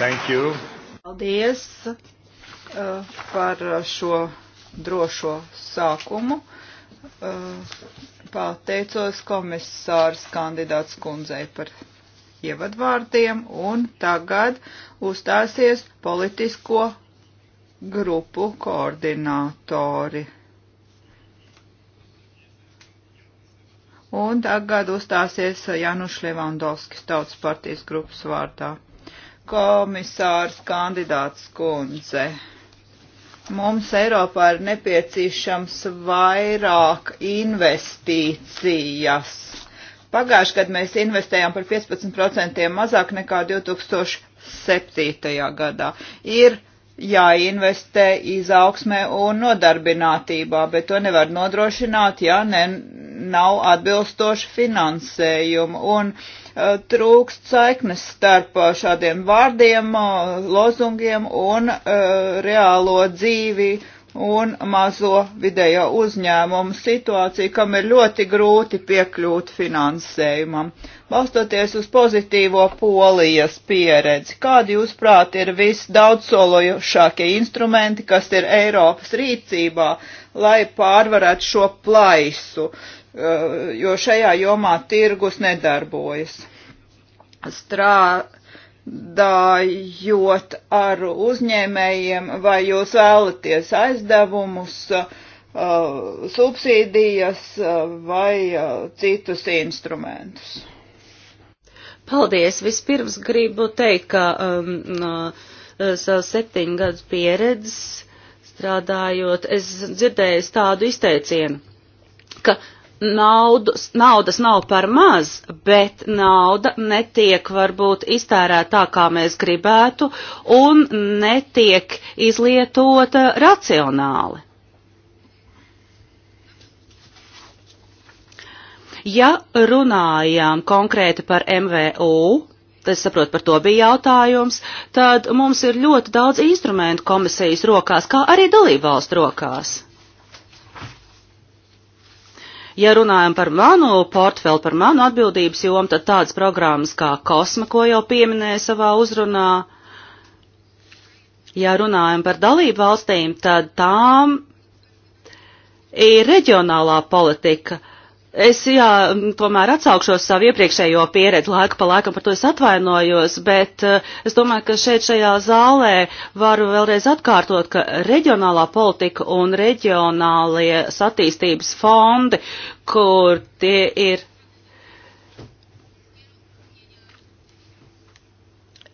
Thank you. Paldies uh, par šo drošo sākumu. Uh, pateicos komisārs kandidāts kundzei par ievadvārdiem un tagad uzstāsies politisko grupu koordinātori. Un tagad uzstāsies Januš Levandovskis tautas partijas grupas vārdā komisārs kandidāts kundze. Mums Eiropā ir nepieciešams vairāk investīcijas. Pagājuši, kad mēs investējām par 15% mazāk nekā 2007. gadā, ir jāinvestē izaugsmē un nodarbinātībā, bet to nevar nodrošināt, ja ne, nav atbilstoši finansējumu. Un uh, Eh, trūkst saiknes starp eh, šādiem vārdiem, eh, lozungiem un reālo dzīvi un mazo vidējo uzņēmumu situāciju, kam ir ļoti grūti piekļūt finansējumam. Balstoties uz pozitīvo polijas pieredzi, kādi jūs prāt ir visdaudzsološākie instrumenti, kas ir Eiropas rīcībā, lai pārvarētu šo plaisu? Uh, jo šajā jomā tirgus nedarbojas. Strādājot ar uzņēmējiem, vai jūs vēlaties aizdevumus, subsīdijas vai citus instrumentus? Paldies! Vispirms gribu teikt, ka um, no savas septiņu gadus pieredzes strādājot, es dzirdēju tādu izteicienu, ka uh, naudas, naudas nav par maz, bet nauda netiek varbūt iztērēta tā, kā mēs gribētu, un netiek izlietota racionāli. Ja runājām konkrēti par MVU, es saprotu, par to bija jautājums, tad mums ir ļoti daudz instrumentu komisijas rokās, kā arī dalībvalstu rokās. Ja runājam par manu portfeli, par manu atbildības jomu, tad tādas programmas kā Kosma, ko jau pieminēju savā uzrunā, ja runājam par dalību valstīm, tad tām ir reģionālā politika, Es, jā, tomēr atsaukšos savu iepriekšējo pieredzi laiku pa laikam, par to es atvainojos, bet eh, es domāju, ka šeit šajā zālē varu vēlreiz atkārtot, ka reģionālā politika un reģionālie satīstības fondi, kur tie ir.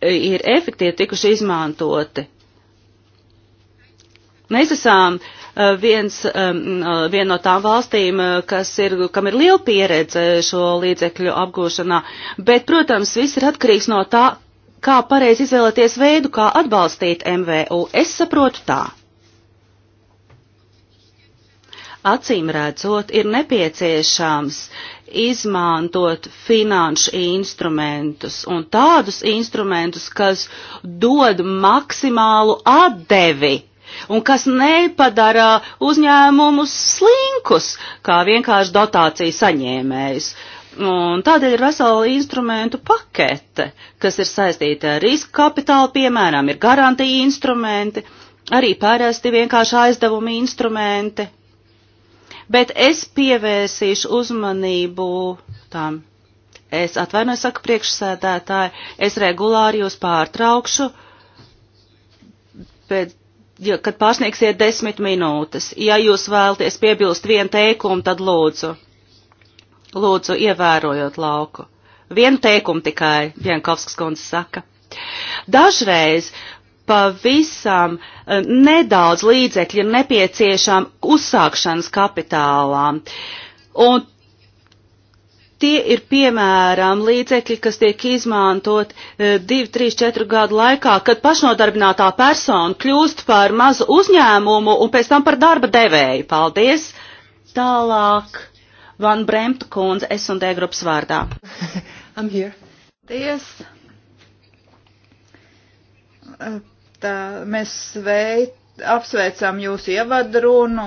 ir efektīvi tikuši izmantoti. Mēs esam uh, Eh, viens, eh, viena no tām valstīm, eh, kas ir, kam ir liela pieredze šo līdzekļu apgūšanā, bet, protams, viss ir atkarīgs no tā, kā pareizi izvēlēties veidu, kā atbalstīt MVU. Es saprotu tā. Acīm redzot, ir nepieciešams izmantot finanšu instrumentus un tādus instrumentus, kas dod maksimālu atdevi un kas nepadara uzņēmumus slinkus, kā vienkārši dotāciju saņēmējus. Un tādēļ ir vesela instrumentu pakete, kas ir saistīta ar riska kapitālu, piemēram, ir garantija instrumenti, arī parasti vienkārši aizdevumi instrumenti. Bet es pievērsīšu uzmanību tam. Es atvainoju, saka priekšsēdētāji, es regulāri jūs pārtraukšu, bet ja, kad pārsniegsiet desmit minūtes. Ja jūs vēlaties piebilst vienu teikumu, tad lūdzu, lūdzu ievērojot lauku. Vienu teikumu tikai, Bienkovskas kundze saka. Dažreiz pavisam eh, nedaudz līdzekļu ir nepieciešām uzsākšanas kapitālām. Un Tie ir piemēram līdzekļi, kas tiek izmantot 2, 3, 4 gadu laikā, kad pašnodarbinātā persona kļūst par mazu uzņēmumu un pēc tam par darba devēju. Paldies! Tālāk Van Bremta kundze S&D grupas vārdā. I'm here. Paldies! Eh, tā, mēs sveic, apsveicam jūsu ievadrunu,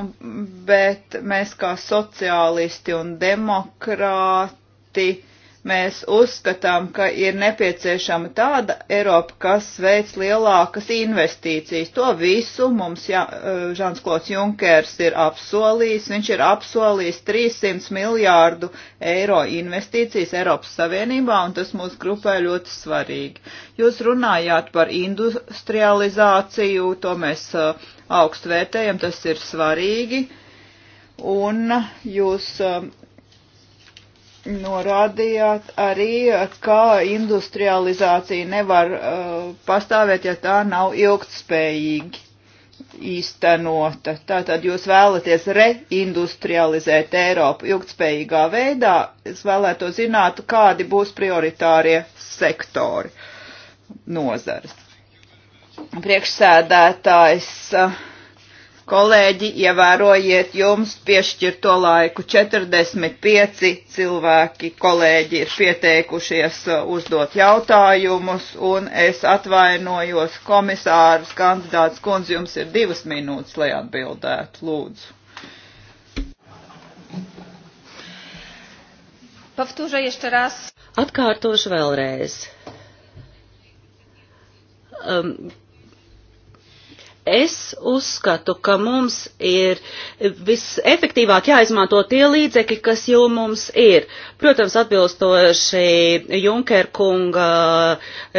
bet mēs kā sociālisti un demokrāti Proti, mēs uzskatām, ka ir nepieciešama tāda Eiropa, kas veic lielākas investīcijas. To visu mums jā, eh, Žans Klots Junkers ir apsolījis. Viņš ir apsolījis 300 miljārdu eiro investīcijas Eiropas Savienībā, un tas mūsu grupai ļoti svarīgi. Jūs runājāt par industrializāciju, to mēs eh, augstu vērtējam, tas ir svarīgi. Un eh, jūs norādījāt arī, ka industrializācija nevar uh, pastāvēt, ja tā nav ilgtspējīgi īstenota. Tātad jūs vēlaties reindustrializēt Eiropu ilgtspējīgā veidā. Es vēlētu zināt, kādi būs prioritārie sektori nozares. Priekšsēdētājs. Uh, Kolēģi, ievērojiet jums piešķirto laiku. 45 cilvēki, kolēģi, ir pieteikušies uh, uzdot jautājumus, un es atvainojos komisārs kandidāts kundze, jums ir divas minūtes, lai atbildētu. Lūdzu. Pavtūža jeszcze raz. Atkārtošu vēlreiz. Um, Es uzskatu, ka mums ir visefektīvāk jāizmanto tie līdzekļi, kas jau mums ir. Protams, atbilstoši Junker kunga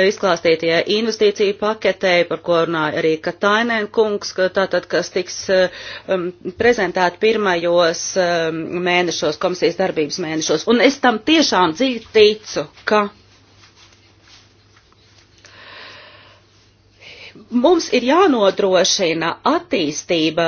izklāstītie investīciju paketei, par ko runāja arī Katainen kungs, ka tātad, kas tiks um, prezentēt pirmajos um, mēnešos, komisijas darbības mēnešos. Un es tam tiešām dzīvi ticu, ka mums ir jānodrošina attīstība,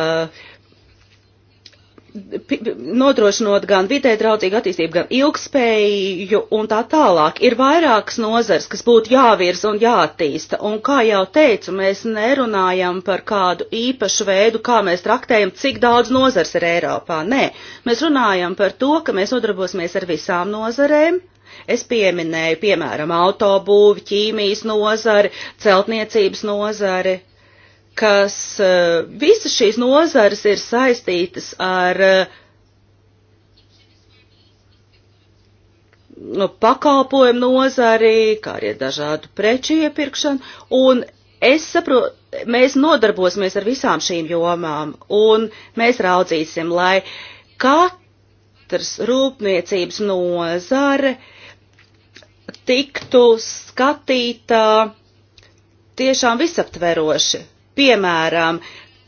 nodrošinot gan vidē draudzīgu attīstību, gan ilgspēju un tā tālāk. Ir vairākas nozars, kas būtu jāvirza un jāattīsta, un kā jau teicu, mēs nerunājam par kādu īpašu veidu, kā mēs traktējam, cik daudz nozars ir Eiropā. Nē, mēs runājam par to, ka mēs nodarbosimies ar visām nozarēm, Es pieminēju, piemēram, autobūvi, ķīmijas nozari, celtniecības nozari, kas eh, visas šīs nozares ir saistītas ar eh, nu, pakalpojumu nozari, kā arī dažādu preču iepirkšanu, un es saprotu, mēs nodarbosimies ar visām šīm jomām, un mēs raudzīsim, lai katrs rūpniecības nozare uh, tiktu skatīta tiešām visaptveroši. Piemēram,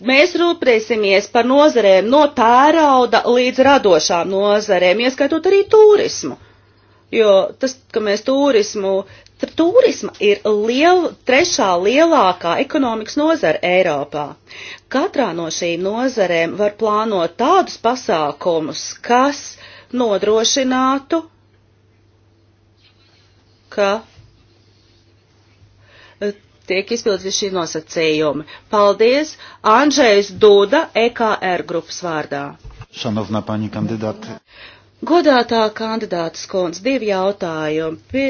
Mēs rūpēsimies par nozarēm no tērauda līdz radošām nozarēm, ieskaitot arī turismu. Jo tas, ka mēs turismu, turisma ir liel, trešā lielākā ekonomikas nozara Eiropā. Katrā no šīm nozarēm var plānot tādus pasākumus, kas nodrošinātu ka eh, tiek izpildīti šī nosacījumi. Paldies, Andrzejs Duda, EKR grupas vārdā. Šanovna paņi kandidāti. Godātā kandidātas kundze, divi jautājumi. Pie,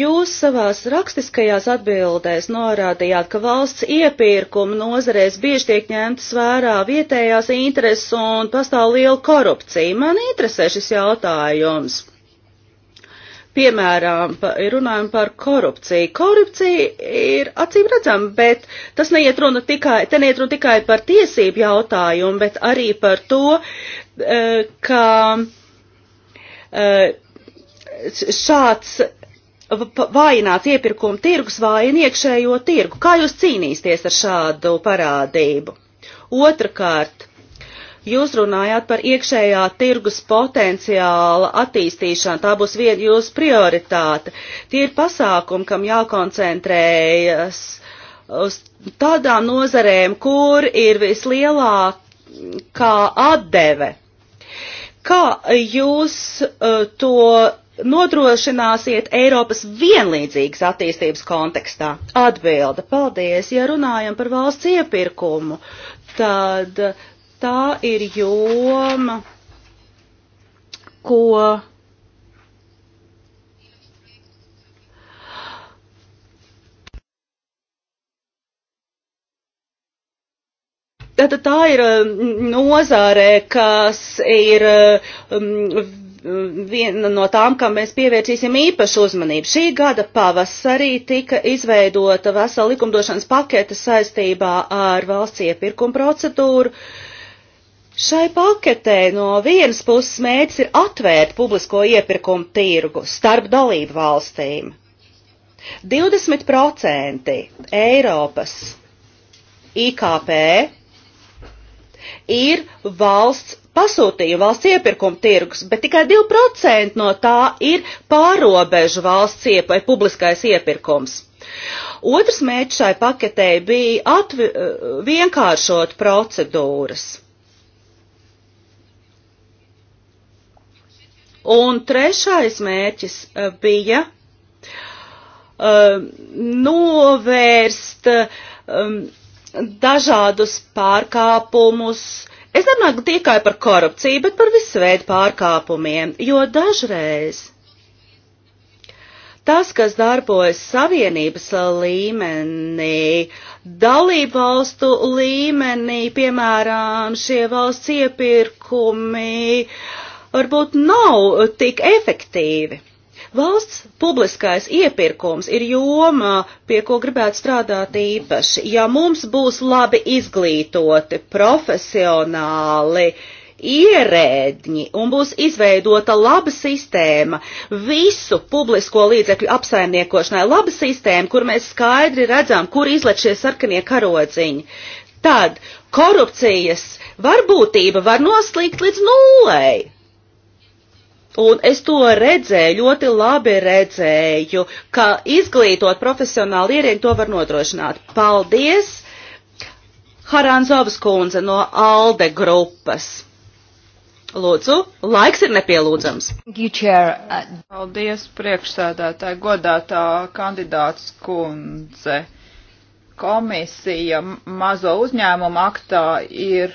jūs savās rakstiskajās atbildēs norādījāt, ka valsts iepirkuma nozarēs bieži tiek ņemtas vērā vietējās intereses un pastāv liela korupcija. Man interesē šis jautājums. Piemēram, runājam par korupciju. Korupcija ir acīm redzama, bet tas neiet runa tikai, te neiet runa tikai par tiesību jautājumu, bet arī par to, eh, ka eh, šāds vājināts iepirkuma tirgus vājina iekšējo tirgu. Kā jūs cīnīsieties ar šādu parādību? Otrakārt, Jūs runājāt par iekšējā tirgus potenciāla attīstīšanu, tā būs viena jūsu prioritāte. Tie ir pasākumi, kam jākoncentrējas uz tādām nozarēm, kur ir vislielākā atdeve. Kā jūs uh, to nodrošināsiet Eiropas vienlīdzīgas attīstības kontekstā? Atbilda, paldies, ja runājam par valsts iepirkumu, tad tā ir joma, ko Tātad tā ir um, nozārē, kas ir um, viena no tām, kam mēs pievērsīsim īpašu uzmanību. Šī gada pavasarī tika izveidota vesela likumdošanas pakete saistībā ar valsts iepirkuma procedūru. Uh, Šai paketē no vienas puses mērķis ir atvērt publisko iepirkumu tirgu starp dalību valstīm. 20% Eiropas IKP ir valsts pasūtīju valsts iepirkuma tirgus, bet tikai 2% no tā ir pārobežu valsts iep vai publiskais iepirkums. Otrs mērķis šai paketē bija vienkāršot procedūras. Un trešais mērķis eh, bija um, novērst um, dažādus pārkāpumus. Es nerunāju tikai par korupciju, bet par visu veidu pārkāpumiem, jo dažreiz tas, kas darbojas savienības līmenī, dalību valstu līmenī, piemēram, šie valsts iepirkumi, uh, varbūt nav uh, tik efektīvi. Valsts publiskais iepirkums ir joma, pie ko gribētu strādāt īpaši. Ja mums būs labi izglītoti, profesionāli, ierēdņi un būs izveidota laba sistēma visu publisko līdzekļu apsaimniekošanai, laba sistēma, kur mēs skaidri redzam, kur izlet šie sarkanie karodziņi, tad korupcijas varbūtība var noslīgt līdz nulēji. Un es to redzēju, ļoti labi redzēju, ka izglītot profesionāli ierēģi to var nodrošināt. Paldies! Haranzovas kundze no ALDE grupas. Lūdzu, laiks ir nepielūdzams. Paldies, priekšsēdētāji, godātā kandidāts kundze. Komisija mazo uzņēmumu aktā ir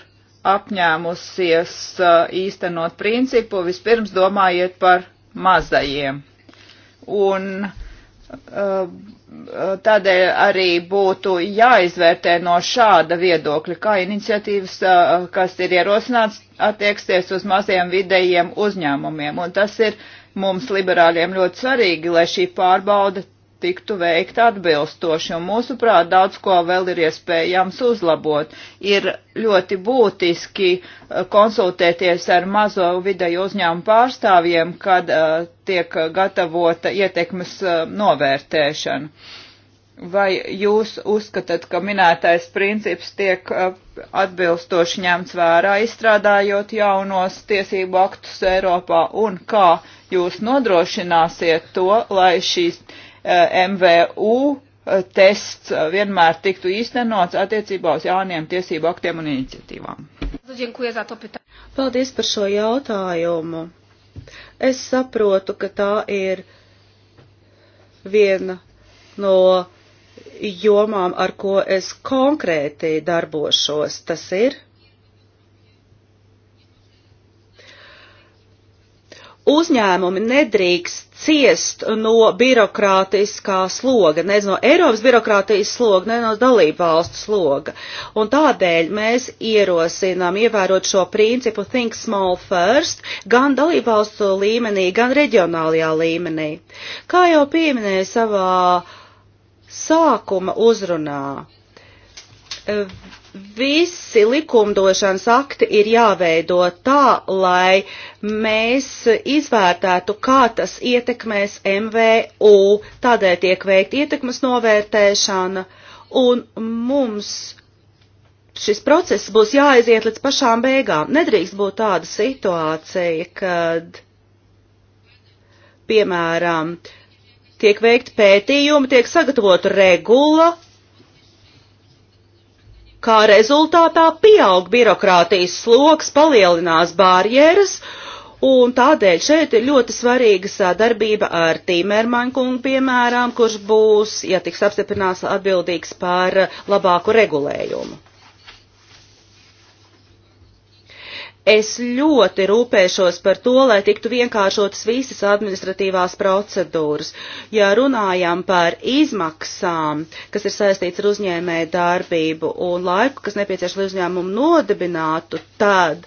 apņēmusies uh, īstenot principu vispirms domājiet par mazajiem. Un uh, tādēļ arī būtu jāizvērtē no šāda viedokļa, kā iniciatīvas, uh, kas ir ierosināts, attieksties uz maziem vidējiem uzņēmumiem. Un tas ir mums liberāļiem ļoti svarīgi, lai šī pārbauda tiktu veikta atbilstoši, un mūsuprāt daudz ko vēl ir iespējams uzlabot. Ir ļoti būtiski eh, konsultēties ar mazo vidēju uzņēmumu pārstāvjiem, kad uh, tiek gatavota ietekmes uh, novērtēšana. Vai jūs uzskatāt, ka minētais princips tiek uh, atbilstoši ņemts vērā, izstrādājot jaunos tiesību aktus Eiropā, un kā jūs nodrošināsiet to, lai šīs uh, Eh, MVU eh, tests eh, vienmēr tiktu īstenots attiecībā uz jauniem tiesību aktiem un iniciatīvām. Paldies par šo jautājumu. Es saprotu, ka tā ir viena no jomām, ar ko es konkrēti darbošos. Tas ir uzņēmumi nedrīkst ciest no birokrātiskā sloga, ne no Eiropas birokrātijas sloga, ne no dalību valstu sloga. Un tādēļ mēs ierosinām ievērot šo principu think small first gan dalību valstu līmenī, gan reģionālajā līmenī. Kā jau pieminēju savā sākuma uzrunā, visi likumdošanas akti ir jāveido tā, lai mēs izvērtētu, kā tas ietekmēs MVU. Tādēļ tiek veikt ietekmes novērtēšana, un mums šis process būs jāaiziet līdz pašām beigām. Nedrīkst būt tāda situācija, kad, piemēram, tiek veikt pētījumi, tiek sagatavota regula, Kā rezultātā pieaug birokrātijas sloks, palielinās barjeras, un tādēļ šeit ir ļoti svarīga sadarbība ar Tīmermaņkungu, piemēram, kurš būs, ja tiks apstiprināts, atbildīgs par labāku regulējumu. Es ļoti rūpēšos par to, lai tiktu vienkāršotas visas administratīvās procedūras. Ja runājam par izmaksām, kas ir saistīts ar uzņēmēju darbību un laiku, kas nepieciešams, lai uzņēmumu nodibinātu, tad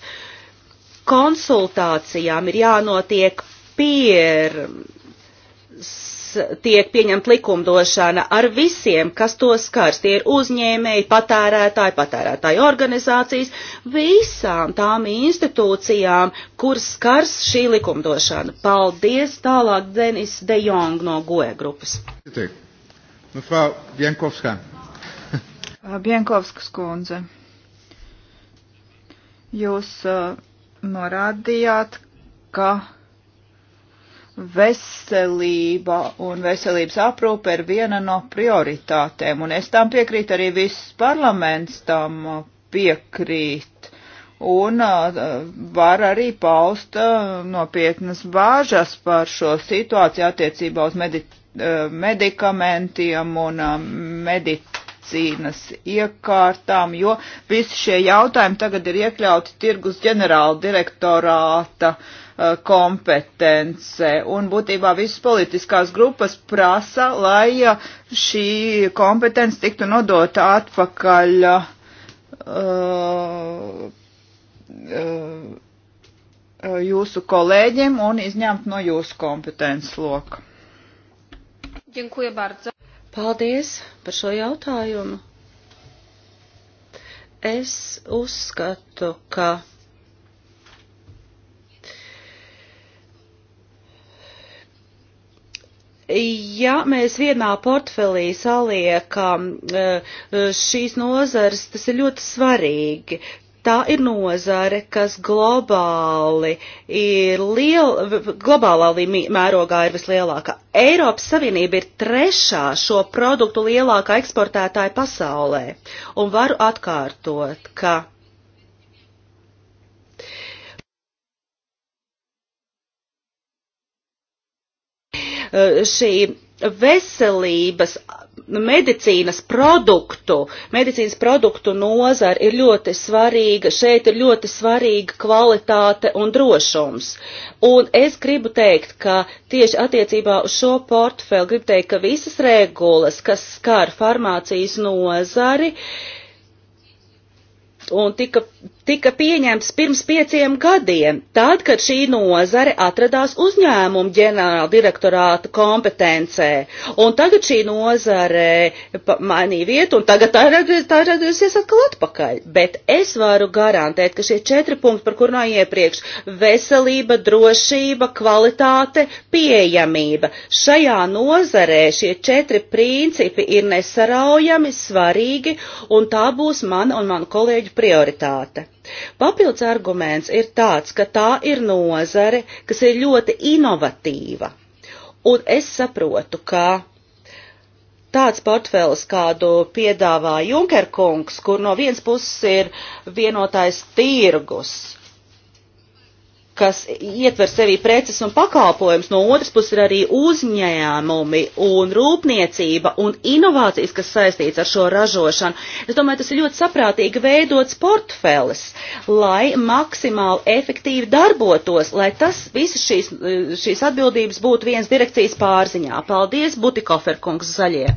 konsultācijām ir jānotiek pirms tiek pieņemta likumdošana ar visiem, kas to skars. Tie ir uzņēmēji, patērētāji, patērētāju organizācijas, visām tām institūcijām, kur skars šī likumdošana. Paldies tālāk Denis De Jong no GOE grupas. Mefrau nu, Bienkovska. Bienkovskas kundze. Jūs uh, norādījāt, ka veselība un veselības aprūpe ir viena no prioritātēm, un es tam piekrītu arī viss parlaments tam piekrīt, un uh, var arī paust uh, nopietnas bāžas par šo situāciju attiecībā uz medi uh, medikamentiem un medicīnas iekārtām, jo visi šie jautājumi tagad ir iekļauti tirgus ģenerāla direktorāta uh, Uh, kompetence. Un būtībā visas politiskās grupas prasa, lai uh, šī kompetence tiktu nodota atpakaļ uh, uh, jūsu kolēģiem un izņemt no jūsu kompetences loka. Paldies par šo jautājumu. Es uzskatu, ka Ja mēs vienā portfelī saliekam eh, šīs nozares, tas ir ļoti svarīgi. Tā ir nozare, kas globāli ir liel, globālā mērogā ir vislielākā. Eiropas Savienība ir trešā šo produktu lielākā eksportētāja pasaulē. Un varu atkārtot, ka Eh, šī veselības medicīnas produktu, medicīnas produktu nozara ir ļoti svarīga, šeit ir ļoti svarīga kvalitāte un drošums. Un es gribu teikt, ka tieši attiecībā uz šo portfeli gribu teikt, ka visas regulas, kas skar farmācijas nozari, uh, un tika, tika pieņemts pirms pieciem gadiem, tad, kad šī nozare atradās uzņēmumu ģenerāla direktorāta kompetencē. Un tagad šī nozare mainīja vietu, un tagad tā ir atgriezies atkal atpakaļ. Bet es varu garantēt, ka šie četri punkti, par kuriem iepriekš - veselība, drošība, kvalitāte, pieejamība. Šajā nozarē šie četri principi ir nesaraujami svarīgi, un tā būs mana un manu kolēģu prioritāte. Papildus arguments ir tāds, ka tā ir nozare, kas ir ļoti inovatīva. Un es saprotu, ka tāds portfels, kādu piedāvā Junker kungs, kur no vienas puses ir vienotais tirgus, kas ietver sevī preces un pakalpojums, no otras puses ir arī uzņēmumi un rūpniecība un inovācijas, kas saistīts ar šo ražošanu. Es domāju, tas ir ļoti saprātīgi veidots portfeles, lai maksimāli efektīvi darbotos, lai tas visas šīs, šīs atbildības būtu viens direkcijas pārziņā. Paldies, Butikofer kungs, zaļie.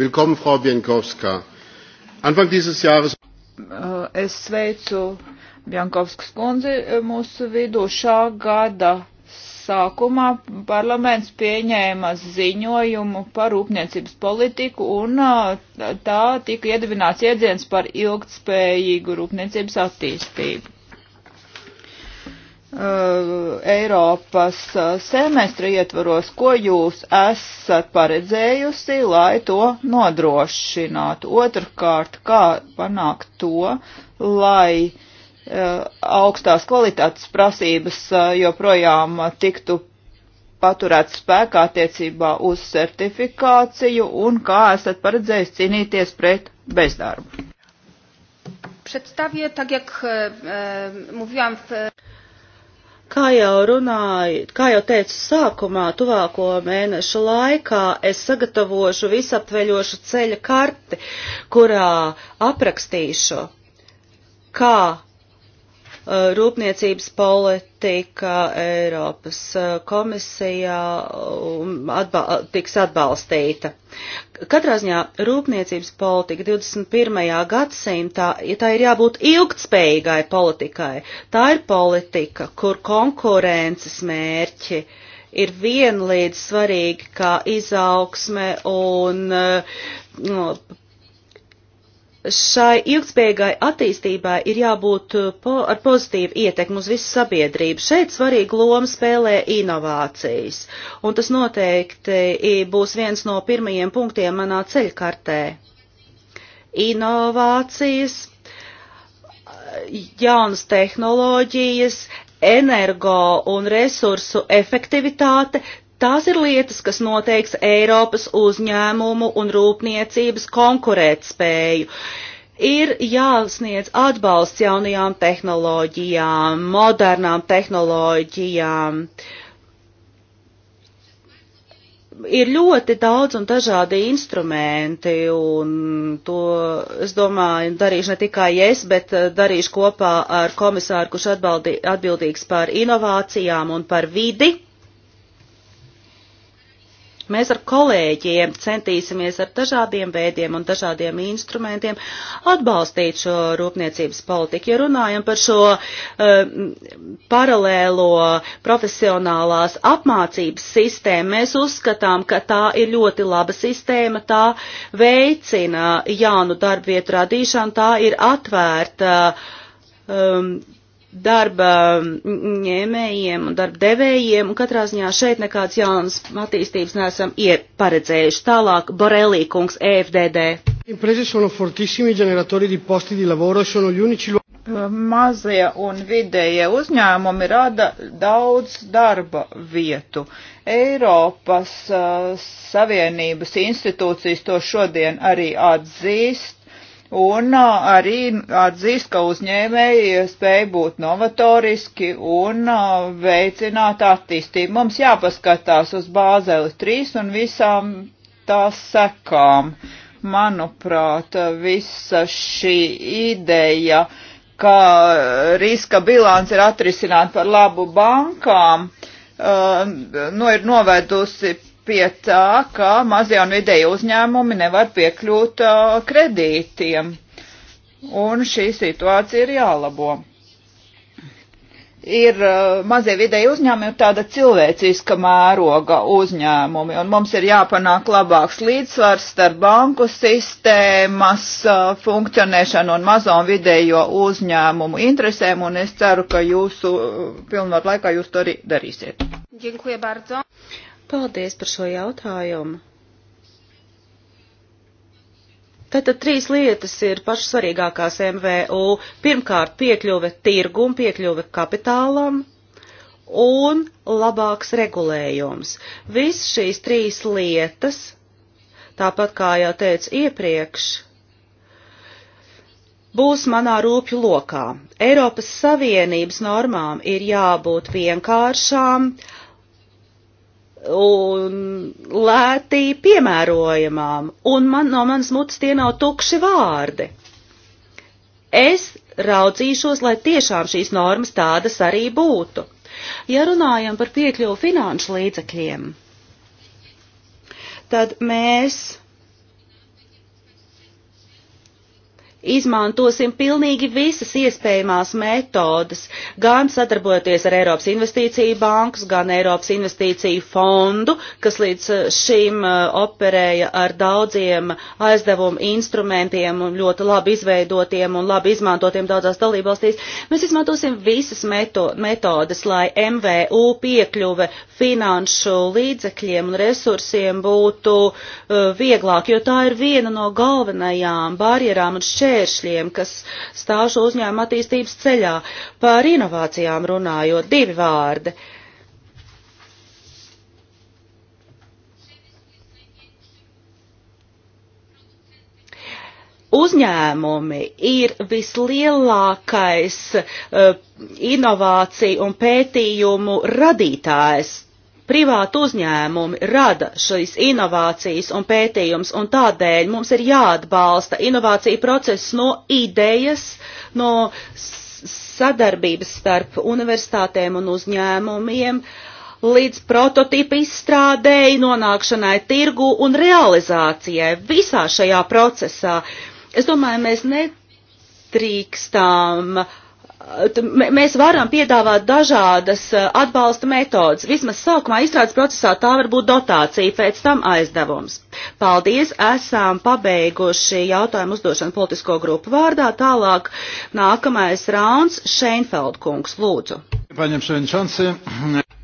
Willkommen, Frau Bienkovska. Anfang dieses Jahres. Es sveicu Bjankovskas kundzi e, mūsu vidū šā gada sākumā parlaments pieņēma ziņojumu par rūpniecības politiku un e, tā tika iedibināts iedziens par ilgtspējīgu rūpniecības attīstību. Uh, Eiropas semestra ietvaros, ko jūs esat paredzējusi, lai to nodrošinātu? Otrkārt, kā panākt to, lai uh, Eh, augstās kvalitātes prasības eh, joprojām tiktu paturēt spēkā attiecībā uz certifikāciju un kā esat paredzējis cīnīties pret bezdarbu? Przedstawię, tak jak e, e, mówiłam w... Kā jau runāju, kā jau teicu sākumā, tuvāko mēnešu laikā es sagatavošu visaptveļošu ceļa karti, kurā aprakstīšu, kā Uh, rūpniecības politika Eiropas uh, komisijā um, atba tiks atbalstīta. Katrā ziņā rūpniecības politika 21. gadsimtā, ja tā ir jābūt ilgtspējīgai politikai, tā ir politika, kur konkurences mērķi ir vienlīdz svarīgi kā izaugsme un no, uh, šai ilgspējīgai attīstībai ir jābūt eh, po ar pozitīvu ietekmu uz visu sabiedrību. Šeit svarīgu lomu spēlē inovācijas, un tas noteikti būs viens no pirmajiem punktiem manā ceļkartē. Inovācijas, jaunas tehnoloģijas, energo un resursu efektivitāte Tās ir lietas, kas noteiks Eiropas uzņēmumu un rūpniecības konkurētspēju. Ir jāsniedz atbalsts jaunajām tehnoloģijām, modernām tehnoloģijām. Ir ļoti daudz un dažādi instrumenti, un to, es domāju, darīšu ne tikai es, bet eh, darīšu kopā ar komisāru, kurš atbildīgs par inovācijām un par vidi Mēs ar kolēģiem centīsimies ar dažādiem veidiem un dažādiem instrumentiem atbalstīt šo rūpniecības politiku. Ja runājam par šo uh, paralēlo profesionālās apmācības sistēmu, mēs uzskatām, ka tā ir ļoti laba sistēma, tā veicina jaunu darbvietu radīšanu, tā ir atvērta. Um, darba ņēmējiem un darba devējiem, un katrā ziņā šeit nekādas jaunas attīstības neesam ieparedzējuši. Tālāk Borelī kungs EFDD. Mazie un vidējie uzņēmumi rada daudz darba vietu. Eiropas uh, Savienības institūcijas to šodien arī atzīst un arī atzīst, ka uzņēmēji spēj būt novatoriski un veicināt attīstību. Mums jāpaskatās uz Bāzeli 3 un visām tās sekām. Manuprāt, visa šī ideja, ka riska bilants ir atrisināt par labu bankām, nu, ir novedusi pie tā, ka mazie un vidēji uzņēmumi nevar piekļūt uh, kredītiem. Un šī situācija ir jālabo. Ir uh, mazie vidēji uzņēmumi tāda cilvēciska mēroga uzņēmumi, un mums ir jāpanāk labāks līdzsvars starp banku sistēmas uh, funkcionēšanu un mazo un vidējo uzņēmumu interesēm, un es ceru, ka jūsu uh, pilnvaru laikā jūs to arī darīsiet. Dziękuję bardzo. Paldies par šo jautājumu. Tātad trīs lietas ir pašas svarīgākās MVU. Pirmkārt, piekļuve tirgum, piekļuve kapitālam un labāks regulējums. Viss šīs trīs lietas, tāpat kā jau teicu iepriekš, būs manā rūpju lokā. Eiropas Savienības normām ir jābūt vienkāršām, uh, un lētī piemērojamām, un man, no manas mutes tie nav tukši vārdi. Es raudzīšos, lai tiešām šīs normas tādas arī būtu. Ja runājam par piekļuvu finanšu līdzekļiem, tad mēs izmantosim pilnīgi visas iespējamās metodas, gan sadarbojoties ar Eiropas investīciju bankas, gan Eiropas investīciju fondu, kas līdz eh, šim eh, operēja ar daudziem aizdevumu instrumentiem un ļoti labi izveidotiem un labi izmantotiem daudzās dalībvalstīs. Mēs izmantosim visas meto metodas, lai MVU piekļuve finanšu līdzekļiem un resursiem būtu uh, eh, vieglāk, jo tā ir viena no galvenajām barjerām un šķēršļiem šķēršļiem, kas stāv šo uzņēmumu attīstības ceļā. Par inovācijām runājot, divi vārdi. uzņēmumi ir vislielākais uh, inovāciju un pētījumu radītājs privātu uzņēmumi rada šīs inovācijas un pētījums, un tādēļ mums ir jāatbalsta inovācija process no idejas, no sadarbības starp universitātēm un uzņēmumiem, līdz prototipu izstrādēji, nonākšanai tirgu un realizācijai visā šajā procesā. Es domāju, mēs nedrīkstām uh, mēs varam piedāvāt dažādas atbalsta metodas. Vismaz sākumā izstrādes procesā tā var būt dotācija, pēc tam aizdevums. Paldies, esam pabeiguši jautājumu uzdošanu politisko grupu vārdā. Tālāk nākamais rauns Šeinfeld kungs, lūdzu.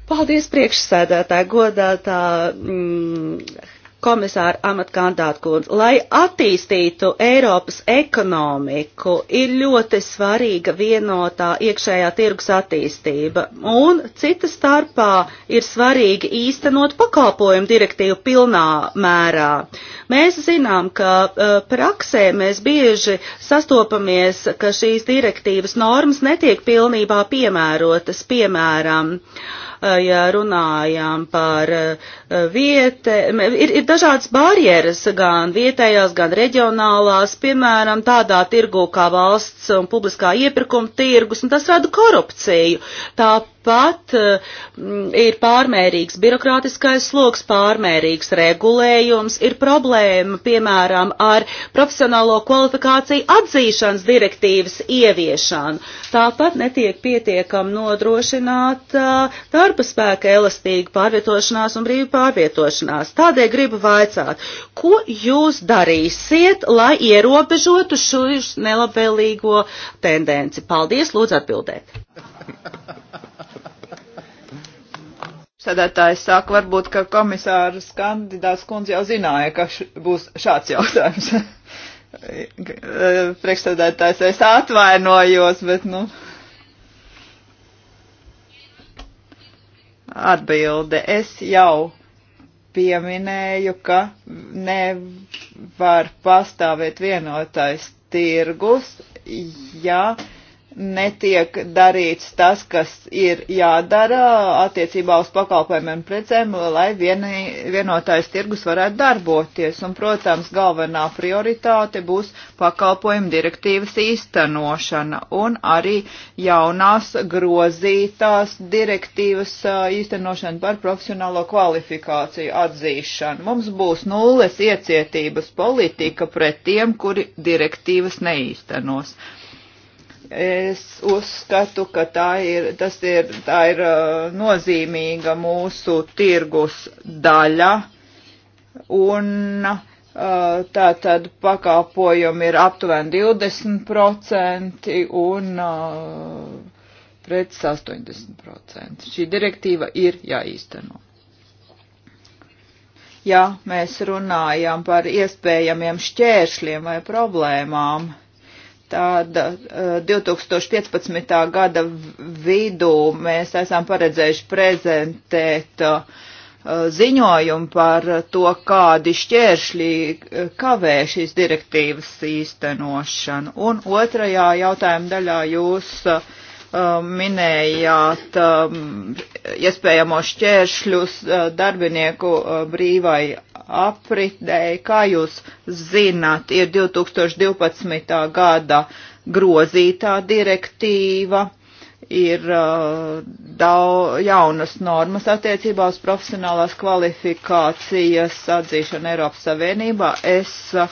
Paldies priekšsēdētāji, godātā mm, komisāra amatkandāta kundze, lai attīstītu Eiropas ekonomiku, ir ļoti svarīga vienotā iekšējā tirgus attīstība, un cita starpā ir svarīgi īstenot pakalpojumu direktīvu pilnā mērā. Mēs zinām, ka uh, praksē mēs bieži sastopamies, ka šīs direktīvas normas netiek pilnībā piemērotas, piemēram, uh, Eh, ja runājām par eh, vietē, ir, ir dažādas barjeras gan vietējās, gan reģionālās, piemēram, tādā tirgu kā valsts un publiskā iepirkuma tirgus, un tas rada korupciju. Tāpat eh, ir pārmērīgs birokrātiskais sloks, pārmērīgs regulējums, ir problēma, piemēram, ar profesionālo kvalifikāciju atzīšanas direktīvas ieviešanu. Tāpat netiek pietiekam nodrošināt tā darba spēka elastīga pārvietošanās un brīva pārvietošanās. Tādēļ gribu vaicāt, ko jūs darīsiet, lai ierobežotu šo nelabvēlīgo tendenci? Paldies, lūdzu atbildēt. Sēdētājs saka, varbūt, ka komisārs kandidāts kundze jau zināja, ka š, būs šāds jautājums. Priekšsēdētājs es atvainojos, bet, nu. Atbilde. Es jau pieminēju, ka nevar pastāvēt vienotais tirgus, ja netiek darīts tas, kas ir jādara attiecībā uz pakalpojumiem precēm, lai vienai, vienotais tirgus varētu darboties. Un, protams, galvenā prioritāte būs pakalpojumu direktīvas īstenošana un arī jaunās grozītās direktīvas īstenošana par profesionālo kvalifikāciju atzīšanu. Mums būs nulles iecietības politika pret tiem, kuri direktīvas neīstenos. Es uzskatu, ka tā ir, tas ir, tā ir uh, nozīmīga mūsu tirgus daļa un uh, tā tad pakāpojumi ir aptuveni 20% un uh, preces 80%. Šī direktīva ir jāīsteno. Ja mēs runājam par iespējamiem šķēršļiem vai problēmām, Tāda 2015. Eh, gada vidū mēs esam paredzējuši prezentēt eh, ziņojumu par to, kādi šķēršļi eh, kavē šīs direktīvas īstenošanu. Un otrajā jautājuma daļā jūs minējāt iespējamo šķēršļus darbinieku brīvai apritēji, kā jūs zināt, ir 2012. gada grozītā direktīva, ir uh, daudz jaunas normas attiecībā uz profesionālās kvalifikācijas atzīšanu Eiropas Savienībā. Es uh,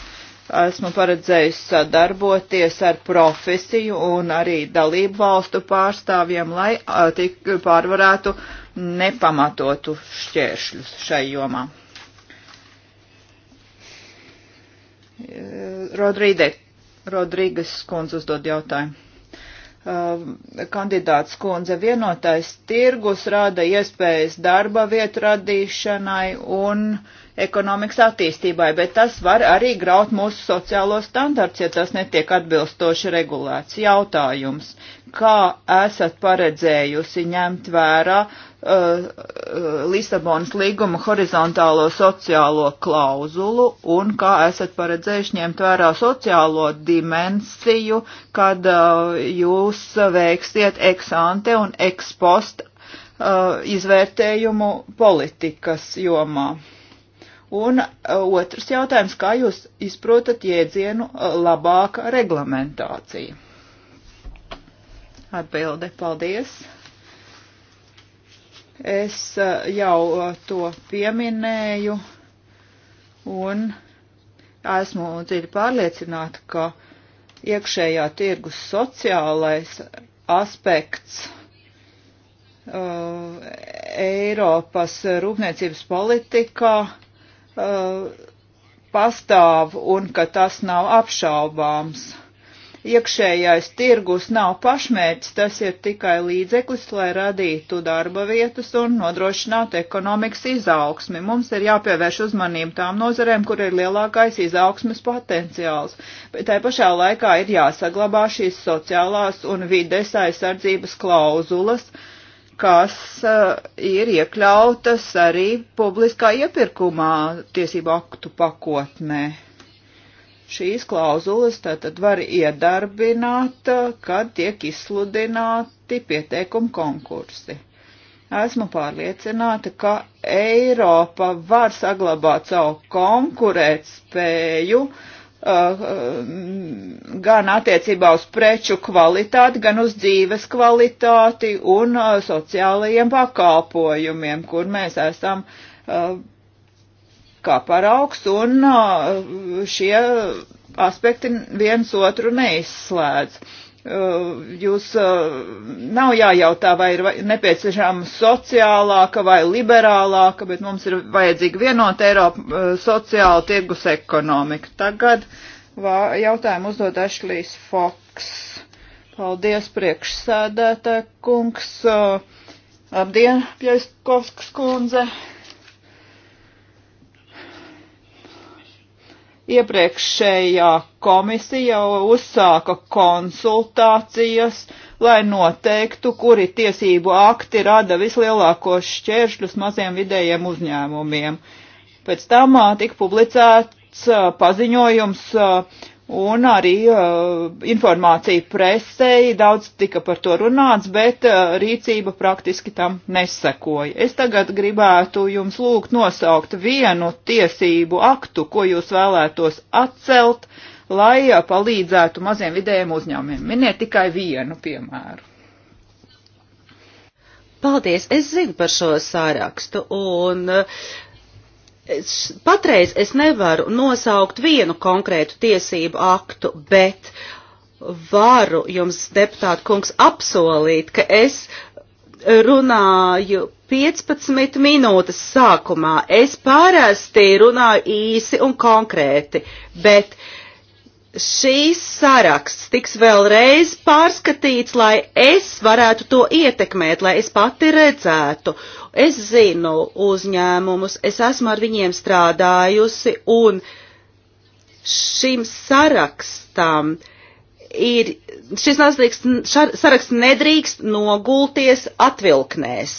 esmu paredzējis sadarboties ar profesiju un arī dalību valstu pārstāvjiem, lai uh, tik pārvarētu nepamatotu šķēršļus šai jomā. Eh, Rodrīde, Rodrīgas skundze uzdod jautājumu. Eh, kandidāts skundze vienotais tirgus rada iespējas darba vietu radīšanai un ekonomikas attīstībai, bet tas var arī graut mūsu sociālo standarts, ja tas netiek atbilstoši regulēts. Jautājums kā esat paredzējusi ņemt vērā uh, uh, Lisabonas līguma horizontālo sociālo klauzulu un kā esat paredzējuši ņemt vērā sociālo dimensiju, kad uh, jūs veiksiet eksante un ekspost uh, izvērtējumu politikas jomā. Un uh, otrs jautājums, kā jūs izprotat jēdzienu uh, labāka reglamentācija? Atbilde. Paldies. Es eh, jau eh, to pieminēju un esmu dziļi pārliecināta, ka iekšējā tirgus sociālais aspekts uh, Eiropas rūpniecības politikā uh, pastāv un ka tas nav apšaubāms iekšējais tirgus nav pašmērķis, tas ir tikai līdzeklis, lai radītu darba vietas un nodrošinātu ekonomikas izaugsmi. Mums ir jāpievērš uzmanību tām nozarēm, kur ir lielākais izaugsmes potenciāls, bet tai pašā laikā ir jāsaglabā šīs sociālās un vides aizsardzības klauzulas kas uh, ir iekļautas arī publiskā iepirkumā tiesību aktu pakotnē šīs klauzulas tātad var iedarbināt, kad tiek izsludināti pieteikumu konkursi. Esmu pārliecināta, ka Eiropa var saglabāt savu konkurētspēju uh, um, gan attiecībā uz preču kvalitāti, gan uz dzīves kvalitāti un uh, sociālajiem pakalpojumiem, kur mēs esam uh, kā paraugs, un uh, šie aspekti viens otru neizslēdz. Uh, jūs uh, nav jājautā, vai ir nepieciešama sociālāka vai liberālāka, bet mums ir vajadzīga vienota Eiropa sociāla tirgus ekonomika. Tagad jautājumu uzdod Ašlīs Foks. Paldies, priekšsēdētāj kungs. Labdien, Pjaiskovskas kundze. Iepriekšējā komisija uzsāka konsultācijas, lai noteiktu, kuri tiesību akti rada vislielākos šķēršļus maziem vidējiem uzņēmumiem. Pēc tam tika publicēts paziņojums Un arī uh, informācija presēji daudz tika par to runāts, bet uh, rīcība praktiski tam nesekoja. Es tagad gribētu jums lūgt nosaukt vienu tiesību aktu, ko jūs vēlētos atcelt, lai uh, palīdzētu maziem vidējiem uzņēmumiem. Miniet tikai vienu piemēru. Paldies, es zinu par šo sārakstu un uh, Es, patreiz es nevaru nosaukt vienu konkrētu tiesību aktu, bet varu jums, deputāta kungs, apsolīt, ka es runāju 15 minūtes sākumā. Es pārēstī runāju īsi un konkrēti, bet šīs saraksts tiks vēlreiz pārskatīts, lai es varētu to ietekmēt, lai es pati redzētu. Es zinu uzņēmumus, es esmu ar viņiem strādājusi un šim sarakstam ir, šis nedrīkst, saraksts nedrīkst nogulties atvilknēs.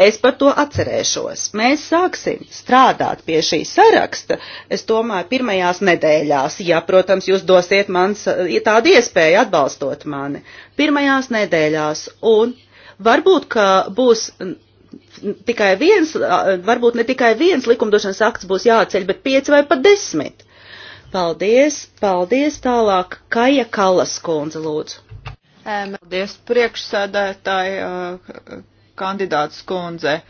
Es par to atcerēšos. Mēs sāksim strādāt pie šī saraksta, es domāju, pirmajās nedēļās, ja, protams, jūs dosiet man tādu iespēju atbalstot mani. Pirmajās nedēļās, un varbūt, ka būs tikai viens, varbūt ne tikai viens likumdošanas akts būs jāceļ, bet pieci vai pat desmit. Paldies, paldies tālāk, Kaja Kalas kundze, lūdzu. Paldies priekšsēdētāji, kandidāts kundze.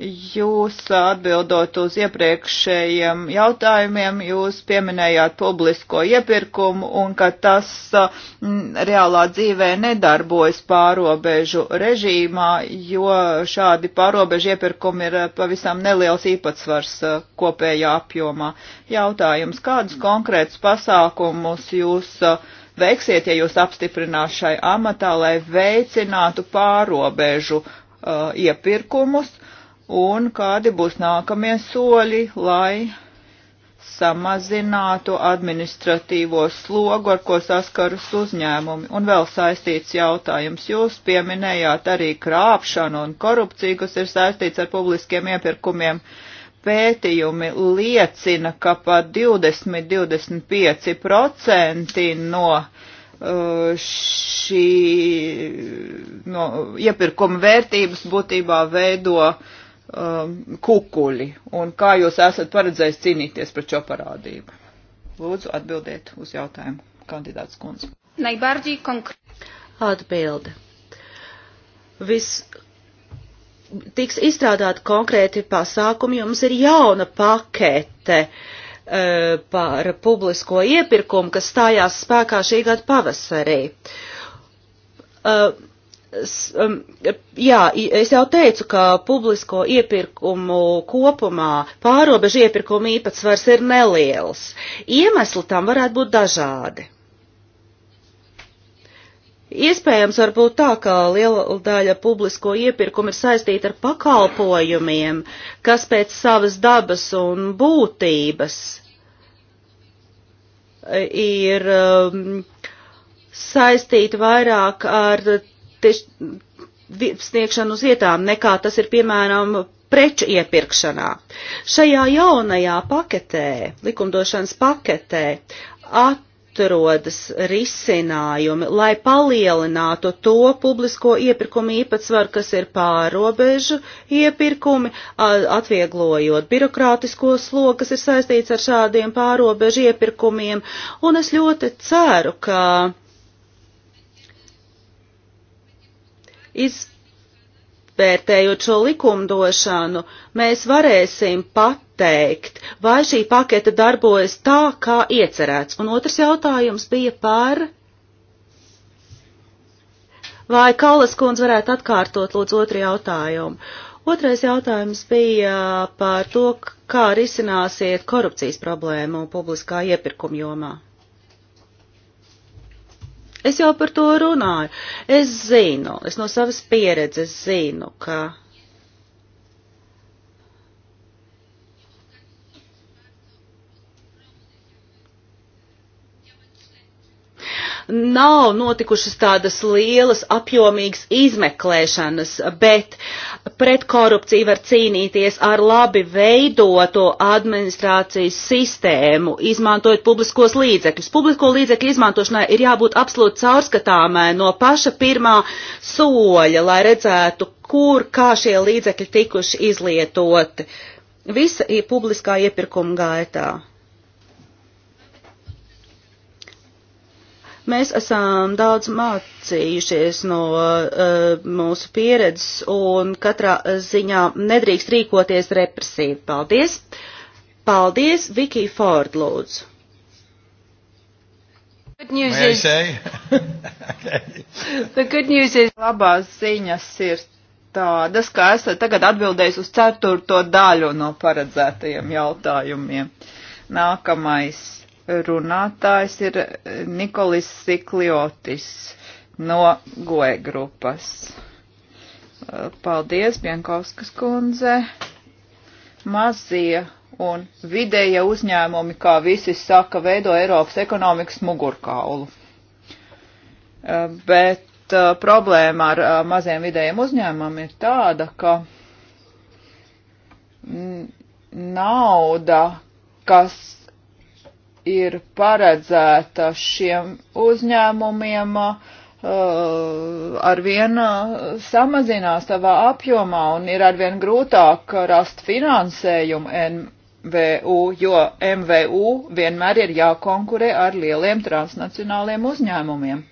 Jūs atbildot uz iepriekšējiem jautājumiem, jūs pieminējāt publisko iepirkumu un ka tas m, mm, reālā dzīvē nedarbojas pārobežu režīmā, jo šādi pārobežu iepirkumi ir eh, pavisam neliels īpatsvars eh, kopējā apjomā. Jautājums, kādus konkrētus pasākumus jūs eh, veiksiet, ja jūs apstiprinās šai amatā, lai veicinātu pārobežu režīmu? uh, iepirkumus un kādi būs nākamie soļi, lai samazinātu administratīvo slogu, ar ko saskaras uzņēmumi. Un vēl saistīts jautājums. Jūs pieminējāt arī krāpšanu un korupciju, kas ir saistīts ar publiskiem iepirkumiem. Pētījumi liecina, ka pat 20-25% no uh, Eh, šī no, iepirkuma vērtības būtībā veido um, kukuļi. Un kā jūs esat paredzējis cīnīties pret šo parādību? Lūdzu atbildiet uz jautājumu, kandidāts kundze. Najbardziej konkrēti. Atbilde. Vis tiks izstrādāt konkrēti pasākumi, jums ir jauna pakete. Uh, Eh, par publisko iepirkumu, kas stājās spēkā šī gada pavasarī. Eh, um, jā, es jau teicu, ka publisko iepirkumu kopumā pārobežu iepirkumu īpatsvars ir neliels. Iemesli tam varētu būt dažādi. Iespējams, varbūt tā, ka liela daļa publisko iepirkumu ir saistīta ar pakalpojumiem, kas pēc savas dabas un būtības ir um, saistīti vairāk ar tieši sniegšanu uz vietām, nekā tas ir piemēram preču iepirkšanā. Šajā jaunajā paketē, likumdošanas paketē, at atrodas risinājumi, lai palielinātu to publisko iepirkumu īpatsvaru, kas ir pārobežu iepirkumi, atvieglojot birokrātisko slogu, kas ir saistīts ar šādiem pārobežu iepirkumiem. Un es ļoti ceru, ka izvērtējot šo likumdošanu, mēs varēsim pat pateikt, vai šī paketa darbojas tā, kā iecerēts. Un otrs jautājums bija par. Vai Kalas kundze varētu atkārtot lūdzu otru jautājumu? Otrais jautājums bija par to, kā risināsiet korupcijas problēmu publiskā iepirkuma jomā. Es jau par to runāju. Es zinu, es no savas pieredzes zinu, ka nav notikušas tādas lielas apjomīgas izmeklēšanas, bet pret korupciju var cīnīties ar labi veidoto administrācijas sistēmu, izmantojot publiskos līdzekļus. Publisko līdzekļu izmantošanai ir jābūt absolūti caurskatāmai no paša pirmā soļa, lai redzētu, kur, kā šie līdzekļi tikuši izlietoti. Visa ir publiskā iepirkuma gaitā. Mēs esam daudz mācījušies no uh, mūsu pieredzes un katrā ziņā nedrīkst rīkoties represīvi. Paldies! Paldies, Viki Ford, lūdzu! Good news May is, okay. the good news is labās ziņas ir tādas, ka esat tagad atbildējis uz ceturto daļu no paredzētajiem jautājumiem. Nākamais runātājs ir Nikolis Sikliotis no GOE grupas. Paldies, Bienkovskas kundze. Mazie un vidēja uzņēmumi, kā visi saka, veido Eiropas ekonomikas mugurkaulu. Bet uh, problēma ar uh, maziem vidējiem uzņēmumiem ir tāda, ka nauda, kas ir paredzēta šiem uzņēmumiem uh, arvien uh, samazinās savā apjomā un ir arvien grūtāk rast finansējumu MVU, jo MVU vienmēr ir jākonkurē ar lieliem transnacionāliem uzņēmumiem.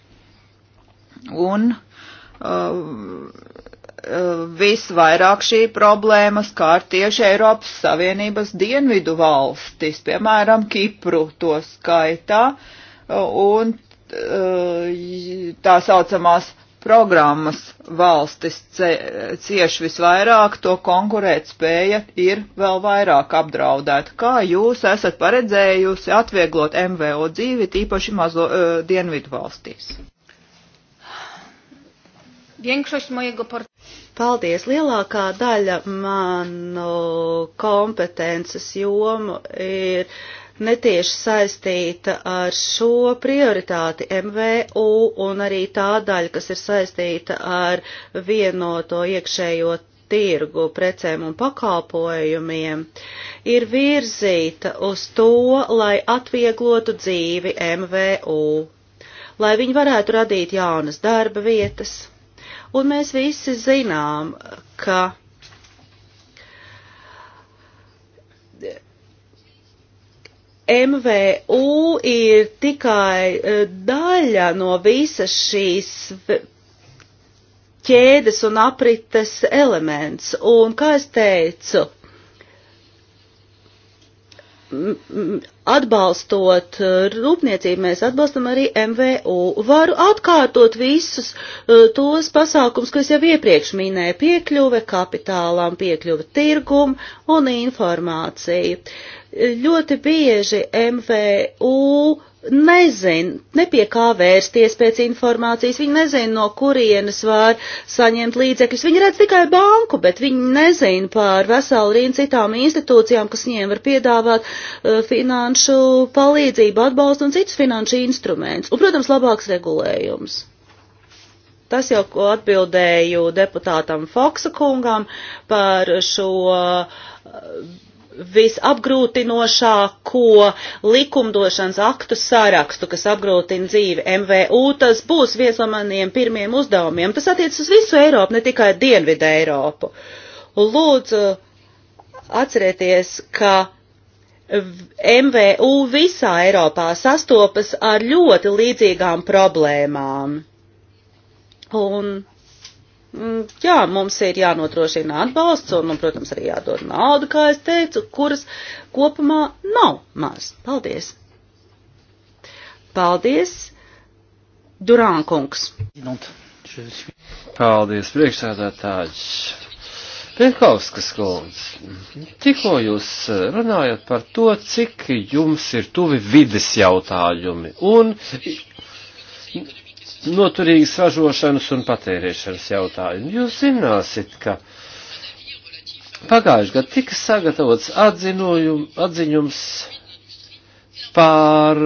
Un uh, Eh, visvairāk šī problēma skār tieši Eiropas Savienības dienvidu valstis, piemēram, Kipru to skaitā, eh, un eh, tā saucamās programmas valstis cieš visvairāk, to konkurēt spēja ir vēl vairāk apdraudēta. Kā jūs esat paredzējusi atvieglot MVO dzīvi, tīpaši mazo uh, dienvidu valstīs? Większość mojego port... Paldies! Lielākā daļa manu kompetences jomu ir netieši saistīta ar šo prioritāti MVU un arī tā daļa, kas ir saistīta ar vienoto iekšējo tirgu precēm un pakalpojumiem, ir virzīta uz to, lai atvieglotu dzīvi MVU, lai viņi varētu radīt jaunas darba vietas Un mēs visi zinām, ka MVU ir tikai e, daļa no visas šīs ķēdes un aprites elements. Un, kā es teicu, atbalstot eh, rūpniecību, mēs atbalstam arī MVU. Varu atkārtot visus eh, tos pasākums, kas jau iepriekš minēja - piekļuve kapitālām, piekļuve tirgumu un informāciju. Ļoti bieži MVU nezin, ne pie kā vērsties pēc informācijas, viņi nezin, no kurienes var saņemt līdzekļus. Viņi redz tikai banku, bet viņi nezin par veselu rīnu citām institūcijām, kas viņiem var piedāvāt uh, finanšu palīdzību, atbalstu un citus finanšu instrumentus. Un, protams, labāks regulējums. Tas jau, ko atbildēju deputātam Foksa kungam par šo uh, visapgrūtinošāko likumdošanas aktu sarakstu, kas apgrūtina dzīvi MVU. Tas būs viens no maniem pirmiem uzdevumiem. Tas attiecas uz visu Eiropu, ne tikai Dienvidu Eiropu. Lūdzu, atcerieties, ka MVU visā Eiropā sastopas ar ļoti līdzīgām problēmām. Un Mm, jā, mums ir jānodrošina atbalsts un, un, protams, arī jādod nauda, kā es teicu, kuras kopumā nav maz. Paldies! Paldies, Durānkungs! Paldies, priekšsēdētājs! Pienkauskas kundze, tikko jūs eh, runājat par to, cik jums ir tuvi vides jautājumi un noturīgas ražošanas un patērēšanas jautājumu. Jūs zināsit, ka pagājuši gadu tika sagatavots atziņums pār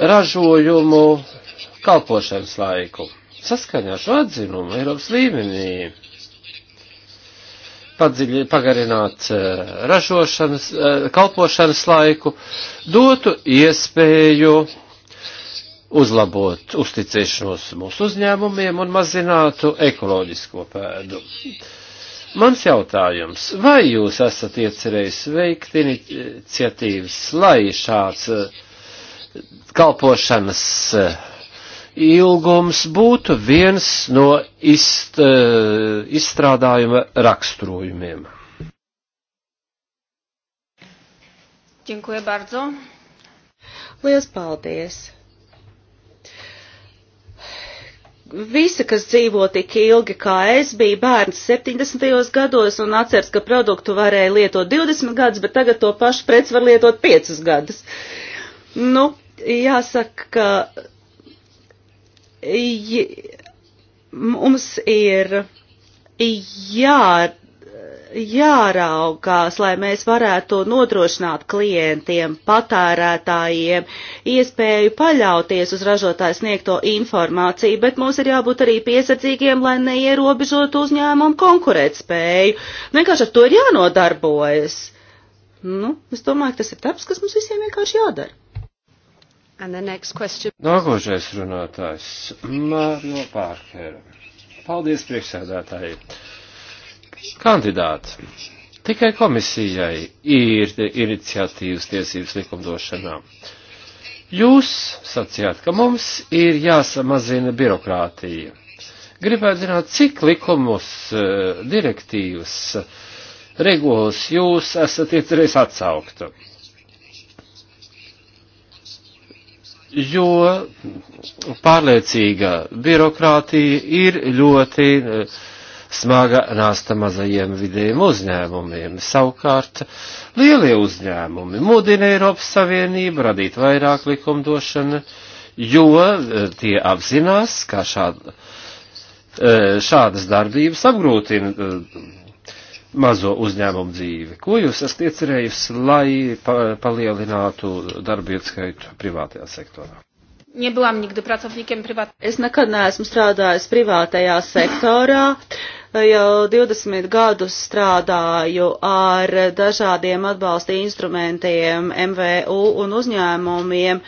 ražojumu kalpošanas laiku. Saskaņā šo atzinumu Eiropas līmenī padziļi, pagarināt eh, ražošanas, eh, kalpošanas laiku, dotu iespēju uzlabot uzticēšanos mūsu uzņēmumiem un mazinātu ekoloģisko pēdu. Mans jautājums, vai jūs esat iecerējis veikt iniciatīvas, lai šāds eh, kalpošanas eh, ilgums būtu viens no izt, eh, izstrādājuma raksturojumiem? Dziękuję bardzo. Lielas paldies! visi, kas dzīvo tik ilgi kā es, bija bērns 70. gados un atceras, ka produktu varēja lietot 20 gadus, bet tagad to pašu preci var lietot 5 gadus. Nu, jāsaka, ka mums ir jā jāraugās, lai mēs varētu nodrošināt klientiem, patērētājiem iespēju paļauties uz ražotāju sniegto informāciju, bet mums ir jābūt arī piesardzīgiem, lai neierobežotu uzņēmumu konkurētspēju. Vienkārši ar to ir jānodarbojas. Nu, es domāju, ka tas ir darbs, kas mums visiem vienkārši jādara. Nākošais runātājs - Mārio Pārkera. Paldies priekšsēdētāji! kandidāti. Tikai komisijai ir iniciatīvas tiesības likumdošanā. Jūs sacījāt, ka mums ir jāsamazina birokrātija. Gribētu zināt, cik likumus, eh, direktīvas, eh, regulas jūs esat iecerējis atsaukt. Jo pārliecīga birokrātija ir ļoti uh, smaga nasta mazajiem vidējiem uzņēmumiem. Savukārt lielie uzņēmumi mudina Eiropas Savienību radīt vairāk likumdošana, jo eh, tie apzinās, ka šāda, eh, šādas darbības apgrūtina eh, mazo uzņēmumu dzīvi. Ko jūs esat iecerējusi, lai pa, palielinātu darbietu skaitu privātajā sektorā? Es nekad neesmu strādājis privātajā sektorā. Uh, jau 20 gadus strādāju ar dažādiem atbalsta instrumentiem, MVU un uzņēmumiem,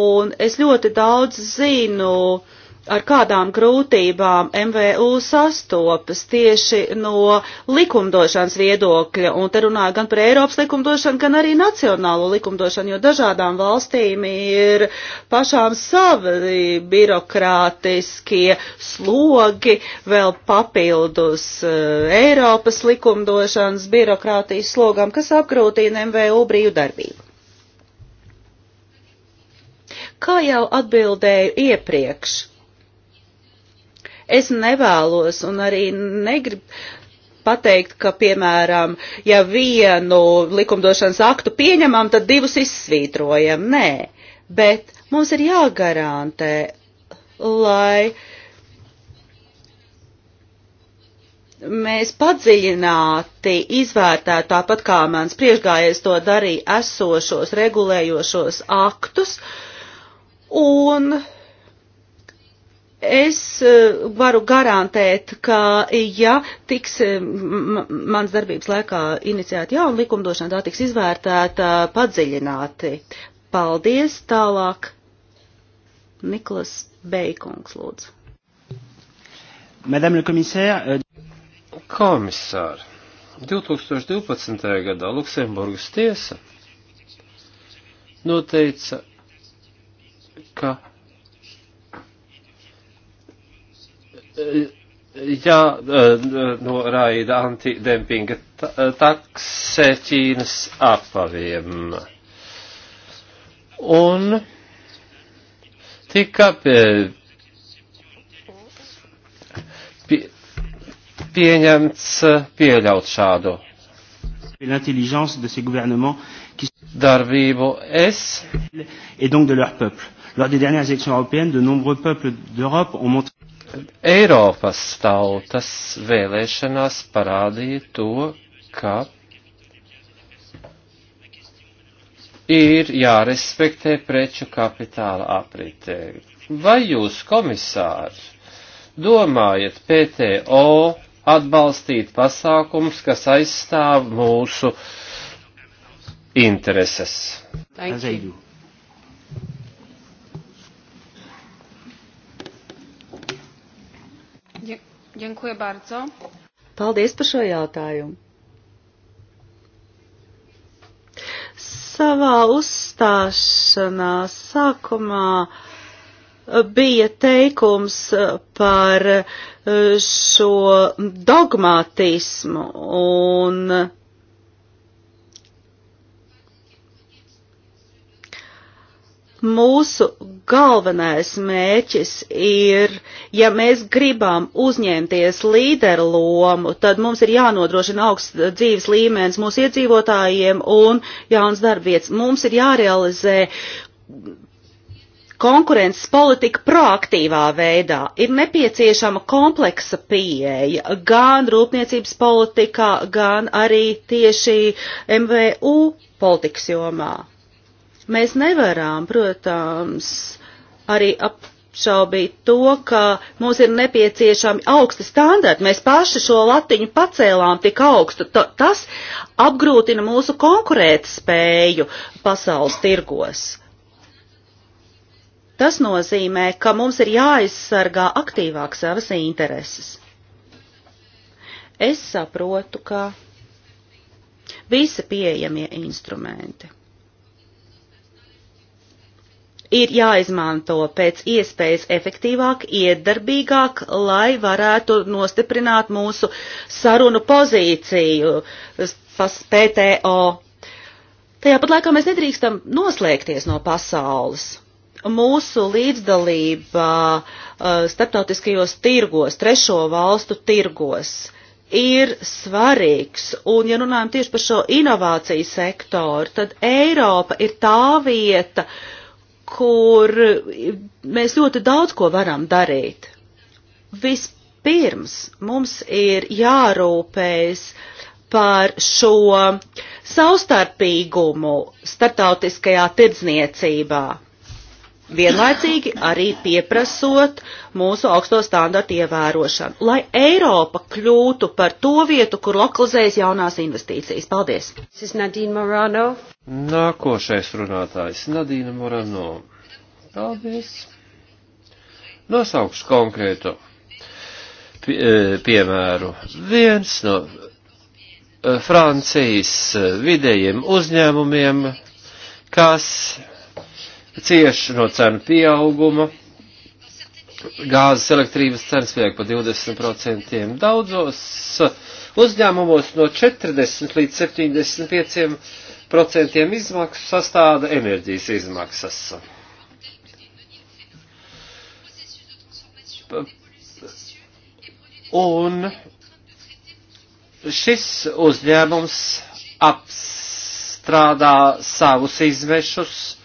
un es ļoti daudz zinu ar kādām grūtībām MVU sastopas tieši no likumdošanas viedokļa, un te runāju gan par Eiropas likumdošanu, gan arī nacionālo likumdošanu, jo dažādām valstīm ir pašām savi birokrātiskie slogi, vēl papildus eh, Eiropas likumdošanas birokrātijas slogām, kas apgrūtina MVU brīvdarbību. Kā jau atbildēju iepriekš, Es nevēlos un arī negribu pateikt, ka, piemēram, ja vienu likumdošanas aktu pieņemam, tad divus izsvītrojam. Nē, bet mums ir jāgarantē, lai mēs padziļināti izvērtētu tāpat kā mans priekšgājies to darīja esošos regulējošos aktus un uh, Es eh, varu garantēt, ka ja tiks eh, mans darbības laikā iniciēta jauna likumdošana, tā tiks izvērtēta padziļināti. Paldies tālāk. Niklas Beikungs, lūdzu. Madame le euh, komisār. Komisār, 2012. gadā Luksemburgas tiesa noteica, ka jānoraida eh, antidempinga takse Ķīnas apaviem. Un tika pie, eh, pie, pieņemts, eh, pieļaut šādu darbību es. Et donc de leur peuple. Lors des dernières élections européennes, de nombreux peuples d'Europe ont montré Eiropas tautas vēlēšanās parādīja to, ka ir jārespektē preču kapitāla apritē. Vai jūs, komisārs, domājat PTO atbalstīt pasākums, kas aizstāv mūsu intereses? Thank you. Dziękuję bardzo. Paldies par šo jautājumu. Savā uzstāšanās sākumā bija teikums par eh, šo dogmatismu un Mūsu galvenais mērķis ir, ja mēs gribam uzņemties līderu lomu, tad mums ir jānodrošina augsts dzīves līmenis mūsu iedzīvotājiem un jauns darbvietas. Mums ir jārealizē konkurences politika proaktīvā veidā ir nepieciešama kompleksa pieeja gan rūpniecības politikā, gan arī tieši MVU politikas jomā. Mēs nevaram, protams, arī apšaubīt to, ka mums ir nepieciešami augsti standarti. Mēs paši šo latiņu pacēlām tik augstu. T tas apgrūtina mūsu konkurētspēju pasaules tirgos. Tas nozīmē, ka mums ir jāaizsargā aktīvāk savas intereses. Es saprotu, ka visi pieejamie instrumenti ir jāizmanto pēc iespējas efektīvāk, iedarbīgāk, lai varētu nostiprināt mūsu sarunu pozīciju PTO. Tajāpat laikā mēs nedrīkstam noslēgties no pasaules. Mūsu līdzdalība uh, starptautiskajos tirgos, trešo valstu tirgos ir svarīgs. Un, ja runājam tieši par šo inovāciju sektoru, tad Eiropa ir tā vieta, uh, kur mēs ļoti daudz ko varam darīt. Vispirms mums ir jārūpējas par šo savstarpīgumu starptautiskajā tirdzniecībā vienlaicīgi arī pieprasot mūsu augsto standartu ievērošanu, lai Eiropa kļūtu par to vietu, kur lokalizējas jaunās investīcijas. Paldies! Nākošais runātājs - Nadīna Morano. Paldies! Nosaukšu konkrētu pie, e, piemēru. Viens no e, Francijas e, vidējiem uzņēmumiem, kas cieš no cenu pieauguma. Gāzes elektrības cenas pieaug pa 20%. Daudzos uzņēmumos no 40 līdz 75% izmaksu sastāda enerģijas izmaksas. Un šis uzņēmums apstrādā savus izmešus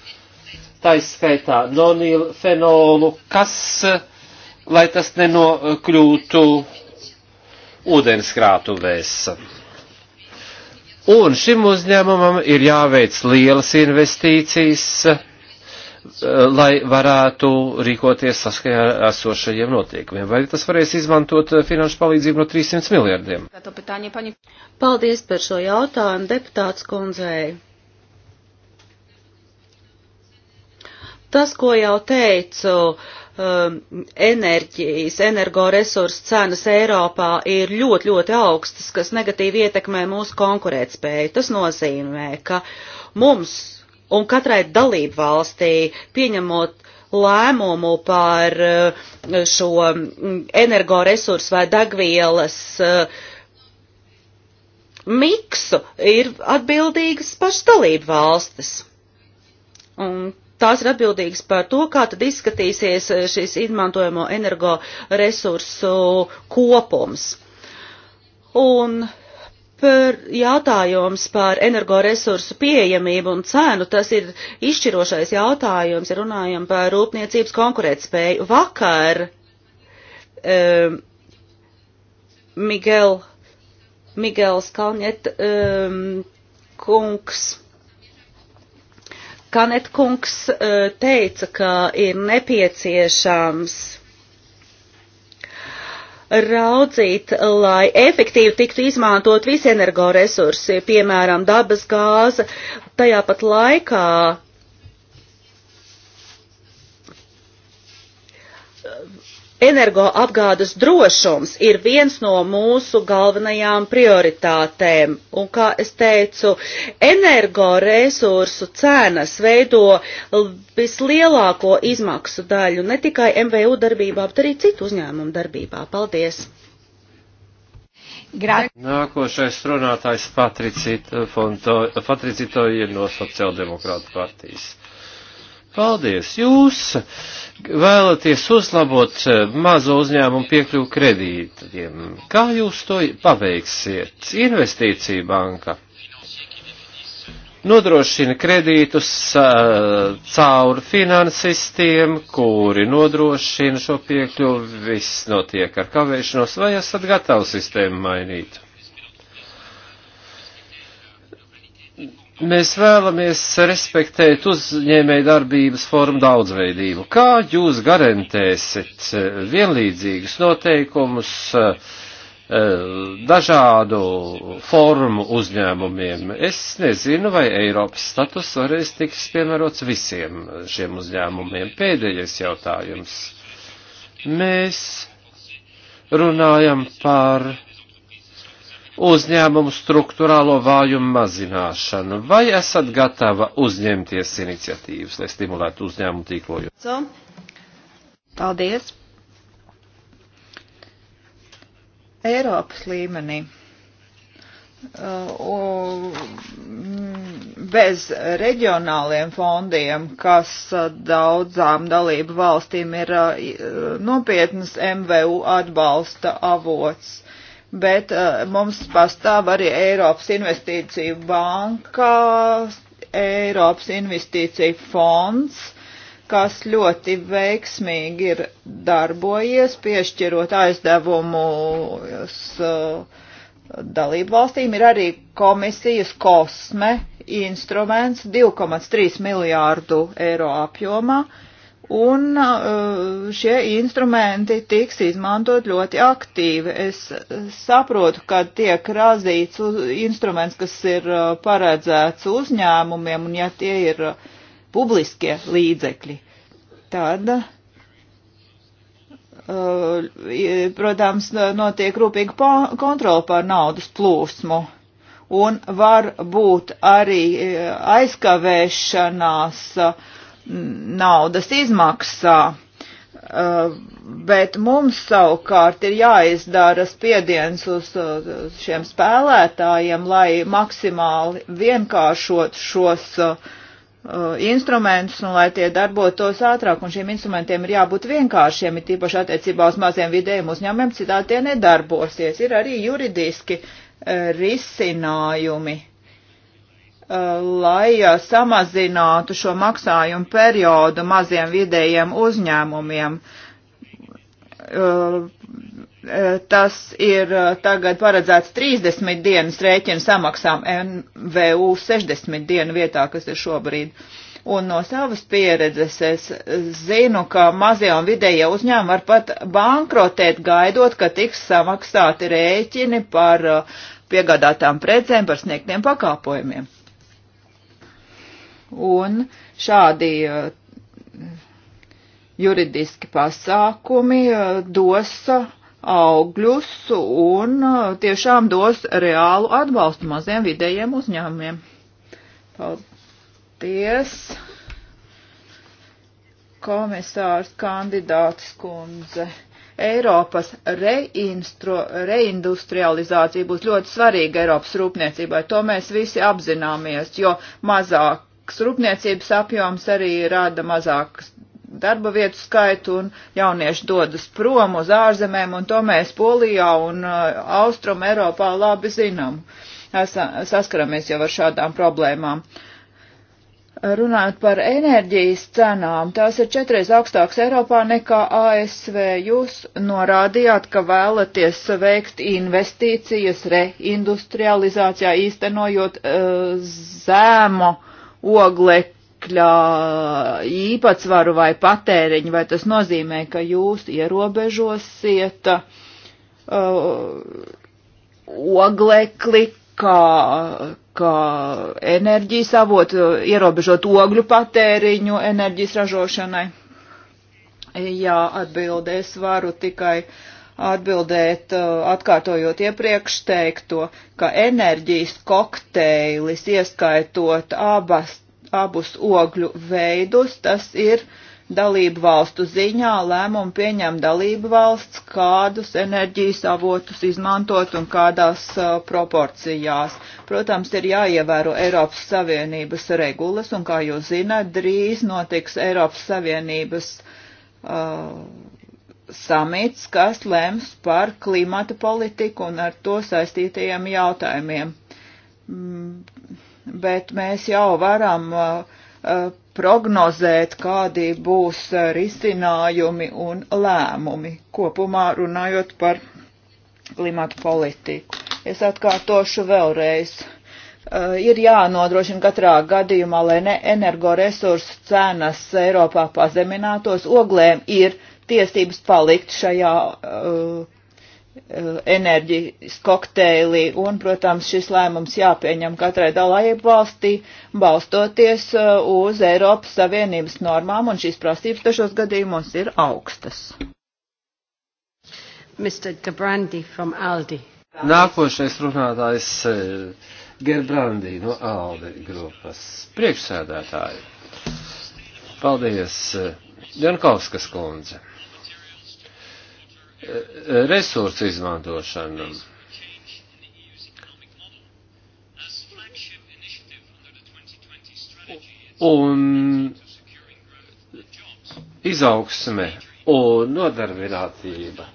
taiskaitā nonīlu fenolu, kas, lai tas nenokļūtu ūdenskrātuvēs. Un šim uzņēmumam ir jāveic lielas investīcijas, lai varētu rīkoties saskaņā ar esošajiem notiekumiem. Vai tas varēs izmantot finanšu palīdzību no 300 miljardiem? Paldies par šo jautājumu deputāts kundzei. Tas, ko jau teicu, um, enerģijas, energoresursu cenas Eiropā ir ļoti, ļoti augstas, kas negatīvi ietekmē mūsu konkurētspēju. Tas nozīmē, ka mums un katrai dalību valstī pieņemot lēmumu par uh, šo mm, energoresursu vai degvielas uh, miksu ir atbildīgas pašas dalību valstis. Un tās ir atbildīgas par to, kā tad izskatīsies eh, šis izmantojamo energoresursu kopums. Un par jautājums par energoresursu pieejamību un cēnu, tas ir izšķirošais jautājums, ja runājam par rūpniecības konkurētspēju. Vakar um, Miguel, Miguels Kalņet um, ehm, kungs Kanet kungs e, teica, ka ir nepieciešams raudzīt, lai efektīvi tiktu izmantot visi energoresursi, piemēram, dabas gāze, tajā pat laikā energoapgādes drošums ir viens no mūsu galvenajām prioritātēm. Un, kā es teicu, energoresursu cenas veido vislielāko izmaksu daļu ne tikai MVU darbībā, bet arī citu uzņēmumu darbībā. Paldies! Gra Nākošais runātājs Patricito ir no Sociāldemokrāta partijas. Paldies! Jūs vēlaties uzlabot eh, mazo uzņēmumu piekļuvu kredītiem. Kā jūs to paveiksiet? Investīcija banka nodrošina kredītus uh, caur finansistiem, kuri nodrošina šo piekļuvi. Viss notiek ar kavēšanos, vai esat gatavi sistēmu mainīt? Mēs vēlamies respektēt uzņēmēju darbības formu daudzveidību. Kā jūs garantēsiet eh, vienlīdzīgus noteikumus eh, dažādu formu uzņēmumiem? Es nezinu, vai Eiropas status varēs tiks piemērots visiem šiem uzņēmumiem. Pēdējais jautājums. Mēs runājam par uzņēmumu struktūrālo vājumu mazināšanu? Vai esat gatava uzņemties iniciatīvas, lai stimulētu uzņēmumu tīklojumu? So, paldies! Eiropas līmenī uh, bez reģionāliem fondiem, kas uh, daudzām dalību valstīm ir uh, nopietnas MVU atbalsta avots bet uh, mums pastāv arī Eiropas investīcija bankā, Eiropas investīcija fonds, kas ļoti veiksmīgi ir darbojies, piešķirot aizdevumu uh, dalību valstīm. Ir arī komisijas kosme instruments 2,3 miljārdu eiro apjomā. Uh, un uh, šie instrumenti tiks izmantot ļoti aktīvi. Es saprotu, ka tiek razīts instruments, kas ir uh, paredzēts uzņēmumiem, un ja tie ir uh, publiskie līdzekļi, tad, protams, notiek rūpīga kontrola pār naudas plūsmu un var būt arī aizkavēšanās uh, naudas izmaksā. Uh, bet mums savukārt ir jāizdara spiediens uz uh, šiem spēlētājiem, lai maksimāli vienkāršot šos uh, uh, instrumentus un lai tie darbotos ātrāk. Un šiem instrumentiem ir jābūt vienkāršiem, ir tīpaši attiecībā uz maziem vidējiem uzņēmumiem, citādi tie nedarbosies. Ir arī juridiski uh, risinājumi lai samazinātu šo maksājumu periodu maziem vidējiem uzņēmumiem. Tas ir tagad paredzēts 30 dienas rēķina samaksām NVU 60 dienu vietā, kas ir šobrīd. Un no savas pieredzes es zinu, ka mazie un vidējie uzņēmumi var pat bankrotēt, gaidot, ka tiks samaksāti rēķini par piegādātām precēm, par sniegtiem pakāpojumiem un šādi eh, juridiski pasākumi eh, dos augļus un eh, tiešām dos reālu atbalstu maziem vidējiem uzņēmumiem. Paldies! Komisārs kandidāts kundze. Eiropas reinstru, reindustrializācija būs ļoti svarīga Eiropas rūpniecībai. To mēs visi apzināmies, jo mazāk mazāks rūpniecības apjoms arī rada mazākas darba vietu skaitu un jaunieši dodas prom uz ārzemēm, un to mēs Polijā un uh, Austrum Eiropā labi zinām. Esam, saskaramies jau ar šādām problēmām. Runājot par enerģijas cenām, tās ir četreiz augstākas Eiropā nekā ASV. Jūs norādījāt, ka vēlaties veikt investīcijas reindustrializācijā, īstenojot uh, zēmu uh, oglekļa īpatsvaru vai patēriņu, vai tas nozīmē, ka jūs ierobežosiet uh, oglekli kā, kā enerģijas avotu, ierobežot ogļu patēriņu enerģijas ražošanai? Jā, atbildēs varu tikai uh, atbildēt, uh, atkārtojot iepriekš teikto, ka enerģijas kokteilis, ieskaitot abas, abus ogļu veidus, tas ir dalību valstu ziņā lēmumu pieņem dalību valsts, kādus enerģijas avotus izmantot un kādās uh, proporcijās. Protams, ir jāievēro Eiropas Savienības regulas, un kā jūs zināt, drīz notiks Eiropas Savienības uh, samits, kas lems par klimata politiku un ar to saistītajiem jautājumiem. Mm, bet mēs jau varam uh, uh, prognozēt, kādi būs risinājumi un lēmumi kopumā runājot par klimata politiku. Es atkārtošu vēlreiz. Uh, ir jānodrošina katrā gadījumā, lai ne energoresursu cenas Eiropā pazeminātos. Oglēm ir uh, tiesības palikt šajā uh, uh, enerģijas kokteili, un, protams, šis lēmums jāpieņem katrai dalību valstī, balstoties uh, uz Eiropas Savienības normām, un šīs prasības dažos gadījumos ir augstas. Nākošais runātājs uh, Gerbrandī no Aldi grupas priekšsēdētāji. Paldies, Jankovskas kundze resursu izmantošanu. Un izaugsme un nodarbinātība,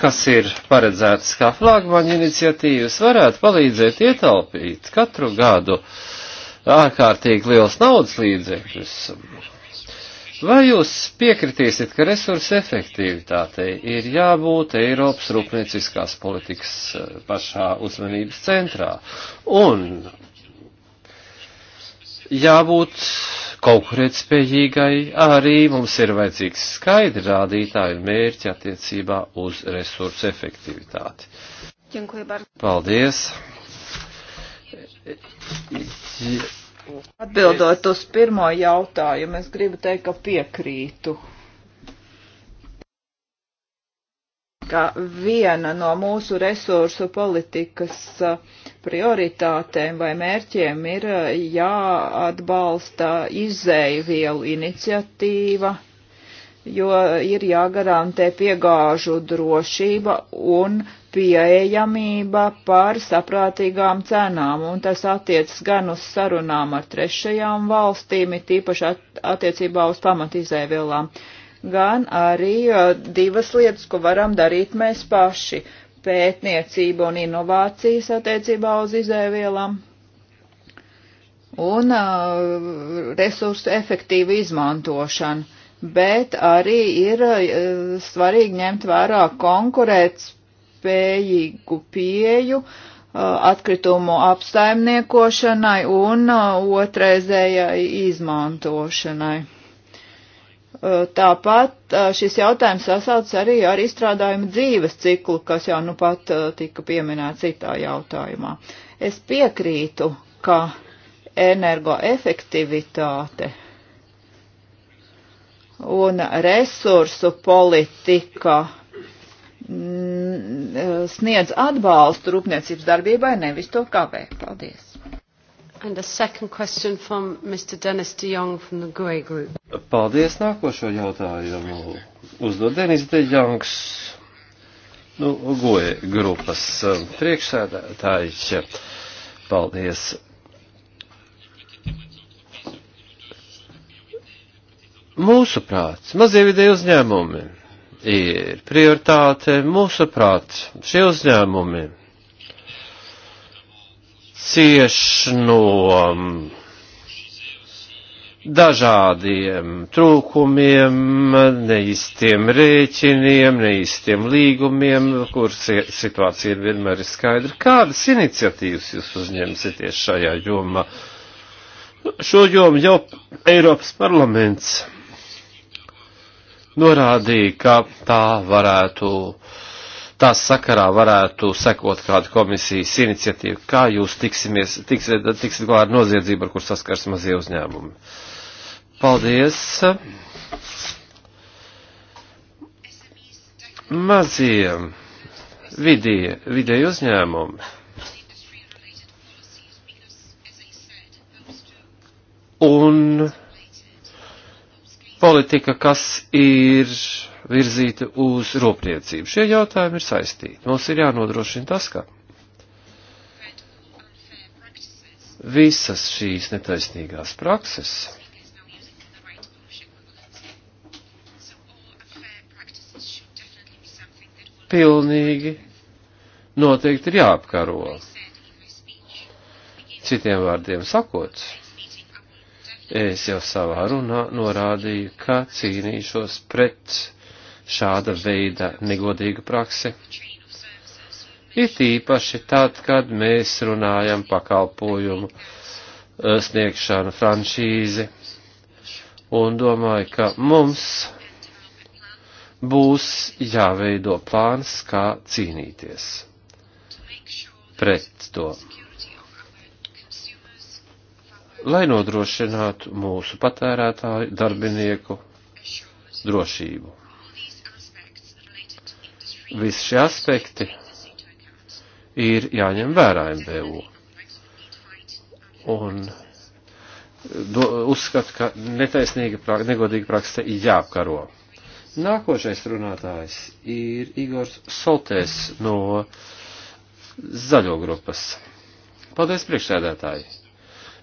kas ir paredzētas kā flagmaņa iniciatīvas, varētu palīdzēt ietaupīt katru gadu ārkārtīgi liels naudas līdzekļus Vai jūs piekritīsiet, ka resursa efektivitātei ir jābūt Eiropas rūpnieciskās politikas eh, pašā uzmanības centrā? Un jābūt konkurētspējīgai, arī mums ir vajadzīgs skaidri rādītāji un mērķi attiecībā uz resursu efektivitāti. Paldies! Ja Atbildot uz pirmo jautājumu, es gribu teikt, ka piekrītu. Ka viena no mūsu resursu politikas uh, prioritātēm vai mērķiem ir uh, jāatbalsta izēvielu iniciatīva, jo ir jāgarantē piegāžu drošība un uh, pieejamība par saprātīgām cenām, un tas attiecas gan uz sarunām ar trešajām valstīm, it īpaši attiecībā uz pamatizēvielām, gan arī uh, divas lietas, ko varam darīt mēs paši - pētniecība un inovācijas attiecībā uz izēvielām un uh, resursu efektīvu izmantošanu bet arī ir uh, svarīgi ņemt vērā konkurēts spējīgu pieju uh, atkritumu apsaimniekošanai un uh, otrreizējai izmantošanai. Uh, tāpat šis jautājums sasaucas arī ar izstrādājumu dzīves ciklu, kas jau nu pat tika pieminēts citā jautājumā. Es piekrītu, ka energoefektivitāte un resursu politika Mm, eh, sniedz atbalstu rūpniecības darbībai, nevis to kavē. Paldies. And a second question from Mr. Dennis de Jong from the GUE Group. Paldies. Nākošo jautājumu uzdod Denis de Jongs. Nu, GUE grupas eh, priekšsēdētājs. Paldies. Mūsuprāt, mazie vidēji uzņēmumi ir prioritāte. Mūsuprāt, šie uzņēmumi cieš no mm, dažādiem trūkumiem, neīstiem rēķiniem, neīstiem līgumiem, kur situācija ir vienmēr ir skaidra. Kādas iniciatīvas jūs uzņemsieties šajā jomā? Šo jomu jau Eiropas parlaments norādīja, ka tā varētu, tās sakarā varētu sekot kāda komisijas iniciatīva, kā jūs tiksimies, tiks, tiksiet galā ar noziedzību, ar kur saskars mazie uzņēmumi. Paldies! Mazie, vidie, vidēji uzņēmumi. Un politika, kas ir virzīta uz rūpniecību. Šie jautājumi ir saistīti. Mums ir jānodrošina tas, ka visas šīs netaisnīgās prakses pilnīgi noteikti ir jāapkaro. Citiem vārdiem sakot, Es jau savā runā norādīju, ka cīnīšos pret šāda veida negodīgu praksi. It īpaši tad, kad mēs runājam pakalpojumu eh, sniegšanu franšīzi un domāju, ka mums būs jāveido plāns, kā cīnīties pret to lai nodrošinātu mūsu patērētāju darbinieku drošību. Visi šie aspekti ir jāņem vērā MBU. Un do, uzskat, ka netaisnīga, prak, negodīga prakse jāapkaro. Nākošais runātājs ir Igors Soltēs no Zaļo grupas. Paldies priekšsēdētāji!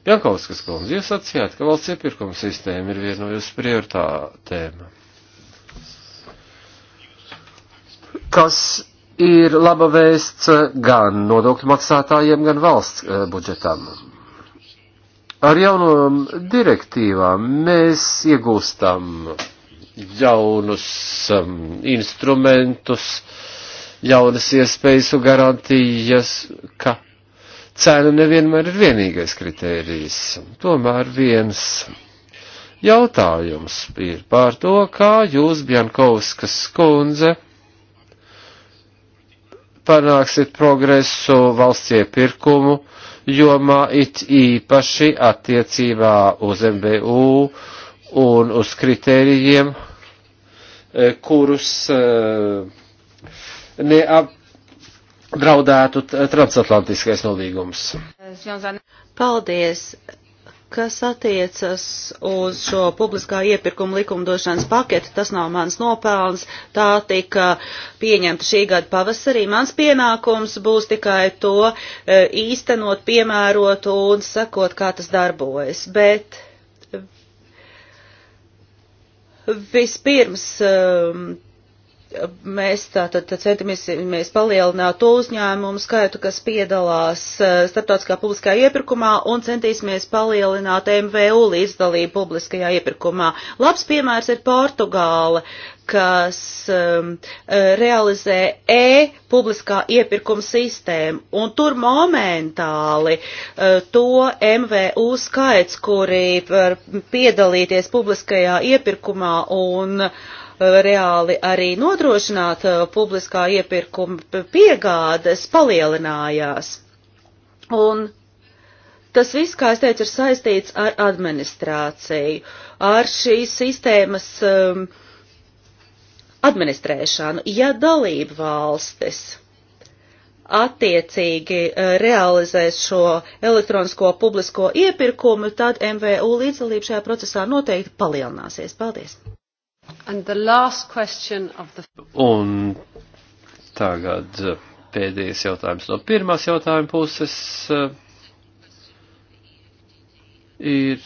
Jankovskas kundze, jūs atsījāt, ka valsts iepirkuma sistēma ir viena no jūsu prioritātēm. Kas ir laba vēsts gan nodokļu maksātājiem, gan valsts eh, budžetam? Ar jaunām direktīvām mēs iegūstam jaunus um, instrumentus, jaunas iespējas un garantijas, ka cena nevienmēr ir vienīgais kritērijs. Tomēr viens jautājums ir par to, kā jūs, Bjankovskas skundze, panāksiet progresu valsts iepirkumu jomā it īpaši attiecībā uz MBU un uz kritērijiem, eh, kurus eh, neap, draudētu transatlantiskais nolīgums. Paldies! Kas attiecas uz šo publiskā iepirkuma likumdošanas paketu, tas nav mans nopelns. Tā tika pieņemta šī gada pavasarī. Mans pienākums būs tikai to e, īstenot, piemērot un sakot, kā tas darbojas. Bet vispirms e, Mēs tātad centamies palielināt to uzņēmumu skaitu, kas piedalās eh, starptautiskā publiskā iepirkumā un centīsimies palielināt MVU līdzdalību publiskajā iepirkumā. Labs piemērs ir Portugāla, kas um, realizē e-publiskā iepirkuma sistēmu, un tur momentāli uh, to MVU skaits, kuri var piedalīties publiskajā iepirkumā un uh, reāli arī nodrošināt eh, publiskā iepirkuma piegādes palielinājās. Un tas viss, kā es teicu, ir saistīts ar administrāciju, ar šīs sistēmas um, administrēšanu. Ja dalība valstis attiecīgi eh, realizēs šo elektronisko publisko iepirkumu, tad MVU līdzdalība šajā procesā noteikti palielināsies. Paldies! The... Un tagad uh, pēdējais jautājums no pirmās jautājuma puses uh, ir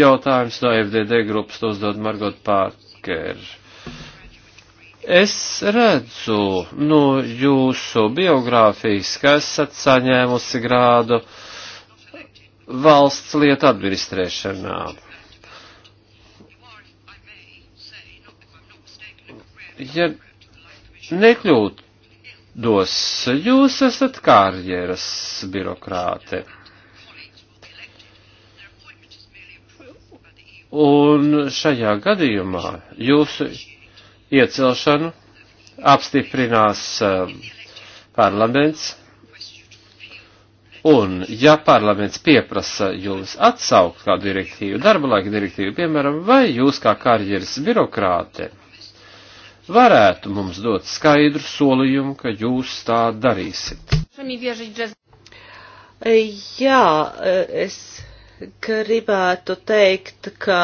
jautājums no FDD grupas, to uzdod Margot Parker. Es redzu no jūsu biogrāfijas, ka esat saņēmusi grādu valsts lietu administrēšanā ja nekļūdos, jūs esat karjeras birokrāte. Un šajā gadījumā jūsu iecelšanu apstiprinās um, parlaments. Un, ja parlaments pieprasa jums atsaukt kādu direktīvu, darba laika direktīvu, piemēram, vai jūs kā karjeras birokrāte varētu mums dot skaidru solījumu, ka jūs tā darīsiet. Jā, es gribētu teikt, ka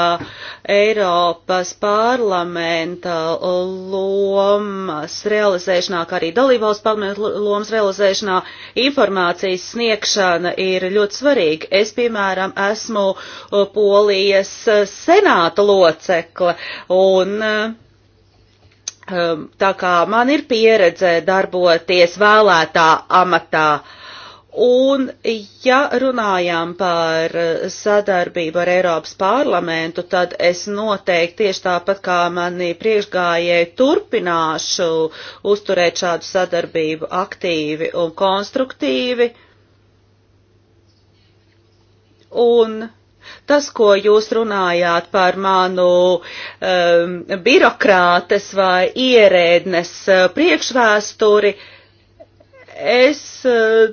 Eiropas parlamenta lomas realizēšanā, kā arī dalībvalsts parlamenta lomas realizēšanā, informācijas sniegšana ir ļoti svarīga. Es, piemēram, esmu Polijas senāta locekle un uh, Um, tā kā man ir pieredze darboties vēlētā amatā. Un, ja runājām par sadarbību ar Eiropas parlamentu, tad es noteikti tieši tāpat kā mani priekšgājēji turpināšu uzturēt šādu sadarbību aktīvi un konstruktīvi. Un Tas, ko jūs runājāt par manu um, birokrātes vai ierēdnes uh, priekšvēsturi, es uh,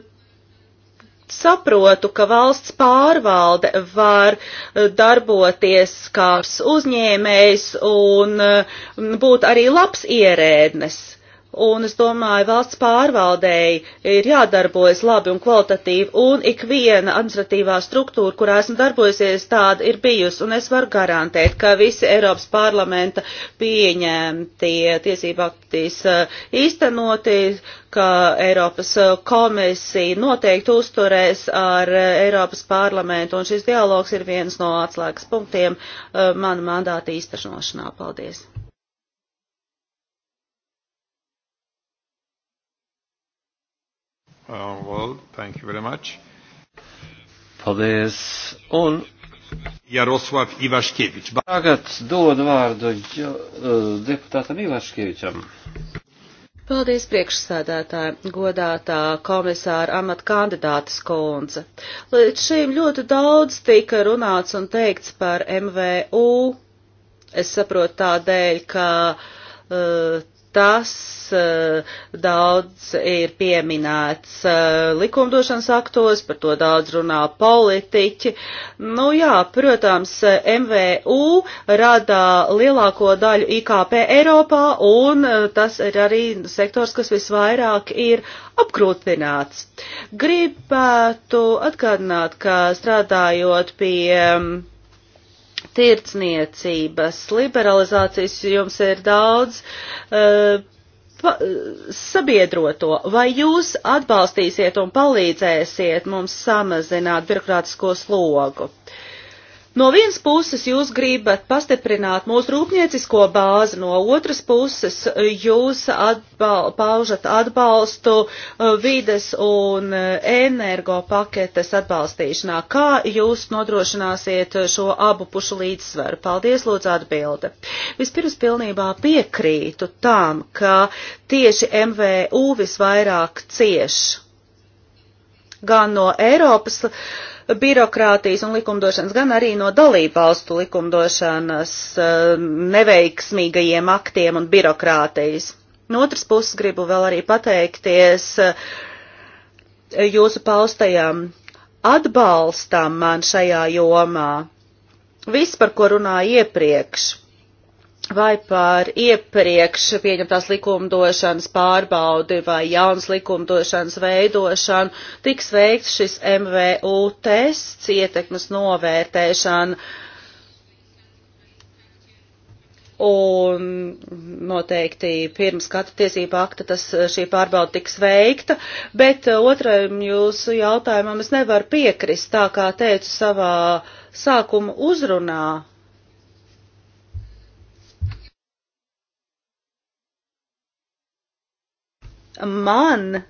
saprotu, ka valsts pārvalde var uh, darboties kā uzņēmējs un uh, būt arī labs ierēdnes. Un es domāju, valsts pārvaldēji ir jādarbojas labi un kvalitatīvi, un ikviena administratīvā struktūra, kurā esmu darbojusies, tāda ir bijusi. Un es varu garantēt, ka visi Eiropas parlamenta pieņemtie tiesību aktīs eh, īstenoti, ka Eiropas eh, komisija noteikti uzturēs ar eh, Eiropas parlamentu, un šis dialogs ir viens no atslēgas punktiem manu mandātu īstenošanā. Paldies! Uh, well, thank you very much. Paldies. Un Jaroslav Ivaškevič. Tagad dod vārdu jo, uh, deputātam Ivaškevičam. Paldies priekšsēdētāji, godātā komisāra amata kandidātas kundze. Līdz šīm ļoti daudz tika runāts un teikts par MVU. Es saprotu tādēļ, ka uh, Tas eh, daudz ir pieminēts eh, likumdošanas aktos, par to daudz runā politiķi. Nu jā, protams, MVU rada lielāko daļu IKP Eiropā, un eh, tas ir arī sektors, kas visvairāk ir apgrūtināts. Gribētu atgādināt, ka strādājot pie mm, tirdzniecības liberalizācijas jums ir daudz uh, pa, sabiedroto. Vai jūs atbalstīsiet un palīdzēsiet mums samazināt birokrātisko slogu? Uh, No vienas puses jūs gribat pastiprināt mūsu rūpniecisko bāzi, no otras puses eh, jūs atbal, paužat atbalstu eh, vides un eh, energo paketes atbalstīšanā. Kā jūs nodrošināsiet šo abu pušu līdzsvaru? Paldies, lūdzu, atbilde. Vispirms pilnībā piekrītu tam, ka tieši MVU visvairāk cieš gan no Eiropas uh, birokrātijas un likumdošanas, gan arī no dalībvalstu likumdošanas eh, neveiksmīgajiem aktiem un birokrātijas. No otras puses gribu vēl arī pateikties eh, jūsu paustajam atbalstam man šajā jomā. Viss, par ko runāju iepriekš, vai par iepriekš pieņemtās likumdošanas pārbaudi vai jaunas likumdošanas veidošanu tiks veikts šis MVU tests, ietekmes novērtēšana. Un noteikti pirms katra tiesība akta tas, šī pārbauda tiks veikta, bet otram jūsu jautājumam es nevaru piekrist, tā kā teicu savā sākuma uzrunā man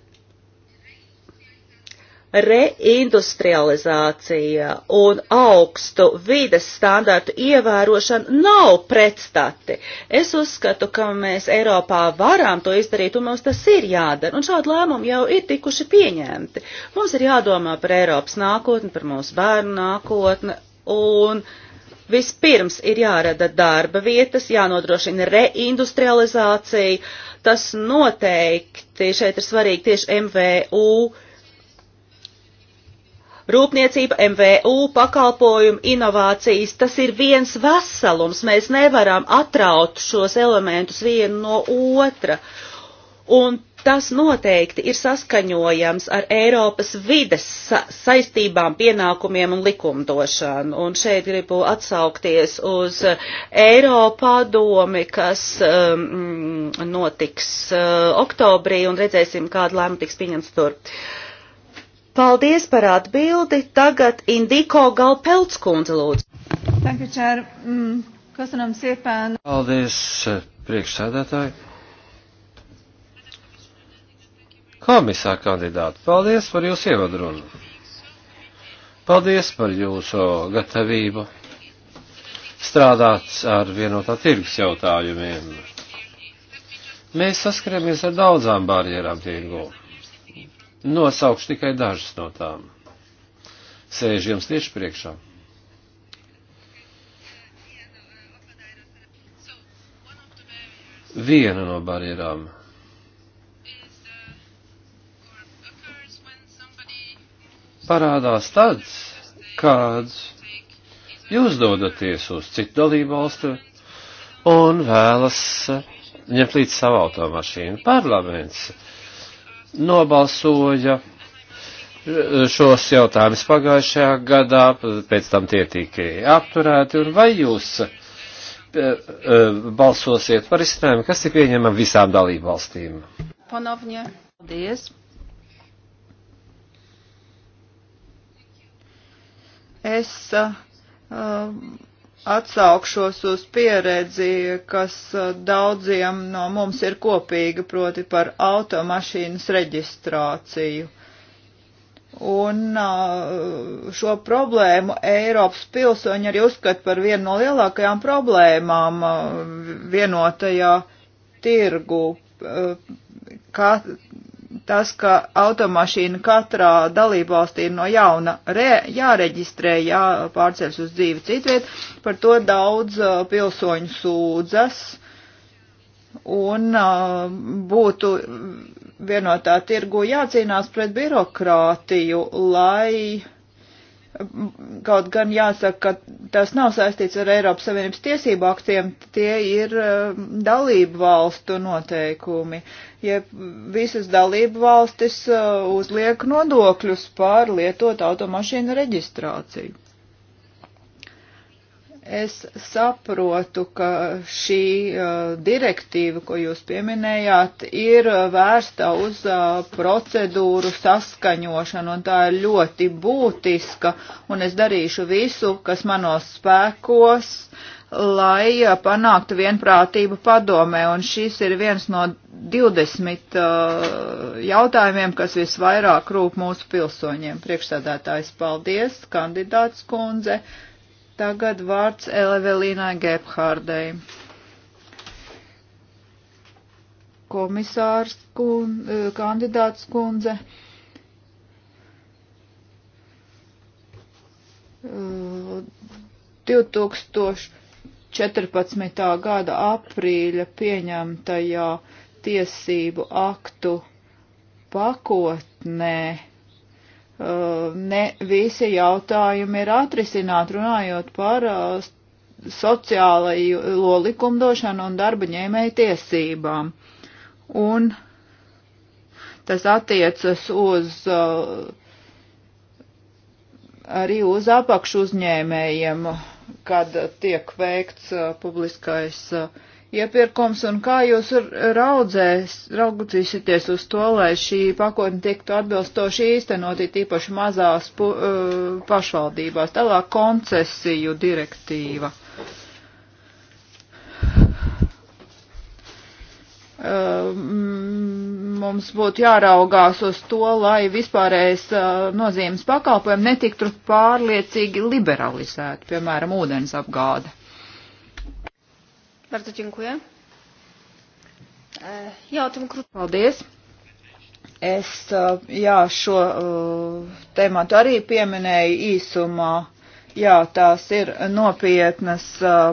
reindustrializācija un augstu vides standārtu ievērošana nav pretstati. Es uzskatu, ka mēs Eiropā varam to izdarīt, un mums tas ir jādara, un šādi lēmumi jau ir tikuši pieņemti. Mums ir jādomā par Eiropas nākotni, par mūsu bērnu nākotni, un uh, Vispirms ir jārada darba vietas, jānodrošina reindustrializācija. Tas noteikti šeit ir svarīgi tieši MVU. Rūpniecība, MVU, pakalpojumi, inovācijas, tas ir viens veselums. Mēs nevaram atraut šos elementus vienu no otra. Un tas noteikti ir saskaņojams ar Eiropas vides sa saistībām, pienākumiem un likumdošanu. Un šeit gribu atsaukties uz Eiropadomi, kas um, notiks uh, oktobrī un redzēsim, kāda lēma tiks pieņemts tur. Paldies par atbildi. Tagad Indiko Galpeltskundze lūdzu. Thank you, Chair. Mm, Köszönöm szépen. Paldies, priekšsēdētāji. komisā kandidāti. Paldies par jūsu ievadrunu. Paldies par jūsu gatavību strādāt ar vienotā tirgus jautājumiem. Mēs saskaramies ar daudzām barjerām tirgu. Nosaukšu tikai dažas no tām. Sēž jums tieši priekšā. Viena no barjerām parādās tad, kad jūs dodaties uz citu dalību valstu un vēlas ņemt līdz savu automašīnu. Parlaments nobalsoja šos jautājumus pagājušajā gadā, pēc tam tie tika apturēti, un vai jūs eh, eh, balsosiet par izcinājumu, kas ir pieņemam visām dalību valstīm? Ponovņa. Paldies. Es uh, uh, atsaukšos uz pieredzi, kas uh, daudziem no mums ir kopīga, proti par automašīnas reģistrāciju. Un uh, šo problēmu Eiropas pilsoņi arī uzskata par vienu no lielākajām problēmām vienotajā tirgu. Kā tas, ka automašīna katrā dalībvalstī ir no jauna re, jāreģistrē, jāpārceļas uz dzīvi citviet, par to daudz uh, pilsoņu sūdzas. Un uh, būtu vienotā tirgu jācīnās pret birokrātiju, lai Kaut gan jāsaka, ka tas nav saistīts ar Eiropas Savienības tiesību aktiem, tie ir um, dalību valstu noteikumi. Ja visas dalību valstis uh, uzliek nodokļus pār lietot automašīnu reģistrāciju. Es saprotu, ka šī uh, direktīva, ko jūs pieminējāt, ir uh, vērsta uz uh, procedūru saskaņošanu, un tā ir ļoti būtiska, un es darīšu visu, kas manos spēkos, lai uh, panāktu vienprātību padomē, un šis ir viens no 20 uh, jautājumiem, kas visvairāk rūp mūsu pilsoņiem. Priekšsēdētājs, paldies, kandidāts kundze. Tagad vārds Elevelīnai Gebhārdei. Komisārs kundze, eh, kandidāts kundze. Uh, eh, 2014. gada aprīļa pieņemtajā tiesību aktu pakotnē Uh, ne visi jautājumi ir atrisināti runājot par uh, sociālo likumdošanu un darba ņēmēju tiesībām. Un tas attiecas uz uh, arī uz apakšu uzņēmējiem, kad tiek veikts publiskais uh, iepirkums un kā jūs raudzēs, raugudzīsieties uz to, lai šī pakotne tiktu atbilstoši īstenot, tīpaši mazās pu, uh, pašvaldībās. Tālāk koncesiju direktīva. Uh, mums būtu jāraugās uz to, lai vispārējais uh, nozīmes pakalpojumi netiktu pārliecīgi liberalizēti, piemēram, ūdens apgāde. Bardzo dziękuję. E, jā, tam krūt. Paldies. Es e, jā, šo e, tēmatu arī pieminēju īsumā. Jā, tās ir nopietnas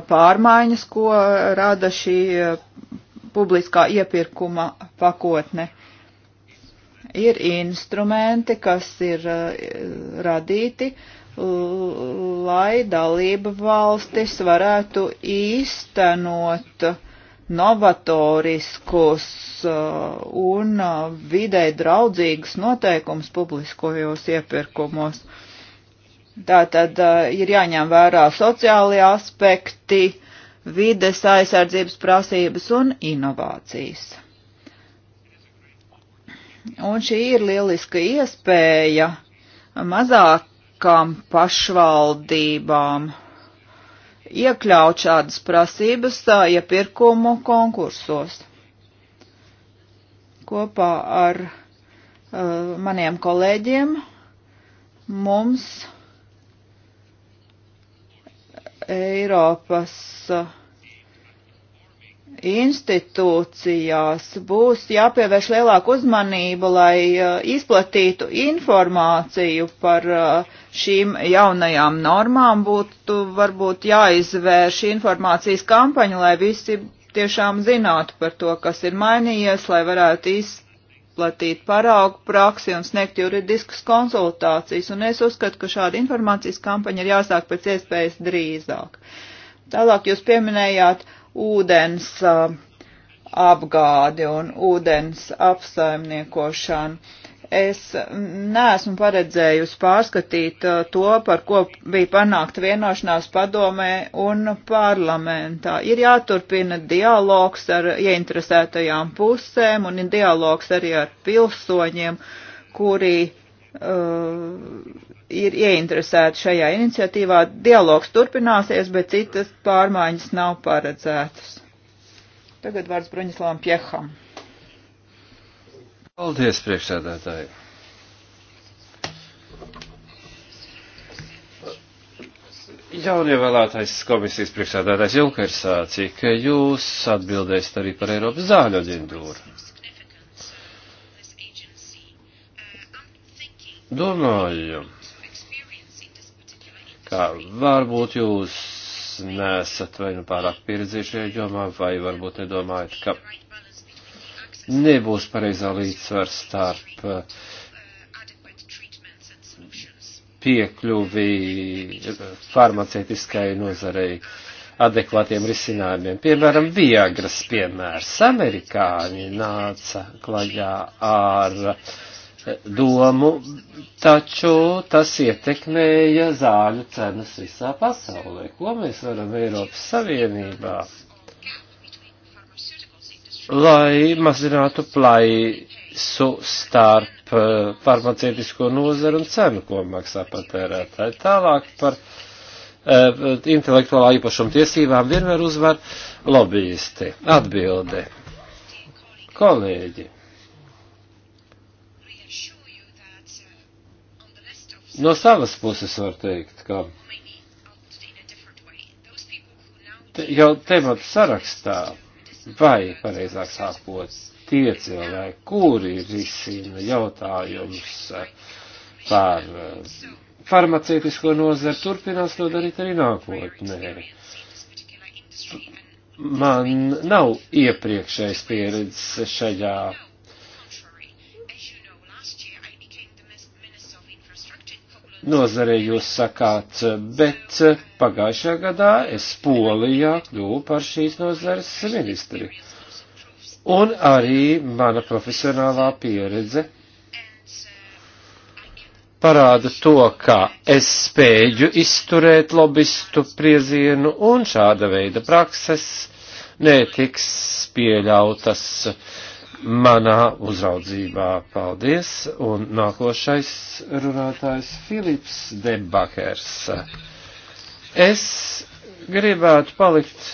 pārmaiņas, ko rada šī publiskā iepirkuma pakotne. Ir instrumenti, kas ir radīti, uh, lai dalība valstis varētu īstenot novatoriskus uh, un uh, vidē draudzīgus noteikumus publiskojos iepirkumos. Tātad uh, ir jāņem vērā sociālie aspekti, vides aizsardzības prasības un inovācijas. Un šī ir lieliska iespēja mazāk liekam pašvaldībām iekļaut šādas prasības iepirkumu ja konkursos. Kopā ar uh, maniem kolēģiem mums Eiropas uh, institūcijās būs jāpievērš lielāku uzmanību, lai uh, izplatītu informāciju par uh, šīm jaunajām normām, būtu varbūt jāizvērš informācijas kampaņa, lai visi tiešām zinātu par to, kas ir mainījies, lai varētu izplatīt paraugu praksi un sniegt juridiskas konsultācijas. Un es uzskatu, ka šāda informācijas kampaņa ir jāsāk pēc iespējas drīzāk. Tālāk jūs pieminējāt uh, ūdens apgādi un ūdens apsaimniekošanu. Es neesmu paredzējusi pārskatīt to, par ko bija panākta vienošanās padomē un parlamentā. Ir jāturpina dialogs ar ieinteresētajām pusēm un ir dialogs arī ar pilsoņiem, kuri uh, ir ieinteresēti šajā iniciatīvā. Dialogs turpināsies, bet citas pārmaiņas nav paredzētas. Tagad vārds Broņislavam Pieham. Paldies, priekšsēdētāji! Jaunievēlētais komisijas priekšsēdētājs Junkers sācīja, ka jūs atbildēsiet arī par Eiropas zāļu aģentūru. Domāju, ka varbūt jūs nesat vai nu pārāk pieredzējušajā jomā, vai varbūt nedomājat, ka nebūs pareizā līdzsvars starp uh, piekļuvi uh, farmaceitiskai nozarei adekvātiem risinājumiem. Piemēram, Viagras piemērs. Amerikāņi nāca klajā ar uh, domu, taču tas ietekmēja zāļu cenas visā pasaulē. Ko mēs varam Eiropas Savienībā? Lai mazinātu plaisu starp eh, farmaceitisko nozaru un cenu, ko maksā patērētāji. Tālāk par uh, intelektuālā īpašuma tiesībām vienmēr uzvar lobbyisti. Atbilde. Kolēģi. No savas puses var teikt, ka te, jau tematu sarakstā, vai pareizāk sākot, tie cilvēki, kuri risina jautājumus par eh, farmaceitisko nozari, turpinās to darīt arī nākotnē. Man nav iepriekšējais pieredzes šajā nozarei jūs sakāt, bet pagājušajā gadā es Polijā kļuvu par šīs nozares ministri. Un arī mana profesionālā pieredze parāda to, ka es spēju izturēt lobistu priezienu un šāda veida prakses netiks pieļautas. Uh, manā uzraudzībā. Paldies! Un nākošais runātājs Filips Debakers. Es gribētu palikt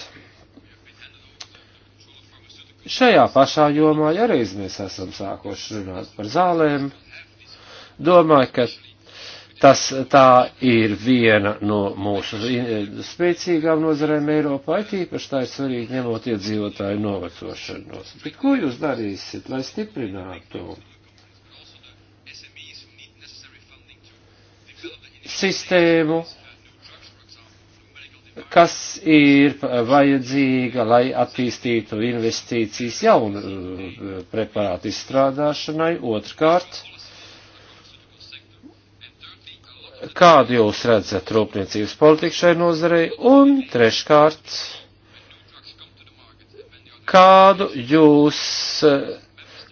Šajā pašā jomā, ja reiz mēs esam sākoši runāt par zālēm, domāju, ka Tas tā ir viena no mūsu spēcīgām nozarēm Eiropā, tīpaši tā ir svarīgi ņemot iedzīvotāju novecošanos. Bet ko jūs darīsiet, lai stiprinātu sistēmu, kas ir vajadzīga, lai attīstītu investīcijas jaunu uh, preparātu izstrādāšanai, otrkārt, kādu jūs redzat rūpniecības politiku šai nozarei, un treškārt, kādu jūs,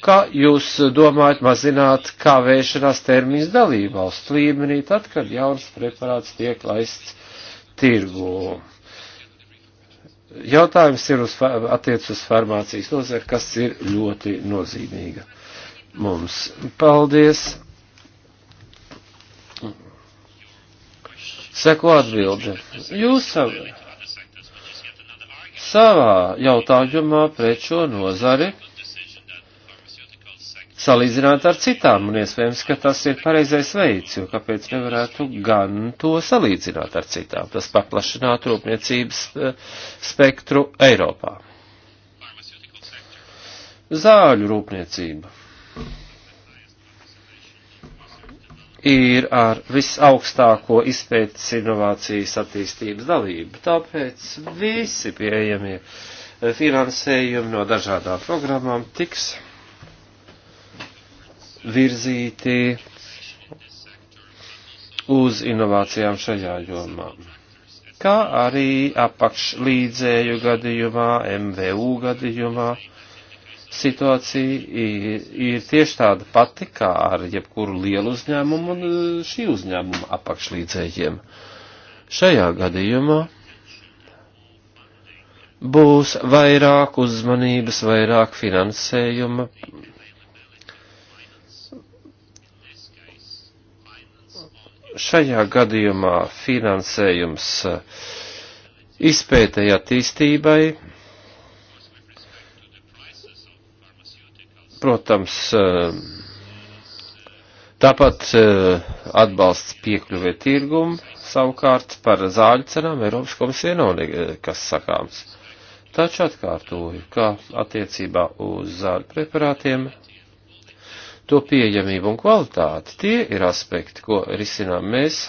kā jūs domājat mazināt kavēšanās termiņus dalību valstu līmenī, tad, kad jauns preparāts tiek laists tirgū. Jautājums ir uz, attiec uz farmācijas nozari, kas ir ļoti nozīmīga mums. Paldies! Seko atbildi. Jūs savā jautājumā pret šo nozari salīdzināt ar citām, un iespējams, ka tas ir pareizais veids, jo kāpēc nevarētu gan to salīdzināt ar citām, tas paplašinātu rūpniecības eh, spektru Eiropā. Zāļu rūpniecība. ir ar visaugstāko izpētes inovācijas attīstības dalību. Tāpēc visi pieejamie eh, finansējumi no dažādām programmām tiks virzīti uz inovācijām šajā jomā. Kā arī apakšlīdzēju gadījumā, MVU gadījumā situācija ir, ir tieši tāda pati kā ar jebkuru lielu uzņēmumu un e, šī uzņēmuma apakšlīdzējiem. Šajā gadījumā būs vairāk uzmanības, vairāk finansējuma. Šajā gadījumā finansējums e, izpētēji attīstībai Protams, eh, tāpat eh, atbalsts piekļuvē tirgumu, savukārt par zāļu cenām Eiropas komisija nav nekas eh, sakāms. Taču atkārtoju, ka attiecībā uz zāļu preparātiem to pieejamību un kvalitāti tie ir aspekti, ko risinām mēs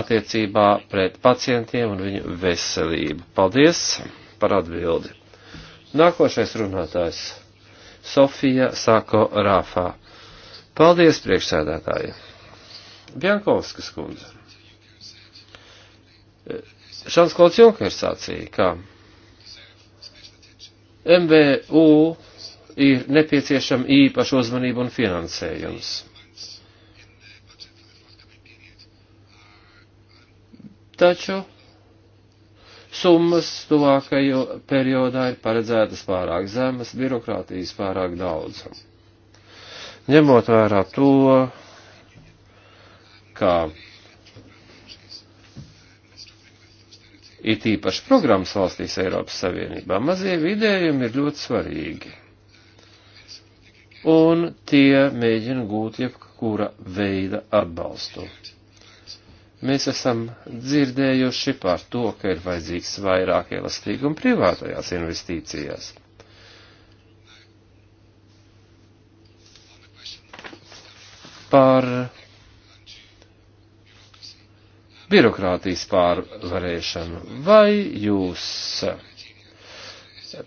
attiecībā pret pacientiem un viņu veselību. Paldies par atbildi! Nākošais runātājs - Sofija Sako Rāfā. Paldies, priekšsēdētāji! Bjankovskas kundze. Šāds Klauds Junkers sacīja, ka MVU ir nepieciešama īpaša uzmanība un finansējums. Taču summas tuvākajo periodā ir paredzētas pārāk zemas, birokrātijas pārāk daudz. Ņemot vērā to, kā it īpaši programmas valstīs Eiropas Savienībā, mazie vidējumi ir ļoti svarīgi. Un tie mēģina gūt jebkura veida atbalstu. Mēs esam dzirdējuši par to, ka ir vajadzīgs vairāk elastīguma privātajās investīcijās. Par birokrātijas pārvarēšanu. Vai jūs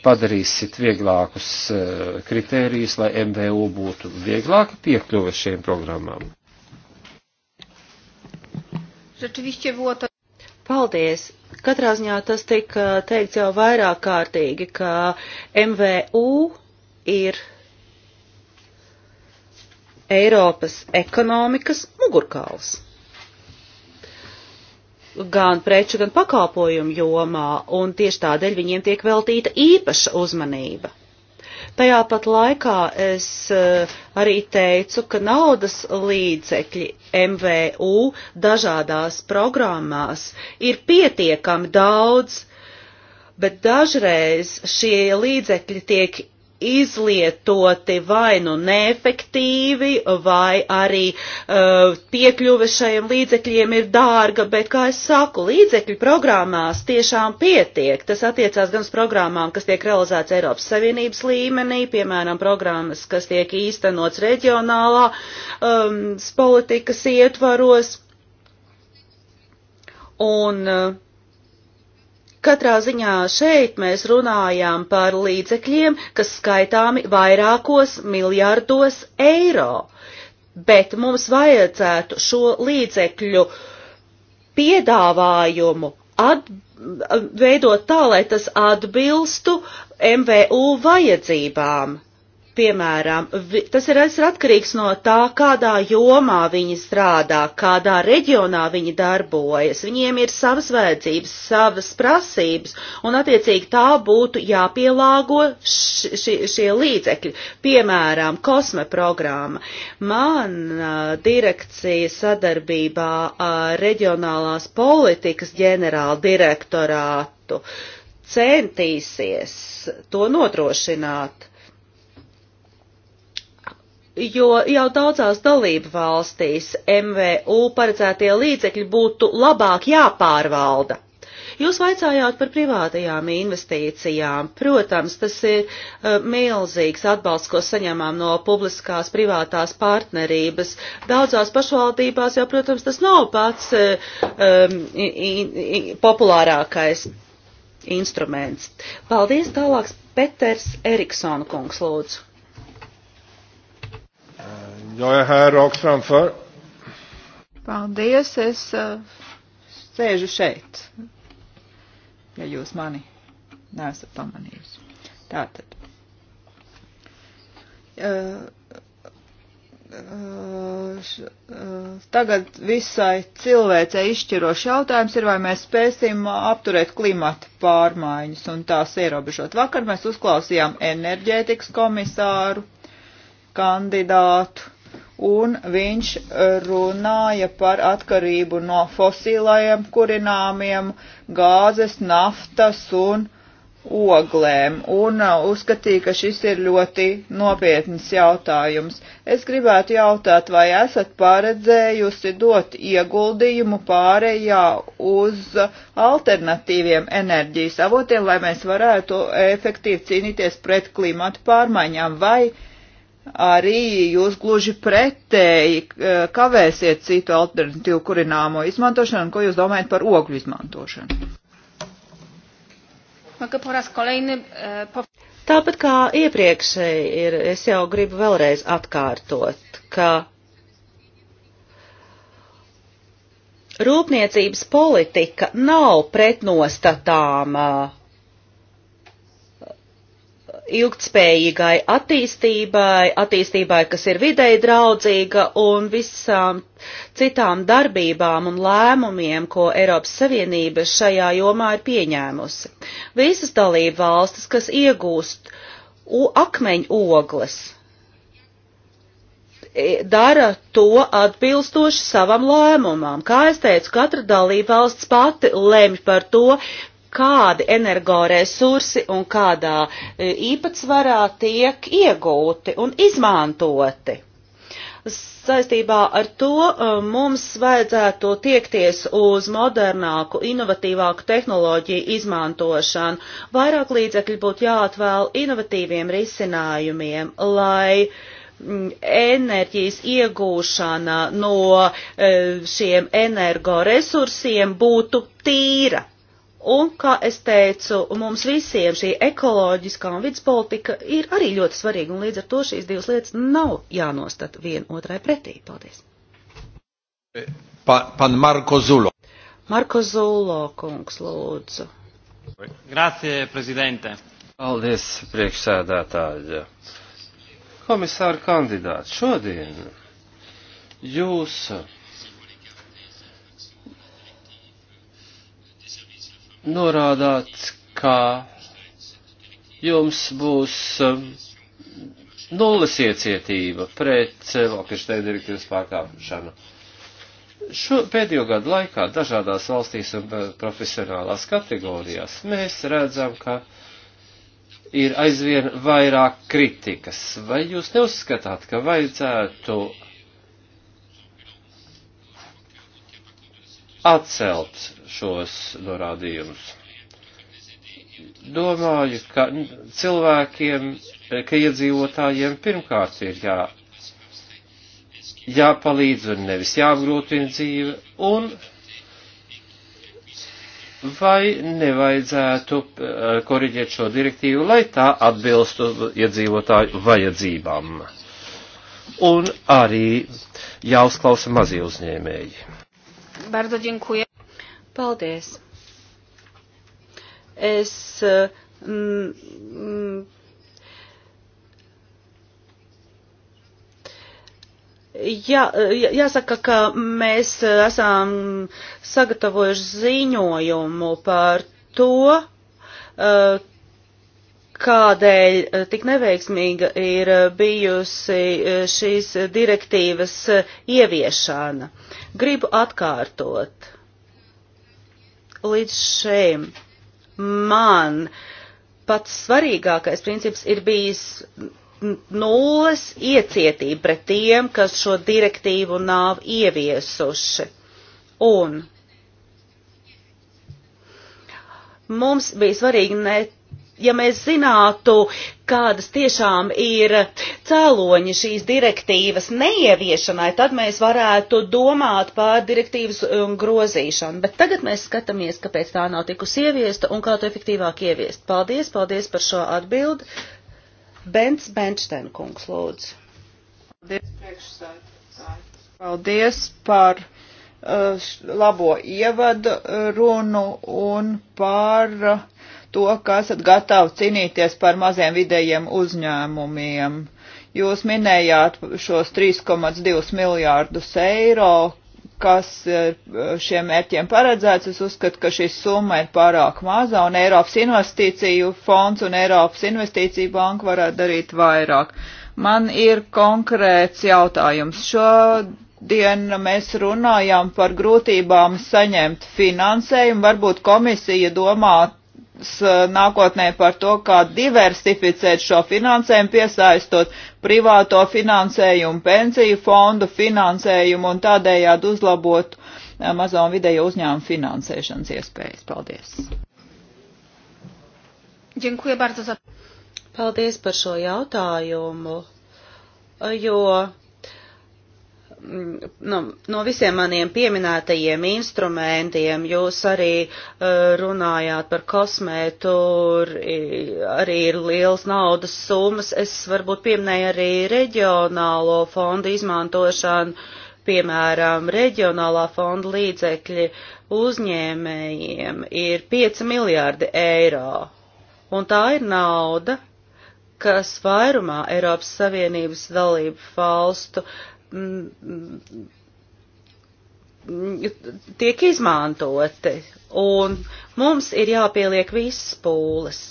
padarīsit vieglākus eh, kritērijus, lai MVU būtu vieglāka piekļuve šiem programmām? Rzeczywiście było to. Paldies! Katrā ziņā tas tika teikts jau vairāk kārtīgi, ka MVU ir Eiropas ekonomikas mugurkauls. Gan preču, gan pakalpojumu jomā, un tieši tādēļ viņiem tiek veltīta īpaša uzmanība. Tajā pat laikā es eh, arī teicu, ka naudas līdzekļi MVU dažādās programmās ir pietiekami daudz, bet dažreiz šie līdzekļi tiek izlietoti vai nu neefektīvi, vai arī uh, piekļuve šajiem līdzekļiem ir dārga, bet, kā es saku, līdzekļu programmās tiešām pietiek. Tas attiecās gan uz programmām, kas tiek realizēts Eiropas Savienības līmenī, piemēram, programmas, kas tiek īstenots reģionālā um, politikas ietvaros. Un, uh, Katrā ziņā šeit mēs runājām par līdzekļiem, kas skaitāmi vairākos miljardos eiro, bet mums vajadzētu šo līdzekļu piedāvājumu at, veidot tā, lai tas atbilstu MVU vajadzībām. Piemēram, tas ir atkarīgs no tā, kādā jomā viņi strādā, kādā reģionā viņi darbojas. Viņiem ir savas vajadzības, savas prasības, un attiecīgi tā būtu jāpielāgo š, š, šie līdzekļi. Piemēram, kosme programma. Man direkcija sadarbībā ar reģionālās politikas ģenerāla direktorātu centīsies to notrošināt jo jau daudzās dalību valstīs MVU paredzētie līdzekļi būtu labāk jāpārvalda. Jūs vaicājāt par privātajām investīcijām. Protams, tas ir uh, milzīgs atbalsts, ko saņemām no publiskās privātās partnerības. Daudzās pašvaldībās jau, protams, tas nav pats uh, um, i, i, populārākais instruments. Paldies tālāk, Peters Eriksona kungs, lūdzu. Jag är här rakt framför. Paldies, es uh, sēžu šeit, ja jūs mani neesat pamanījusi. Tātad. Uh, tagad visai cilvēcei izšķirošs jautājums ir, vai mēs spēsim apturēt klimata pārmaiņas un tās ierobežot. Vakar mēs uzklausījām enerģētikas komisāru kandidātu un viņš e, runāja par atkarību no fosilajiem kurināmiem, gāzes, naftas un oglēm, un e, uzskatīja, ka šis ir ļoti nopietns jautājums. Es gribētu jautāt, vai esat paredzējusi dot ieguldījumu pārējā uz alternatīviem enerģijas avotiem, lai mēs varētu efektīvi cīnīties pret klimatu pārmaiņām, vai arī jūs gluži pretēji eh, kavēsiet citu alternatīvu kurināmo izmantošanu, ko jūs domājat par ogļu izmantošanu? Eh, Tāpat kā iepriekšēji ir, es jau gribu vēlreiz atkārtot, ka rūpniecības politika nav pretnostatāma ilgtspējīgai attīstībai, attīstībai, kas ir videi draudzīga un visām citām darbībām un lēmumiem, ko Eiropas Savienība šajā jomā ir pieņēmusi. Visas dalība valstis, kas iegūst akmeņu ogles, e, dara to atbilstoši savam lēmumam. Kā es teicu, katra dalība valsts pati lemj par to, kādi energoresursi un kādā e, īpatsvarā tiek iegūti un izmantoti. Saistībā ar to e, mums vajadzētu tiekties uz modernāku, inovatīvāku tehnoloģiju izmantošanu. Vairāk līdzekļu būtu jāatvēl inovatīviem risinājumiem, lai uh, enerģijas iegūšana no e, šiem energoresursiem būtu tīra. Un, kā es teicu, mums visiem šī ekoloģiskā un vidas politika ir arī ļoti svarīga, un līdz ar to šīs divas lietas nav jānostat vien otrai pretī. Paldies. Pa, pan Marko Zulo. Marko Zulo, kungs, lūdzu. Grazie, prezidente. Paldies, priekšsēdētāja. Komisāra kandidāts, šodien jūs norādāts, ka jums būs um, nulles iecietība pret Volkensteina uh, direktīvas pārkāpšanu. Šo pēdējo gadu laikā dažādās valstīs un uh, profesionālās kategorijās mēs redzam, ka ir aizvien vairāk kritikas. Vai jūs neuzskatāt, ka vajadzētu atcelt šos norādījumus. Domāju, ka cilvēkiem, ka iedzīvotājiem pirmkārt ir jā, jāpalīdz un nevis jāapgrūtina dzīve, un vai nevajadzētu eh, koriģēt šo direktīvu, lai tā atbilstu iedzīvotāju vajadzībām. Un arī jāuzklausa mazie uzņēmēji. Bardzo dziękuję. Paldies. Es eh, mm, mm, Jā, jāsaka, ka mēs eh, esam sagatavojuši ziņojumu par to, eh, kādēļ eh, tik neveiksmīga ir eh, bijusi eh, šīs direktīvas ieviešana. Gribu atkārtot. Līdz šim man pats svarīgākais princips ir bijis nulles iecietība pret tiem, kas šo direktīvu nav ieviesuši. Un mums bija svarīgi ne ja mēs zinātu, kādas tiešām ir cēloņi šīs direktīvas neieviešanai, tad mēs varētu domāt par direktīvas um, grozīšanu. Bet tagad mēs skatāmies, kāpēc tā nav tikusi ieviesta un kā to efektīvāk ieviest. Paldies, paldies par šo atbildi. Bents Benšten kungs lūdzu. Paldies, priekšsēdētāji. Paldies par uh, labo ievadu uh, runu un par uh, to, ka esat gatavi cīnīties par maziem vidējiem uzņēmumiem. Jūs minējāt šos 3,2 miljārdus eiro, kas eh, šiem mērķiem paredzēts. Es uzskatu, ka šī summa ir pārāk maza, un Eiropas investīciju fonds un Eiropas investīciju banka varētu darīt vairāk. Man ir konkrēts jautājums. Šodien mēs runājām par grūtībām saņemt finansējumu. Varbūt komisija domā nākotnē par to, kā diversificēt šo finansējumu, piesaistot privāto finansējumu, pensiju fondu finansējumu un tādējādi uzlabot eh, mazo un vidējo uzņēmumu finansēšanas iespējas. Paldies! Paldies par šo jautājumu, jo no, no visiem maniem pieminētajiem instrumentiem jūs arī uh, runājāt par kosmē, tur arī ir liels naudas summas. Es varbūt pieminēju arī reģionālo fondu izmantošanu, piemēram, reģionālā fonda līdzekļi uzņēmējiem ir 5 miljārdi eiro. Un tā ir nauda, kas vairumā Eiropas Savienības dalību valstu uh, Mm, tiek izmantoti, un mums ir jāpieliek visas pūles,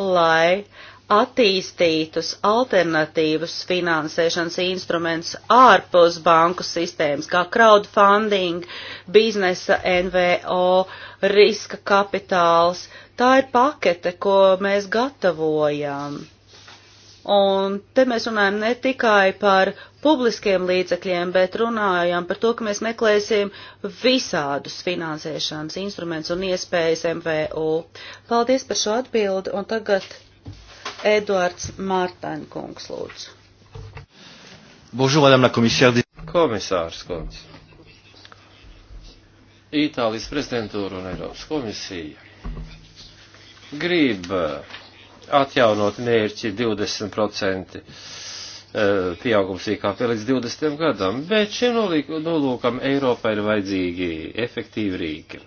lai attīstītus alternatīvus finansēšanas instrumentus ārpus banku sistēmas, kā crowdfunding, biznesa NVO, riska kapitāls. Tā ir pakete, ko mēs gatavojam. Un te mēs runājam ne tikai par publiskiem līdzekļiem, bet runājām par to, ka mēs meklēsim visādus finansēšanas instrumentus un iespējas MVU. Paldies par šo atbildi, un tagad Eduards Mārtaņkungs lūdzu. Bonjour, madame la commissaire. Komisārs, komisārs. Itālijas prezidentūra un Eiropas komisija grib eh, atjaunot mērķi 20% Eh, pieaugums IKP līdz 20 gadam, bet šiem nolūkam Eiropā ir vajadzīgi efektīvi rīki.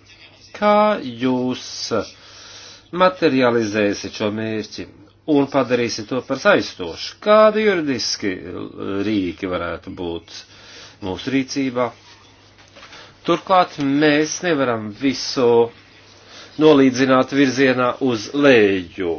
Kā jūs materializēsiet šo mērķi un padarīsiet to par saistošu? Kādi juridiski rīki varētu būt mūsu rīcībā? Turklāt mēs nevaram visu nolīdzināt virzienā uz leju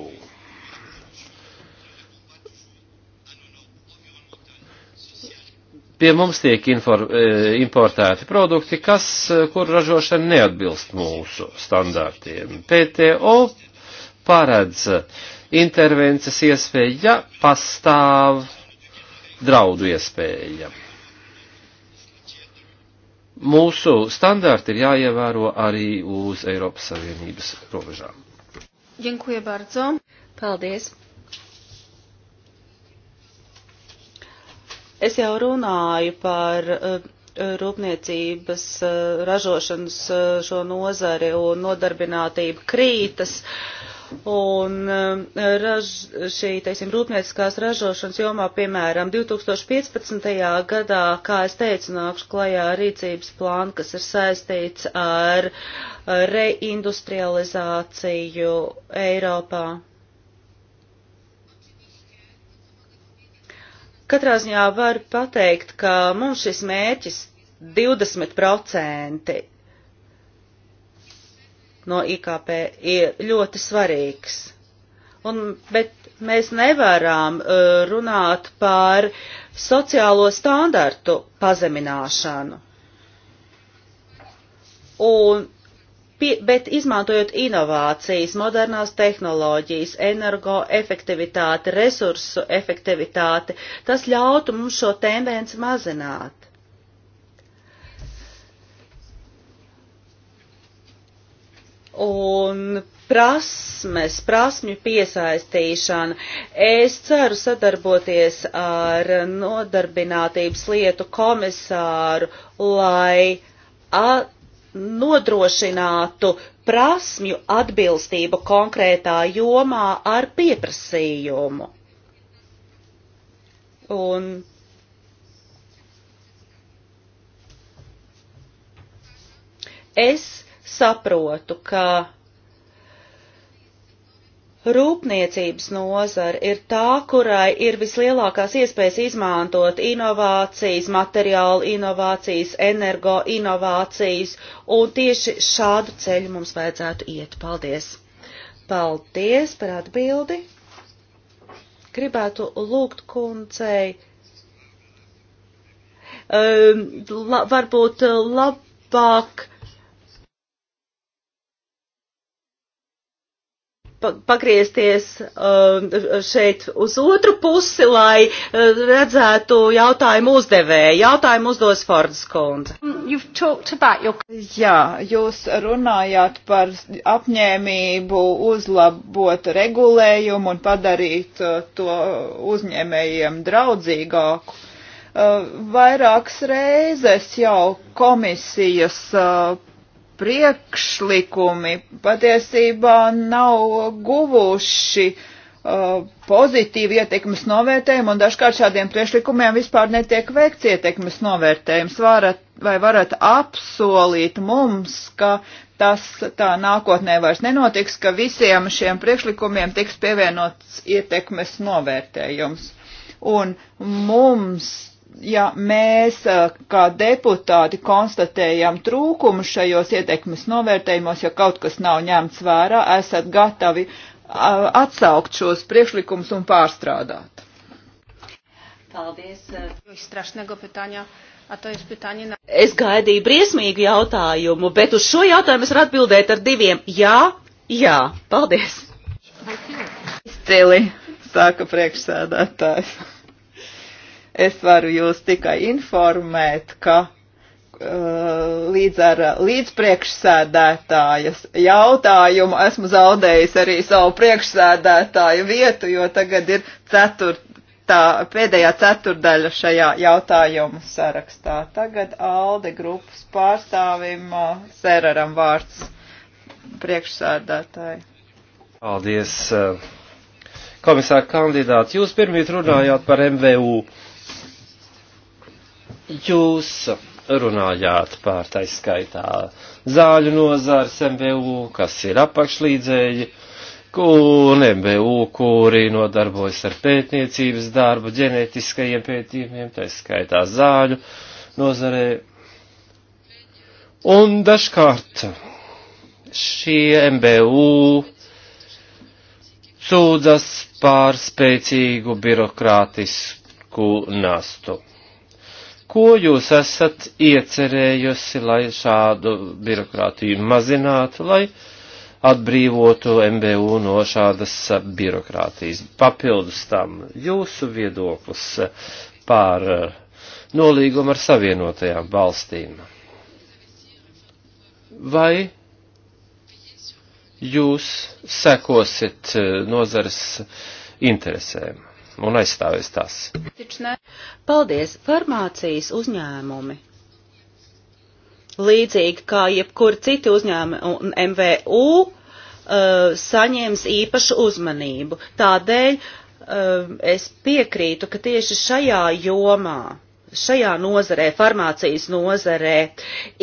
pie mums tiek infor, e, importēti produkti, kas, e, kur ražošana neatbilst mūsu standārtiem. PTO paredz intervences iespēja, ja pastāv draudu iespēja. Mūsu standārti ir jāievēro arī uz Eiropas Savienības robežām. Dziękuję bardzo. Paldies. Es jau runāju par eh, rūpniecības eh, ražošanas eh, šo nozari un nodarbinātību krītas. Un raž, šī, teiksim, rūpnieciskās ražošanas jomā, piemēram, 2015. gadā, kā es teicu, nākšu klajā rīcības plānu, kas ir saistīts ar reindustrializāciju Eiropā. Katrā ziņā var pateikt, ka mums šis mērķis 20% no IKP ir ļoti svarīgs. Un, bet mēs nevaram uh, runāt par sociālo standartu pazemināšanu. Un bet izmantojot inovācijas, modernās tehnoloģijas, energoefektivitāti, resursu efektivitāti, tas ļautu mums šo tendenci mazināt. Un prasmes, prasmju piesaistīšana. Es ceru sadarboties ar nodarbinātības lietu komisāru, lai at nodrošinātu prasmju atbilstību konkrētā jomā ar pieprasījumu. Un es saprotu, ka Rūpniecības nozara ir tā, kurai ir vislielākās iespējas izmantot inovācijas, materiālu inovācijas, energo inovācijas, un tieši šādu ceļu mums vajadzētu iet. Paldies! Paldies par atbildi! Gribētu lūgt kundzei, um, la, varbūt labāk pagriezties um, šeit uz otru pusi, lai uh, redzētu jautājumu uzdevēju. Jautājumu uzdos Fordas kundze. Your... Jā, jūs runājāt par apņēmību uzlabot regulējumu un padarīt uh, to uzņēmējiem draudzīgāku. Uh, vairākas reizes jau komisijas priekšlikumi patiesībā nav guvuši uh, pozitīvi ietekmes novērtējumu, un dažkārt šādiem priešlikumiem vispār netiek veikts ietekmes novērtējums. Varat, vai varat apsolīt mums, ka tas tā nākotnē vairs nenotiks, ka visiem šiem priekšlikumiem tiks pievienots ietekmes novērtējums? Un mums ja mēs eh, kā deputāti konstatējam trūkumu šajos ietekmes novērtējumos, ja kaut kas nav ņemts vērā, esat gatavi eh, atsaukt šos priekšlikumus un pārstrādāt. Paldies. Es gaidīju briesmīgu jautājumu, bet uz šo jautājumu es varu atbildēt ar diviem jā, jā. Paldies. Stili, sāka priekšsēdētājs. Es varu jūs tikai informēt, ka uh, līdz ar līdzpriekšsēdētājas jautājumu esmu zaudējis arī savu priekšsēdētāju vietu, jo tagad ir ceturtā, pēdējā ceturdaļa šajā jautājumu sarakstā. Tagad Alde grupas pārstāvim uh, Seraram vārds priekšsēdētāji. Paldies, uh, komisāra kandidāts. Jūs pirmīt runājāt par MVU. Mm Jūs runājāt pār taiskaitā zāļu nozars MBU, kas ir apakšlīdzēji, un MBU, kuri nodarbojas ar pētniecības darbu, ģenētiskajiem pētījumiem, taiskaitā zāļu nozarē. Un dažkārt šie MBU sūdzas pār spēcīgu birokrātisku nastu. Ko jūs esat iecerējusi, lai šādu birokrātiju mazinātu, lai atbrīvotu MBU no šādas eh, birokrātijas? Papildus tam jūsu viedoklis eh, par eh, nolīgumu ar savienotajām valstīm. Vai jūs sekosit nozares interesēm? un aizstāvēs tās. Paldies! Farmācijas uzņēmumi! Līdzīgi kā jebkur citi uzņēmumi un MVU uh, eh, saņems īpašu uzmanību. Tādēļ uh, es piekrītu, ka tieši šajā jomā šajā nozarē, farmācijas nozarē,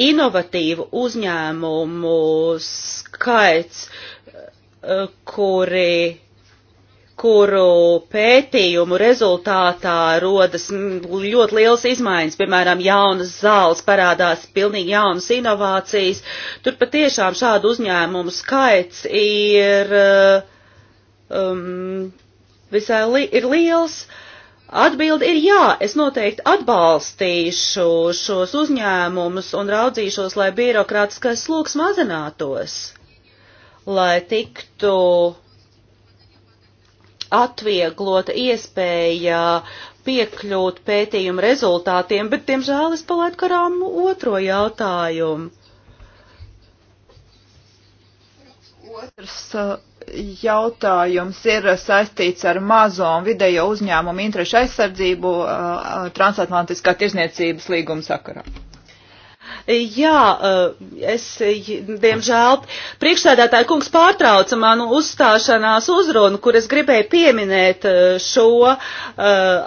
inovatīvu uzņēmumu skaits, eh, kuri kuru pētījumu rezultātā rodas ļoti liels izmaiņas, piemēram, jaunas zāles parādās, pilnīgi jaunas inovācijas. Tur patiešām šādu uzņēmumu skaits ir, eh, um, visai li ir liels. Atbildi ir jā, es noteikti atbalstīšu šos uzņēmumus un raudzīšos, lai birokrātiskais sloks mazinātos, lai tiktu atvieglota iespēja piekļūt pētījumu rezultātiem, bet, diemžēl, es palaidu karām otro jautājumu. Otrs uh, jautājums ir saistīts ar mazo un vidējo uzņēmumu interešu aizsardzību uh, uh, transatlantiskā tirzniecības līguma sakarā. Jā, eh, es, diemžēl, priekšsēdētāja kungs pārtrauca manu uzstāšanās uzrunu, kur es gribēju pieminēt eh, šo uh,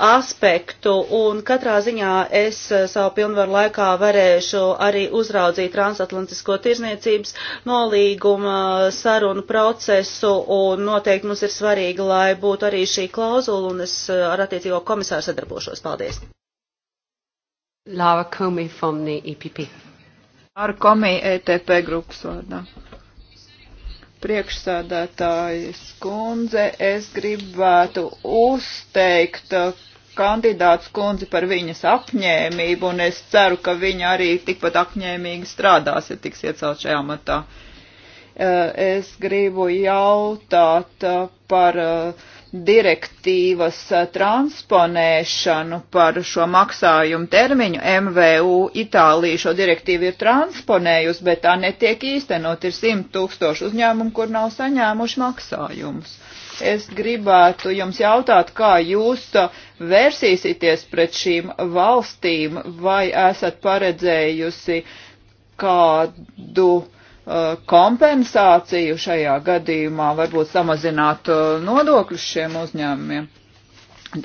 aspektu, un katrā ziņā es savu pilnvaru laikā varēšu arī uzraudzīt transatlantisko tirzniecības nolīguma sarunu procesu, un noteikti mums ir svarīgi, lai būtu arī šī klauzula, un es ar attiecīgo komisāru sadarbošos. Paldies! Laura Comey from the EPP. Laura Comey, ETP grupas vārdā. Priekšsādātājas kundze, es gribētu uzteikt uh, kandidāts kundzi par viņas apņēmību, un es ceru, ka viņa arī tikpat apņēmīgi strādās, ja tiks iecelt šajā matā. Uh, es gribu jautāt uh, par uh, direktīvas eh, transponēšanu par šo maksājumu termiņu. MVU Itālija šo direktīvu ir transponējusi, bet tā netiek īstenot. Ir simt tūkstoši uzņēmumu, kur nav saņēmuši maksājumus. Es gribētu jums jautāt, kā jūs eh, vērsīsieties pret šīm valstīm, vai esat paredzējusi kādu Uh, kompensāciju šajā gadījumā, varbūt samazināt uh, nodokļus šiem uzņēmumiem.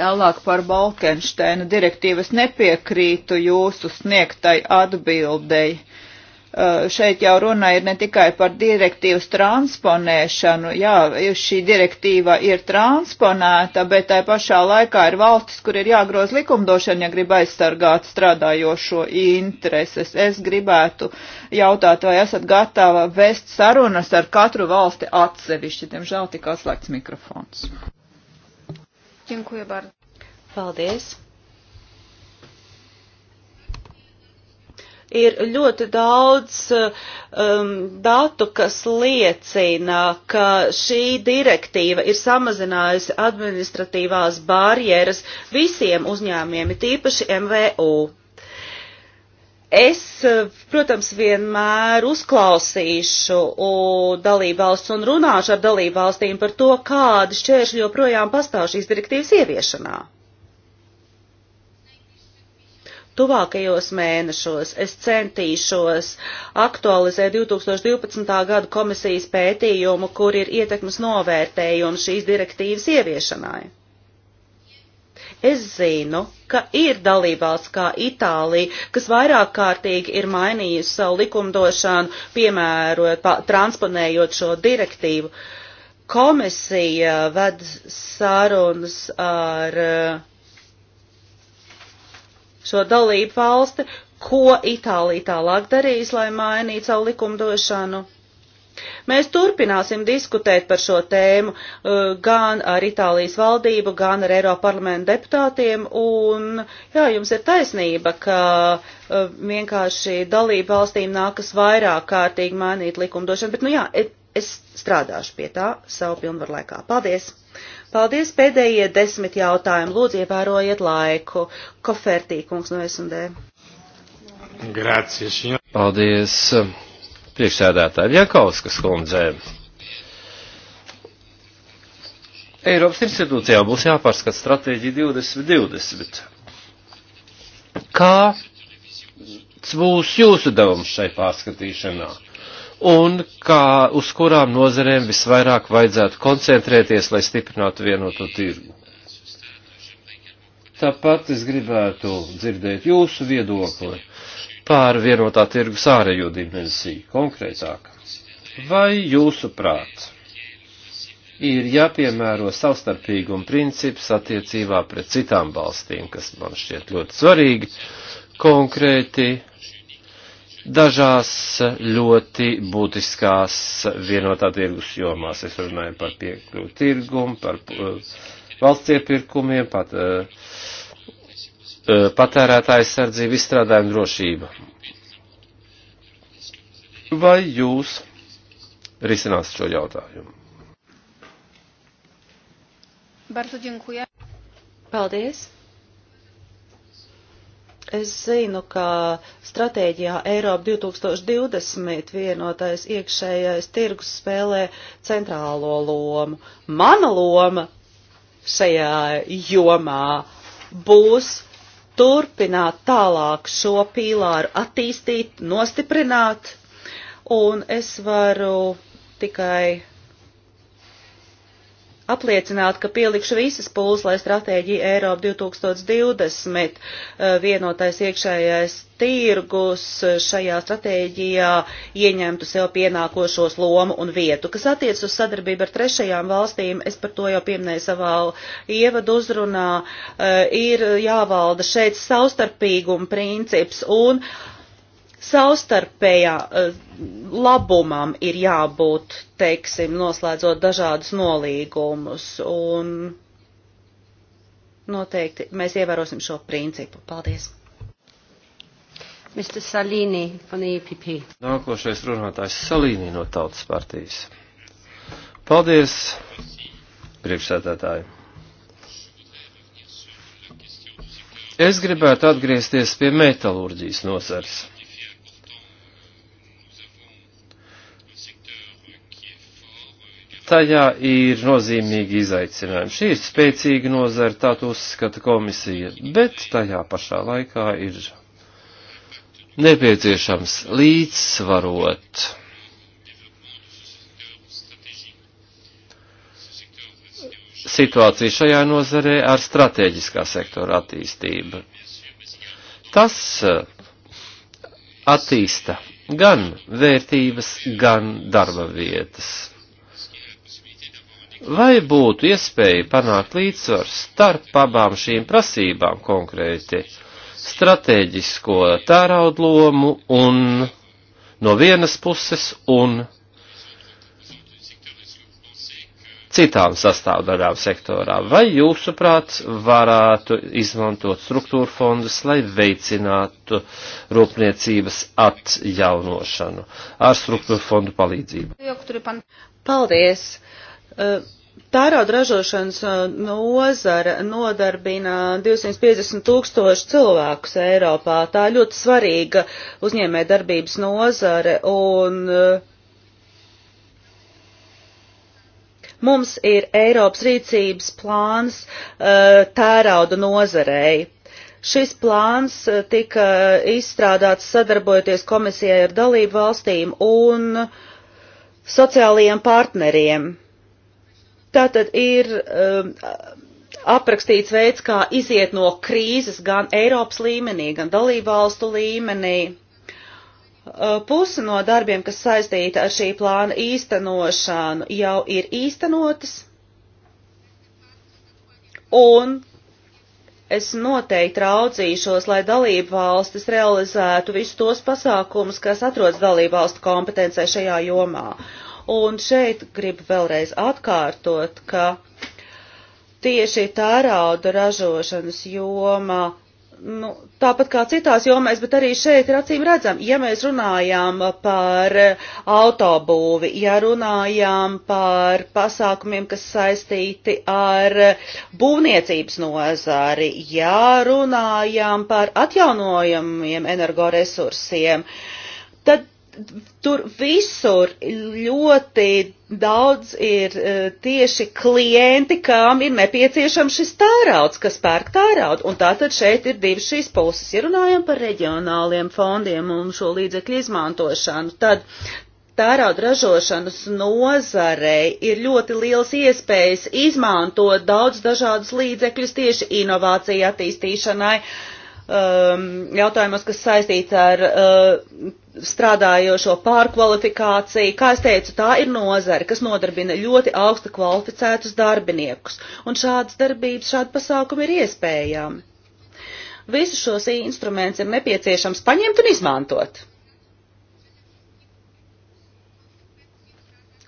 Tālāk par Balkensteina direktīvas nepiekrītu jūsu sniegtai atbildei. Eh, šeit jau runa ir ne tikai par direktīvas transponēšanu, jā, šī direktīva ir transponēta, bet tai pašā laikā ir valstis, kur ir jāgroz likumdošana, ja grib aizsargāt strādājošo intereses. Es gribētu jautāt, vai esat gatava vest sarunas ar katru valsti atsevišķi, diemžēl tik atslēgts mikrofons. Dziękuję bardzo. Paldies. ir ļoti daudz um, datu, kas liecina, ka šī direktīva ir samazinājusi administratīvās barjeras visiem uzņēmiem, tīpaši MVU. Es, protams, vienmēr uzklausīšu dalībvalsts un runāšu ar dalībvalstīm par to, kādi šķēršļi joprojām pastāv šīs direktīvas ieviešanā. Tuvākajos mēnešos es centīšos aktualizēt 2012. gadu komisijas pētījumu, kur ir ietekmes novērtējumi šīs direktīvas ieviešanai. Es zinu, ka ir dalībvalsts kā Itālija, kas vairāk kārtīgi ir mainījusi savu likumdošanu, piemērojot, transponējot šo direktīvu. Komisija ved sarunas ar uh, šo dalību valsti, ko Itālija tālāk darīs, lai mainītu savu likumdošanu. Mēs turpināsim diskutēt par šo tēmu uh, gan ar Itālijas valdību, gan ar Eiropa parlamenta deputātiem, un jā, jums ir taisnība, ka uh, vienkārši dalību valstīm nākas vairāk kārtīgi mainīt likumdošanu, bet nu jā, es strādāšu pie tā savu pilnvaru laikā. Paldies! Paldies pēdējie desmit jautājumi. Lūdzu, ievērojiet laiku. Kofertī, kungs no SMD. Grazie, signor. Paldies priekšsēdētājiem Jankauskas kundzēm. Eiropas institūcijām būs jāpārskat stratēģija 2020. Kā būs jūsu devums šai pārskatīšanā? un kā, uz kurām nozerēm visvairāk vajadzētu koncentrēties, lai stiprinātu vienoto tirgu. Tāpat es gribētu dzirdēt jūsu viedokli pār vienotā tirgus ārējo dimensiju konkrētāk. Vai jūsu prāt ir jāpiemēro savstarpīguma princips attiecībā pret citām valstīm, kas man šķiet ļoti svarīgi, konkrēti dažās ļoti būtiskās vienotā tirgus jomās. Es runāju par piekļuvu tirgumu, par eh, valsts iepirkumiem, pat, eh, eh, patērētāju sardzību, izstrādājumu drošību. Vai jūs risinās šo jautājumu? Bardzo dziękuję. Paldies. Es zinu, ka stratēģijā Eiropa 2020 vienotais iekšējais tirgus spēlē centrālo lomu. Mana loma šajā jomā būs turpināt tālāk šo pīlāru attīstīt, nostiprināt, un es varu tikai apliecināt, ka pielikšu visas pūles, lai stratēģija Eiropa 2020 eh, vienotais iekšējais tirgus eh, šajā stratēģijā ieņemtu sev pienākošos lomu un vietu. Kas attiec uz sadarbību ar trešajām valstīm, es par to jau pieminēju savā ievadu uzrunā, eh, ir jāvalda šeit savstarpīguma princips un uh, savstarpējā eh, labumam ir jābūt, teiksim, noslēdzot dažādus nolīgumus, un noteikti mēs ievērosim šo principu. Paldies! Mr. Salīni no EPP. Nākošais runātājs Salīni no Tautas partijas. Paldies, priekšsēdētāji. Es gribētu atgriezties pie metalurģijas nozars. tajā ir nozīmīgi izaicinājumi. Šī ir spēcīga nozara, tā to uzskata komisija, bet tajā pašā laikā ir nepieciešams līdzsvarot situāciju šajā nozarē ar strateģiskā sektora attīstību. Tas eh, attīsta gan vērtības, gan darba vietas. Vai būtu iespēja panākt līdzsvaru starp abām šīm prasībām konkrēti - stratēģisko tāraudu lomu un no vienas puses un citām sastāvdaļām sektorā? Vai jūsuprāt varētu izmantot struktūra fondus, lai veicinātu rūpniecības atjaunošanu ar struktūra fondu palīdzību? Paldies! Tērauda ražošanas uh, nozara nodarbina 250 tūkstošu cilvēkus Eiropā. Tā ir ļoti svarīga uzņēmē darbības nozare un uh, mums ir Eiropas rīcības plāns uh, tērauda nozarei. Šis plāns tika izstrādāts sadarbojoties komisijai ar dalību valstīm un sociālajiem partneriem. Tātad ir um, aprakstīts veids, kā iziet no krīzes gan Eiropas līmenī, gan dalībvalstu līmenī. Uh, Pusi no darbiem, kas saistīta ar šī plāna īstenošanu, jau ir īstenotas, un es noteikti raudzīšos, lai dalību valstis realizētu visus tos pasākumus, kas atrodas dalību valstu kompetencē šajā jomā. Uh, Un šeit gribu vēlreiz atkārtot, ka tieši tērauda ražošanas joma nu, tāpat kā citās jomēs, bet arī šeit ir acīm redzam, ja mēs runājām par autobūvi, ja runājām par pasākumiem, kas saistīti ar būvniecības nozari, ja runājām par atjaunojamiem energoresursiem, tad tur visur ļoti daudz ir e, tieši klienti, kām ir nepieciešams šis tārauds, kas pērk tāraudu. Un tātad šeit ir divas šīs puses. Ja runājam par reģionāliem fondiem un šo līdzekļu izmantošanu, tad tāraudu ražošanas nozarei ir ļoti liels iespējas izmantot daudz dažādus līdzekļus tieši inovāciju attīstīšanai. Um, jautājumos, kas saistīts ar uh, strādājošo pārkvalifikāciju. Kā es teicu, tā ir nozara, kas nodarbina ļoti augsta kvalificētus darbiniekus, un šādas darbības, šādi pasākumi ir iespējami. Visus šos instrumentus ir nepieciešams paņemt un izmantot.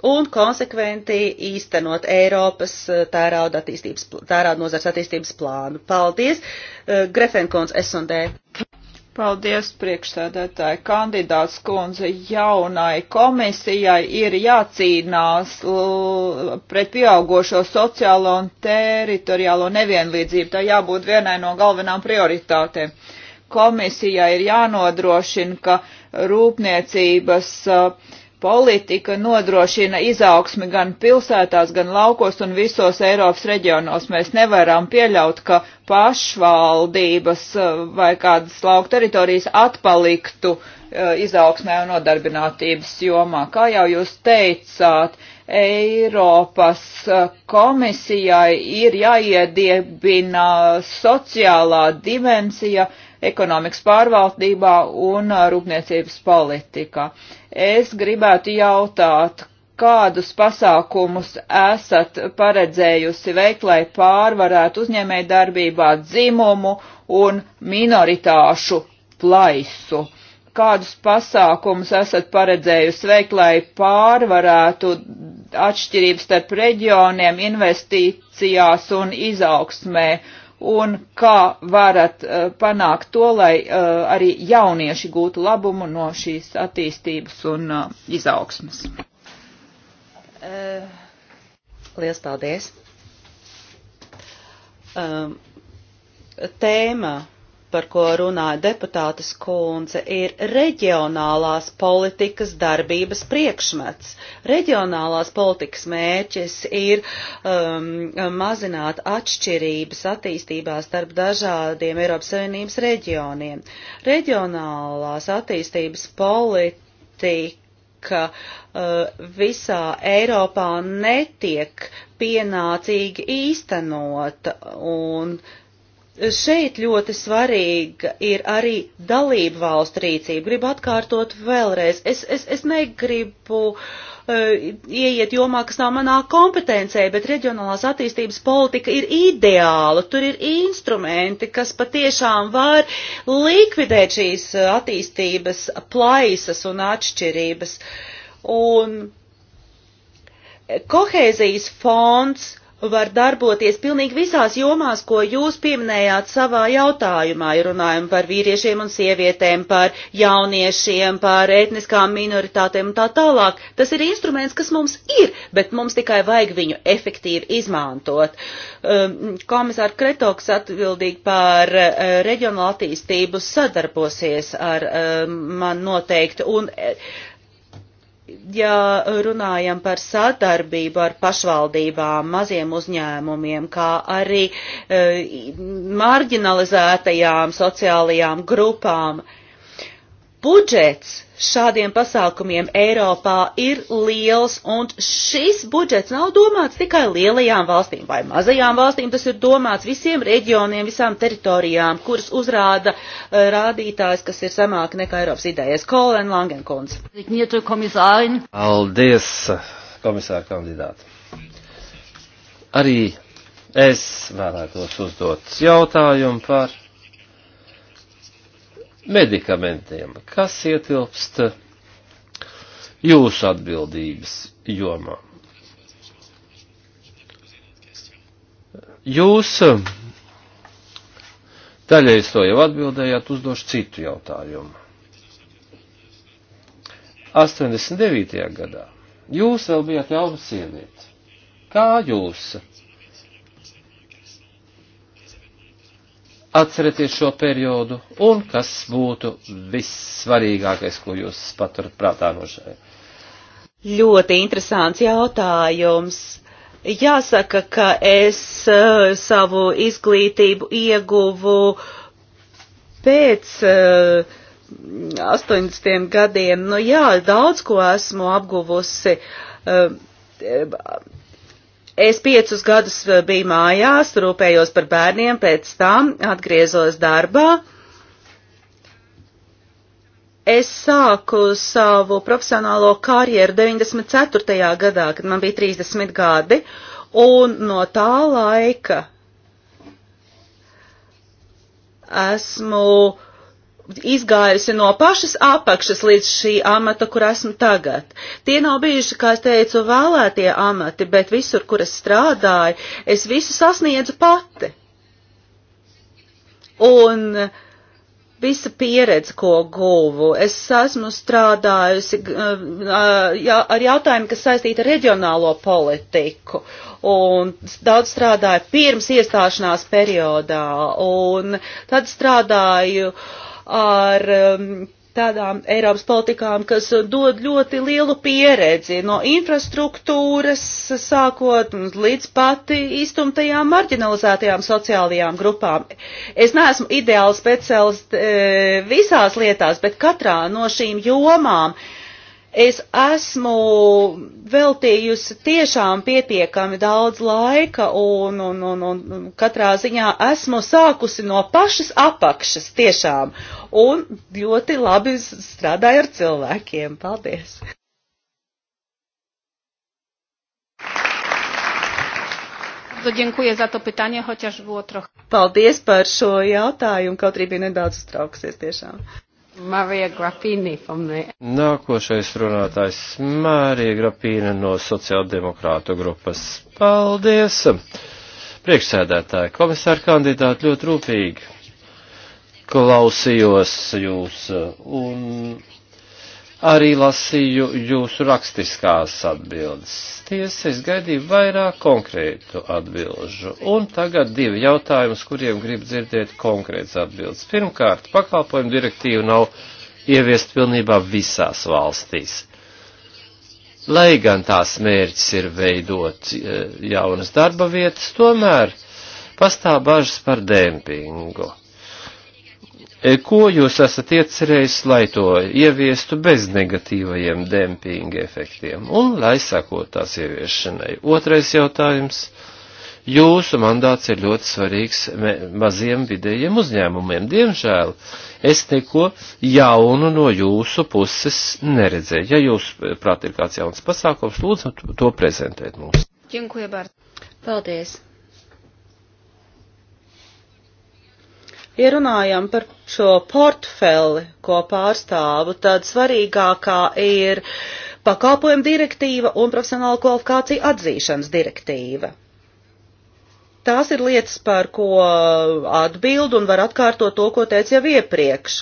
Un konsekventi īstenot Eiropas eh, tērauda attīstības, tērauda nozars attīstības plānu. Paldies, eh, Grefenkons S&D. Paldies, priekšsēdētāji. Kandidāts kundze jaunai komisijai ir jācīnās pret pieaugošo sociālo un teritoriālo nevienlīdzību. Tā jābūt vienai no galvenām prioritātēm. Komisijai ir jānodrošina, ka rūpniecības uh, politika nodrošina izaugsmi gan pilsētās, gan laukos un visos Eiropas reģionos. Mēs nevaram pieļaut, ka pašvaldības eh, vai kādas lauka teritorijas atpaliktu eh, izaugsmē un nodarbinātības jomā. Kā jau jūs teicāt, Eiropas eh, komisijai ir jāiediebina sociālā dimensija, uh, ekonomikas pārvaldībā un rūpniecības politikā. Es gribētu jautāt, kādus pasākumus esat paredzējusi veikt, lai pārvarētu uzņēmēju darbībā dzimumu un minoritāšu plaisu? Kādus pasākumus esat paredzējusi veikt, lai pārvarētu atšķirības starp reģioniem, investīcijās un izaugsmē? un kā varat uh, panākt to, lai uh, arī jaunieši gūtu labumu no šīs attīstības un uh, eh, izaugsmas. Lielas paldies! Um, tēma par ko runāja deputātas kundze, ir reģionālās politikas darbības priekšmets. Reģionālās politikas mērķis ir um, mazināt atšķirības attīstībā starp dažādiem Eiropas Savienības reģioniem. Reģionālās attīstības politika uh, visā Eiropā netiek pienācīgi īstenota un uh, Šeit ļoti svarīga ir arī dalību valstu rīcība. Gribu atkārtot vēlreiz. Es, es, es negribu uh, ieiet jomā, kas nav manā kompetencē, bet reģionālās attīstības politika ir ideāla. Tur ir instrumenti, kas patiešām var likvidēt šīs eh, attīstības plaisas un atšķirības. Un kohēzijas fonds var darboties pilnīgi visās jomās, ko jūs pieminējāt savā jautājumā. Runājam par vīriešiem un sievietēm, par jauniešiem, par etniskām minoritātēm un tā tālāk. Tas ir instruments, kas mums ir, bet mums tikai vajag viņu efektīvi izmantot. Um, Komisāra Kretoks atbildīgi par uh, reģionālu attīstību sadarbosies ar um, man noteikti. Un, ja runājam par sadarbību ar pašvaldībām, maziem uzņēmumiem, kā arī e, marginalizētajām sociālajām grupām, budžets šādiem pasākumiem Eiropā ir liels, un šis budžets nav domāts tikai lielajām valstīm vai mazajām valstīm, tas ir domāts visiem reģioniem, visām teritorijām, kuras uzrāda eh, rādītājs, kas ir samāk nekā Eiropas idejas. Kolēn Langenkunds. Paldies, komisāra kandidāti. Arī es vēlētos uzdot jautājumu par medikamentiem, kas ietilpst jūsu atbildības jomā. Jūs daļai to jau atbildējāt, uzdošu citu jautājumu. 89. gadā jūs vēl bijāt jauna sieviete. Kā jūs Atcerieties šo periodu un kas būtu vissvarīgākais, ko jūs paturat prātā no šai. Ļoti interesants jautājums. Jāsaka, ka es uh, savu izglītību ieguvu pēc uh, eh, 80 gadiem. Nu jā, daudz ko esmu apguvusi. Uh, Es piecus gadus eh, biju mājās, rūpējos par bērniem, pēc tam atgriezos darbā. Es sāku savu profesionālo karjeru 94. gadā, kad man bija 30 gadi, un no tā laika esmu uh, izgājusi no pašas apakšas līdz šī amata, kur esmu tagad. Tie nav bijuši, kā es teicu, vēlētie amati, bet visur, kur es strādāju, es visu sasniedzu pati. Un visa pieredze, ko guvu, es esmu strādājusi uh, uh, ar jautājumu, kas saistīta ar reģionālo politiku un daudz strādāju pirms iestāšanās periodā, un tad strādāju uh, ar um, tādām Eiropas politikām, kas dod ļoti lielu pieredzi no infrastruktūras, sākot līdz pati iztumtajām marginalizētajām sociālajām grupām. Es neesmu ideāls speciālists eh, visās lietās, bet katrā no šīm jomām uh, es esmu veltījusi tiešām pietiekami daudz laika un, un, un, un katrā ziņā esmu sākusi no pašas apakšas tiešām un ļoti labi strādāju ar cilvēkiem. Paldies! Bardzo dziękuję za to pytanie, chociaż było trochę. Paldies par šo jautājumu, kaut arī bija nedaudz uztrauksies tiešām. Marija Grapīni from the... Nākošais runātājs Marija Grapīna no sociāldemokrātu grupas. Paldies! Priekšsēdētāji, komisāra kandidāti ļoti rūpīgi klausījos jūs un arī lasīju jūsu rakstiskās atbildes. Tiesa, es gaidīju vairāk konkrētu atbilžu. Un tagad divi jautājumus, kuriem grib dzirdēt konkrētas atbildes. Pirmkārt, pakalpojumu direktīva nav ieviest pilnībā visās valstīs. Lai gan tās mērķis ir veidot e, jaunas darba vietas, tomēr pastāv bažas par dempingu E, ko jūs esat iecerējis, lai to ieviestu bez negatīvajiem dempinga efektiem un lai sakot tās ieviešanai? Otrais jautājums. Jūsu mandāts ir ļoti svarīgs maziem vidējiem uzņēmumiem. Diemžēl es neko jaunu no jūsu puses neredzēju. Ja jūs prāt ir kāds jauns pasākums, lūdzu to prezentēt mums. Paldies! Ja runājam par šo portfeli, ko pārstāvu, tad svarīgākā ir pakalpojuma direktīva un profesionāla kvalifikācija atzīšanas direktīva. Tās ir lietas, par ko atbildu un var atkārtot to, ko teicu jau iepriekš.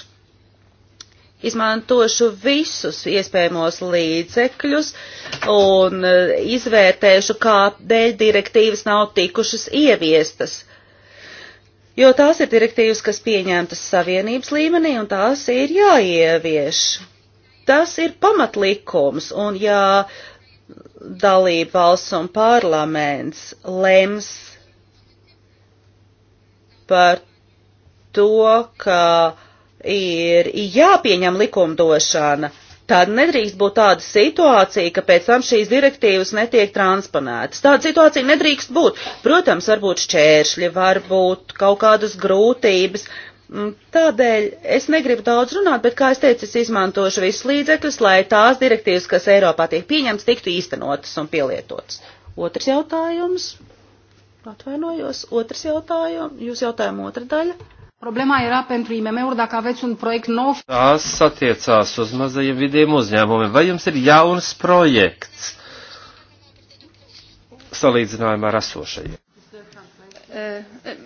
Izmantošu visus iespējamos līdzekļus un izvērtēšu, kādēļ direktīvas nav tikušas ieviestas jo tās ir direktīvas, kas pieņemtas savienības līmenī un tās ir jāievieš. Tas ir pamatlikums, un ja dalība valsts un parlaments lems par to, ka ir jāpieņem likumdošana, Tāda nedrīkst būt tāda situācija, ka pēc tam šīs direktīvas netiek transponētas. Tāda situācija nedrīkst būt. Protams, varbūt šķēršļi, varbūt kaut kādas grūtības. Mm, tādēļ es negribu daudz runāt, bet, kā es teicu, es izmantošu visus līdzekļus, lai tās direktīvas, kas Eiropā tiek pieņemtas, tiktu īstenotas un pielietotas. Otrs jautājums. Atvainojos. Otrs jautājums. Jūs jautājumu otra daļa. Problēma ir pentru IMM-uri, dacă aveți un projekt nou. Tās attiecās uz mazajiem vidiem uzņēmumiem. Vai jums ir jauns projekts salīdzinājumā ar esošajiem? Uh,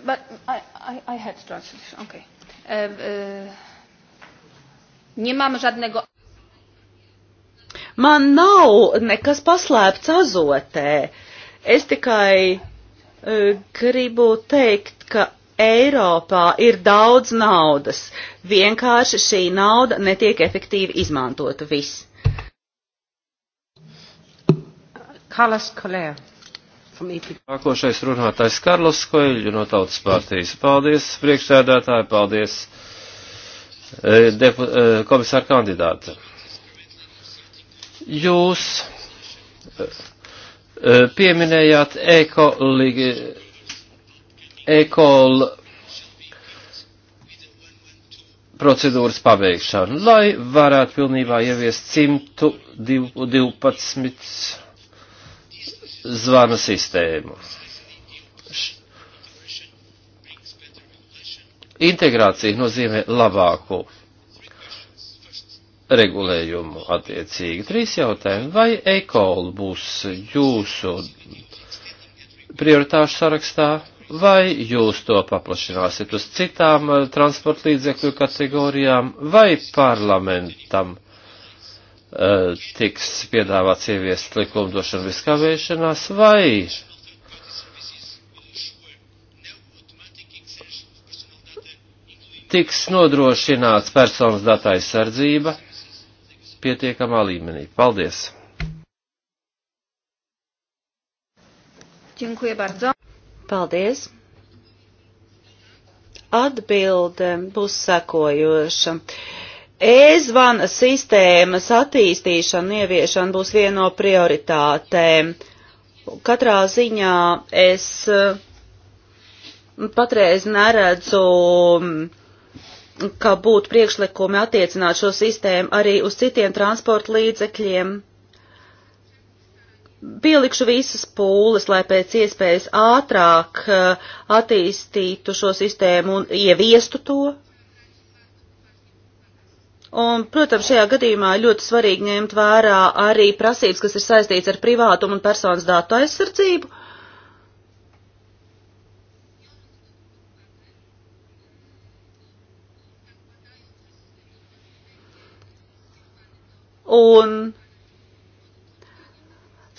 but I, I, I had translation. Okay. Uh, uh, nie mam żadnego. Man nav nekas paslēpts azotē. Es tikai uh, gribu teikt, ka Eiropā ir daudz naudas, vienkārši šī nauda netiek efektīvi izmantota viss. Kalas Kolēja. E Nākošais runātājs Karlos Koļļu no Tautas partijas. Paldies, priekšsēdētāji, paldies, e, depu, e, komisāra kandidāta. Jūs pieminējāt ekoloģiju ekol procedūras pabeigšanu, lai varētu pilnībā ieviest 112 zvana sistēmu. Integrācija nozīmē labāku regulējumu attiecīgi. Trīs jautājumi. Vai ekola būs jūsu prioritāšu sarakstā? vai jūs to paplašināsiet uz citām eh, transporta līdzekļu kategorijām, vai parlamentam uh, tiks piedāvāts ieviest likumdošanu viskavēšanās, vai tiks nodrošināts personas datu aizsardzība pietiekamā līmenī. Paldies! Dziękuję bardzo. Paldies! Atbilde būs sekojoša. E-zvana sistēmas attīstīšana, ieviešana būs viena no prioritātēm. Katrā ziņā es mm, patreiz neredzu mm, ka būtu priekšlikumi attiecināt šo sistēmu arī uz citiem transporta līdzekļiem pielikšu visas pūles, lai pēc iespējas ātrāk eh, attīstītu šo sistēmu un ieviestu to. Un, protams, šajā gadījumā ļoti svarīgi ņemt vērā arī prasības, kas ir saistīts ar privātumu un personas datu aizsardzību. Un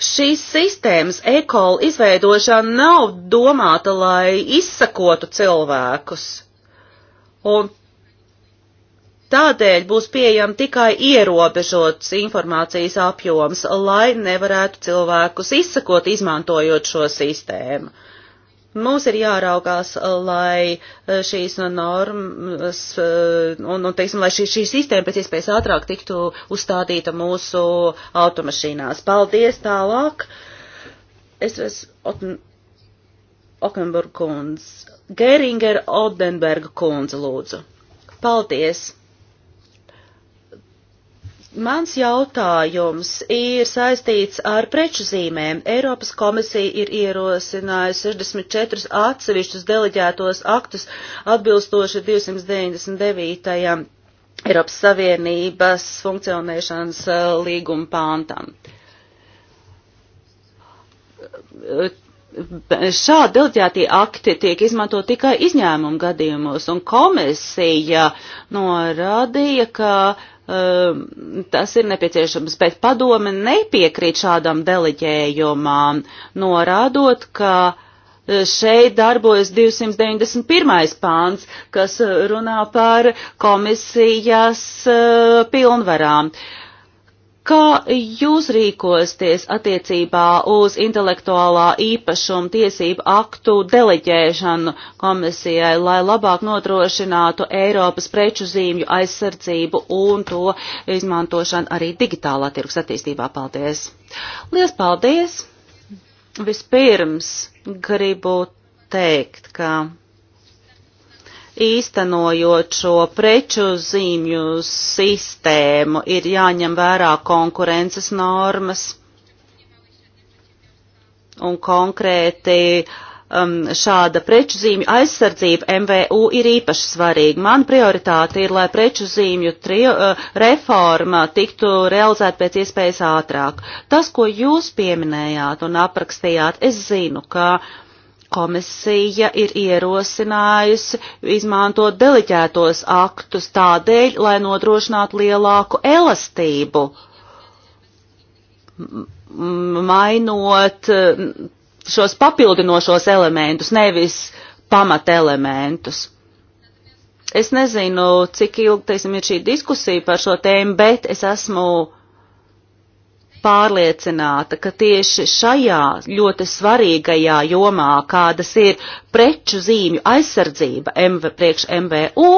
šīs sistēmas ekola izveidošana nav domāta, lai izsakotu cilvēkus. Un tādēļ būs pieejama tikai ierobežots informācijas apjoms, lai nevarētu cilvēkus izsakot, izmantojot šo sistēmu. Mums ir jāraugās, lai e, šīs normas e, un, un teiksim, lai šī, šī sistēma pēc iespējas ātrāk tiktu uzstādīta mūsu automašīnās. Paldies tālāk. Es esmu Okenburg kundz. Geringer Odenberga kundze lūdzu. Paldies. Mans jautājums ir saistīts ar preču zīmēm. Eiropas komisija ir ierosinājusi 64 atsevišķus deleģētos aktus atbilstoši 299. Eiropas Savienības funkcionēšanas eh, līguma pāntam. Šādi deleģētie akti tiek izmanto tikai izņēmumu gadījumos, un komisija norādīja, ka Ehm, tas ir nepieciešams, bet padome nepiekrīt šādam deleģējumam, norādot, ka e, šeit darbojas 291. pāns, kas e, runā par komisijas e, pilnvarām. Uh, Kā jūs rīkosties attiecībā uz intelektuālā īpašuma tiesību aktu deleģēšanu komisijai, lai labāk nodrošinātu Eiropas preču zīmju aizsardzību un to izmantošanu arī digitālā tirgus attīstībā? Paldies! Lielas paldies! Vispirms gribu teikt, ka īstenojot šo preču zīmju sistēmu, ir jāņem vērā konkurences normas un konkrēti um, šāda preču zīmju aizsardzība MVU ir īpaši svarīga. Man prioritāte ir, lai preču zīmju trio, uh, reforma tiktu realizēta pēc iespējas ātrāk. Tas, ko jūs pieminējāt un aprakstījāt, es zinu, ka uh, Komisija ir ierosinājusi izmantot deliģētos aktus tādēļ, lai nodrošinātu lielāku elastību, mainot šos papildinošos elementus, nevis pamatelementus. Es nezinu, cik ilgi, teiksim, ir šī diskusija par šo tēmu, bet es esmu pārliecināta, ka tieši šajā ļoti svarīgajā jomā, kādas ir preču zīmju aizsardzība MV, priekš MVU,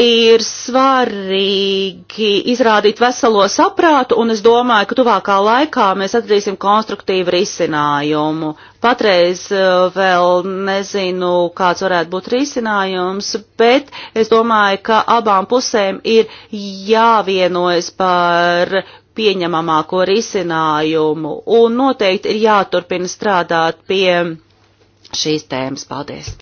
ir svarīgi izrādīt veselo saprātu, un es domāju, ka tuvākā laikā mēs atradīsim konstruktīvu risinājumu. Patreiz eh, vēl nezinu, kāds varētu būt risinājums, bet es domāju, ka abām pusēm ir jāvienojas par pieņemamāko risinājumu un noteikti ir jāturpina strādāt pie šīs tēmas. Paldies!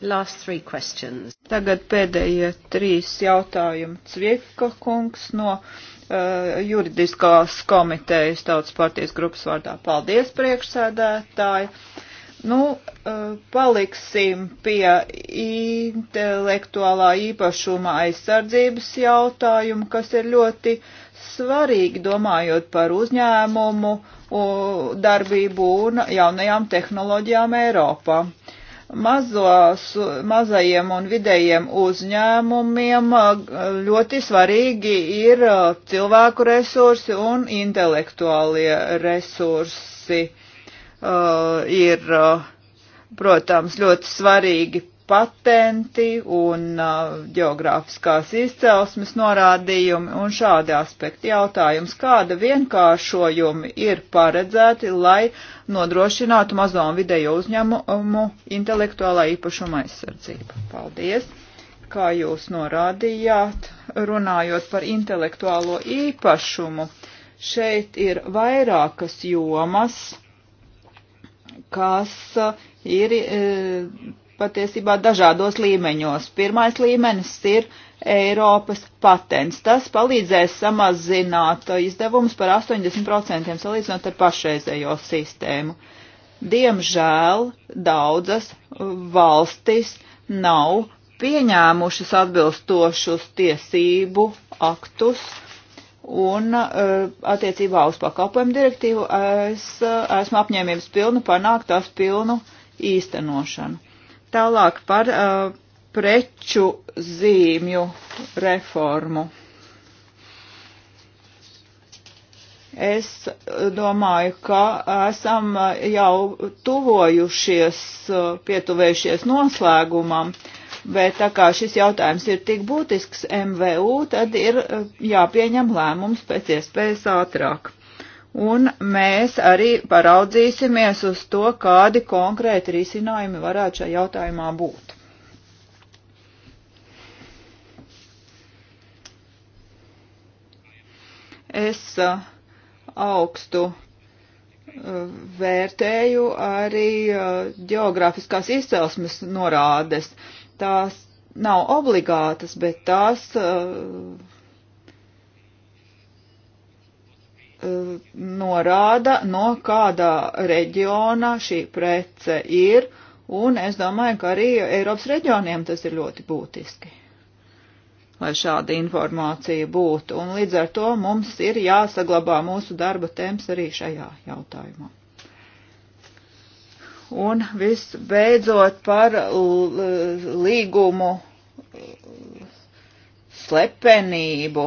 Last three questions. Tagad pēdējie trīs jautājumi. Cvika kungs no uh, juridiskās komitejas tautas partijas grupas vārdā. Paldies, priekšsēdētāji! Nu, eh, paliksim pie intelektuālā īpašuma aizsardzības jautājumu, kas ir ļoti svarīgi domājot par uzņēmumu darbību un jaunajām tehnoloģijām Eiropā. Mazos, mazajiem un vidējiem uzņēmumiem eh, ļoti svarīgi ir eh, cilvēku resursi un intelektuālie resursi Uh, ir, uh, protams, ļoti svarīgi patenti un uh, geogrāfiskās izcelsmes norādījumi un šādi aspekti jautājums, kāda vienkāršojumi ir paredzēti, lai nodrošinātu mazo un vidējo uzņēmumu intelektuālā īpašuma aizsardzību. Paldies! Kā jūs norādījāt, runājot par intelektuālo īpašumu, šeit ir vairākas jomas, kas uh, ir uh, patiesībā dažādos līmeņos. Pirmais līmenis ir Eiropas patents. Tas palīdzēs samazināt uh, izdevumus par 80% salīdzinot ar pašreizējo sistēmu. Diemžēl daudzas valstis nav pieņēmušas atbilstošus tiesību aktus, Un eh, attiecībā uz pakalpojumu direktīvu es eh, esmu apņēmības pilnu panākt tās pilnu īstenošanu. Tālāk par uh, preču zīmju reformu. Es domāju, ka esam jau tuvojušies, pietuvējušies noslēgumam. Uh, Bet tā kā šis jautājums ir tik būtisks MVU, tad ir eh, jāpieņem lēmums pēc iespējas ātrāk. Un mēs arī paraudzīsimies uz to, kādi konkrēti risinājumi varētu šajā jautājumā būt. Es eh, augstu eh, vērtēju arī geogrāfiskās izcelsmes norādes tās nav obligātas, bet tās uh, norāda, no kādā reģiona šī prece ir, un es domāju, ka arī Eiropas reģioniem tas ir ļoti būtiski, lai šāda informācija būtu, un līdz ar to mums ir jāsaglabā mūsu darba temps arī šajā jautājumā. Un visbeidzot par līgumu slepenību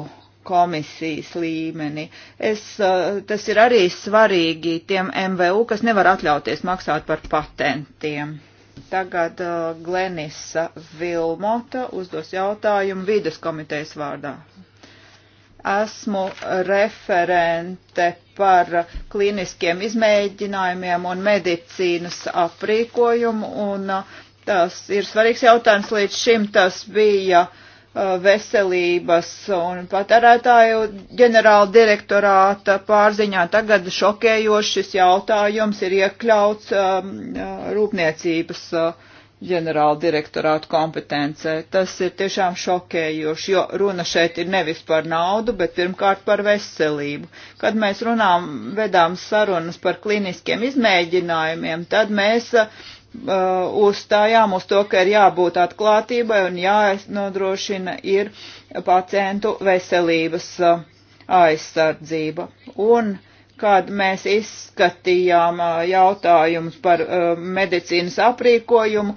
komisijas līmenī. Es, eh, tas ir arī svarīgi tiem MVU, kas nevar atļauties maksāt par patentiem. Tagad eh, Glenisa Vilmota uzdos jautājumu vidus komitejas vārdā. Esmu referente par klīniskiem izmēģinājumiem un medicīnas aprīkojumu. Un, uh, tas ir svarīgs jautājums. Līdz šim tas bija uh, veselības un patērētāju ģenerāla direktorāta pārziņā. Tagad šokējošs jautājums ir iekļauts um, uh, rūpniecības. Uh, ģenerāla direktorāta kompetencē. Tas ir tiešām šokējoši, jo runa šeit ir nevis par naudu, bet pirmkārt par veselību. Kad mēs runām, vedām sarunas par kliniskiem izmēģinājumiem, tad mēs uh, uzstājām uz to, ka ir jābūt atklātībai un jānodrošina ir pacientu veselības uh, aizsardzība. Un uh, kad mēs izskatījām jautājumus par medicīnas aprīkojumu.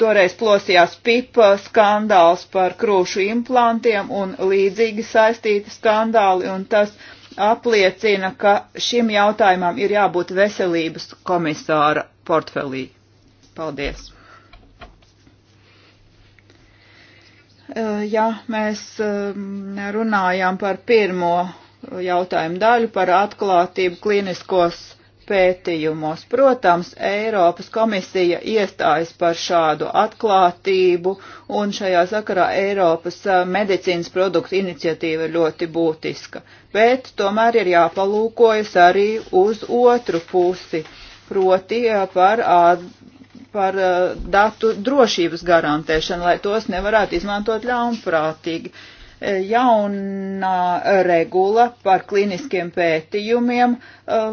Toreiz plosījās pipa skandāls par krūšu implantiem un līdzīgi saistīti skandāli, un tas apliecina, ka šim jautājumam ir jābūt veselības komisāra portfelī. Paldies! Ja mēs runājām par pirmo jautājumu daļu par atklātību kliniskos pētījumos. Protams, Eiropas komisija iestājas par šādu atklātību, un šajā sakarā Eiropas eh, medicīnas produktu iniciatīva ir ļoti būtiska. Bet tomēr ir jāpalūkojas arī uz otru pusi, proti eh, par, par eh, datu drošības garantēšanu, lai tos nevarētu izmantot ļaunprātīgi jaunā eh, regula par kliniskiem pētījumiem eh,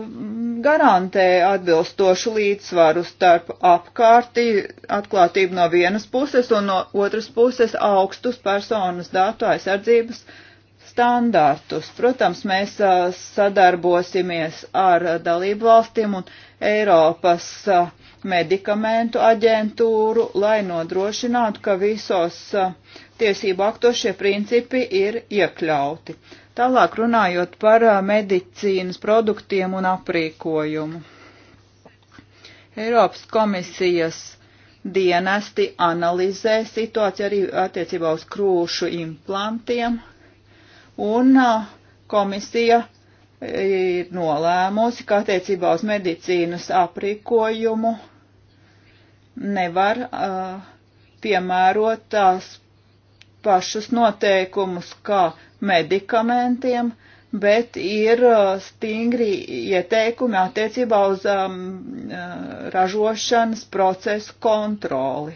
garantē atbilstošu līdzsvaru starp apkārtī atklātību no vienas puses un no otras puses augstus personas datu aizsardzības standārtus. Protams, mēs eh, sadarbosimies ar dalību valstīm un Eiropas uh, medikamentu aģentūru, lai nodrošinātu, ka visos uh, tiesību aktos šie principi ir iekļauti. Tālāk runājot par uh, medicīnas produktiem un aprīkojumu. Eiropas komisijas dienesti analizē situāciju arī attiecībā uz krūšu implantiem, un uh, komisija ir nolēmusi, ka attiecībā uz medicīnas aprīkojumu nevar uh, piemērot tās pašus noteikumus kā medikamentiem, bet ir stingri ieteikumi attiecībā uz um, ražošanas procesu kontroli.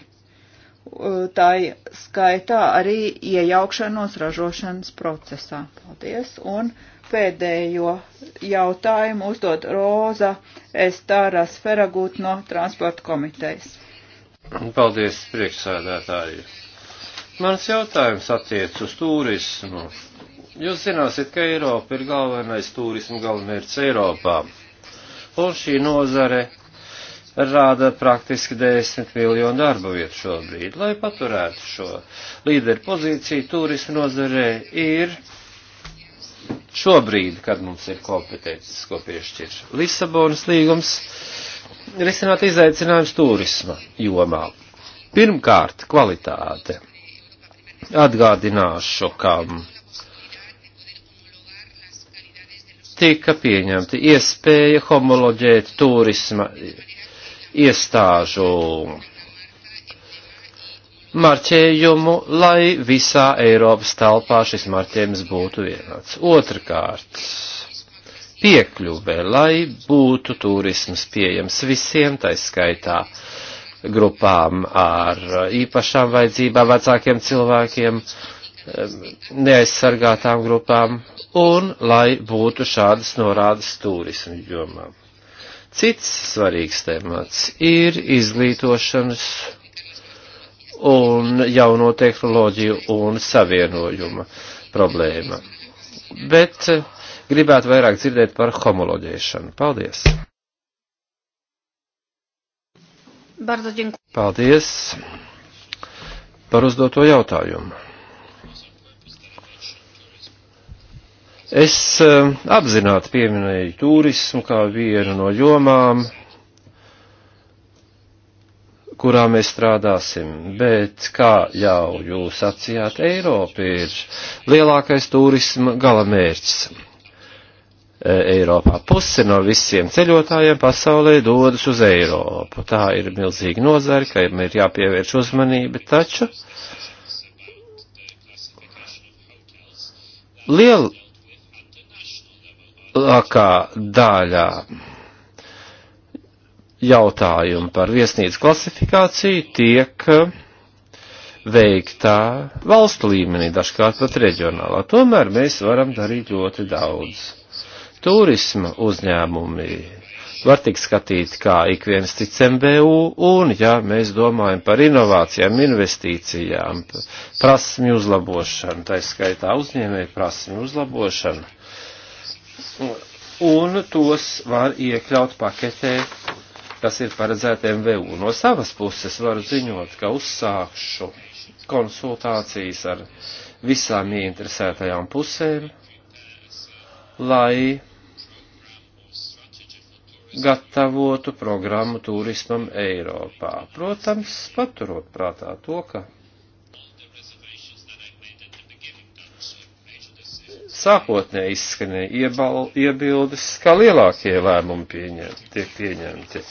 Tā skaitā arī iejaukšanos ražošanas procesā. Paldies! Un, uh, pēdējo jautājumu uzdot Roza Estāras Feragūt no transporta komitejas. Paldies, priekšsādātāji. Mans jautājums attiec uz turismu. Jūs zināsiet, ka Eiropa ir galvenais turismu galvenmērķis Eiropā. Un šī nozare rāda praktiski 10 miljonu darba vietu šobrīd. Lai paturētu šo līderu pozīciju, turismu nozarē ir šobrīd, kad mums ir kompetences, ko piešķir Lisabonas līgums, risināt izaicinājums turisma jomā. Pirmkārt, kvalitāte. Atgādināšu, kam tika pieņemta iespēja homoloģēt turisma iestāžu marķējumu, lai visā Eiropas telpā šis marķējums būtu vienāds. Otrkārt, piekļuve, lai būtu turisms pieejams visiem, taiskaitā grupām ar īpašām vajadzībām, vecākiem cilvēkiem, neaizsargātām grupām un lai būtu šādas norādes turismu jomā. Cits svarīgs temats ir izglītošanas un jauno tehnoloģiju un savienojuma problēma. Bet eh, gribētu vairāk dzirdēt par homoloģēšanu. Paldies! Bardzo dziękuję. Paldies par uzdoto jautājumu. Es eh, apzināti pieminēju turismu kā vienu no jomām, kurā mēs strādāsim, bet, kā jau jūs sacījāt, Eiropa ir lielākais turisma galamērķis. E, Eiropā puse no visiem ceļotājiem pasaulē dodas uz Eiropu. Tā ir milzīga nozara, ka ir jāpievērš uzmanība, taču lielākā daļā jautājumi par viesnīcu klasifikāciju tiek eh, veiktā valstu līmenī, dažkārt pat reģionālā. Tomēr mēs varam darīt ļoti daudz. Turisma uzņēmumi var tikt skatīti kā ik viens cits MBU, un ja mēs domājam par inovācijām, investīcijām, prasmju uzlabošanu, tā skaitā uzņēmēju prasmju uzlabošanu, un tos var iekļaut paketē kas ir paredzēti MVU. No savas puses varu ziņot, ka uzsākšu konsultācijas ar visām ieinteresētajām pusēm, lai gatavotu programmu turismam Eiropā. Protams, paturot prātā to, ka sākotnēji izskanēja iebal, iebildes, kā lielākie lēmumi pieņem, tiek pieņemti.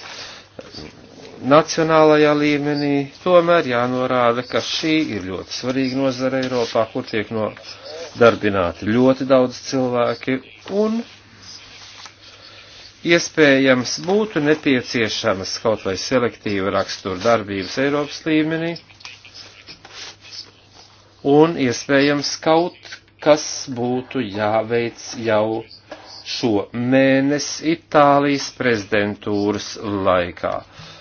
Nacionālajā līmenī tomēr jānorāda, ka šī ir ļoti svarīga nozara Eiropā, kur tiek nodarbināti ļoti daudz cilvēki un iespējams būtu nepieciešamas kaut vai selektīva rakstura darbības Eiropas līmenī un iespējams kaut kas būtu jāveic jau šo mēnesi Itālijas prezidentūras laikā. Uh,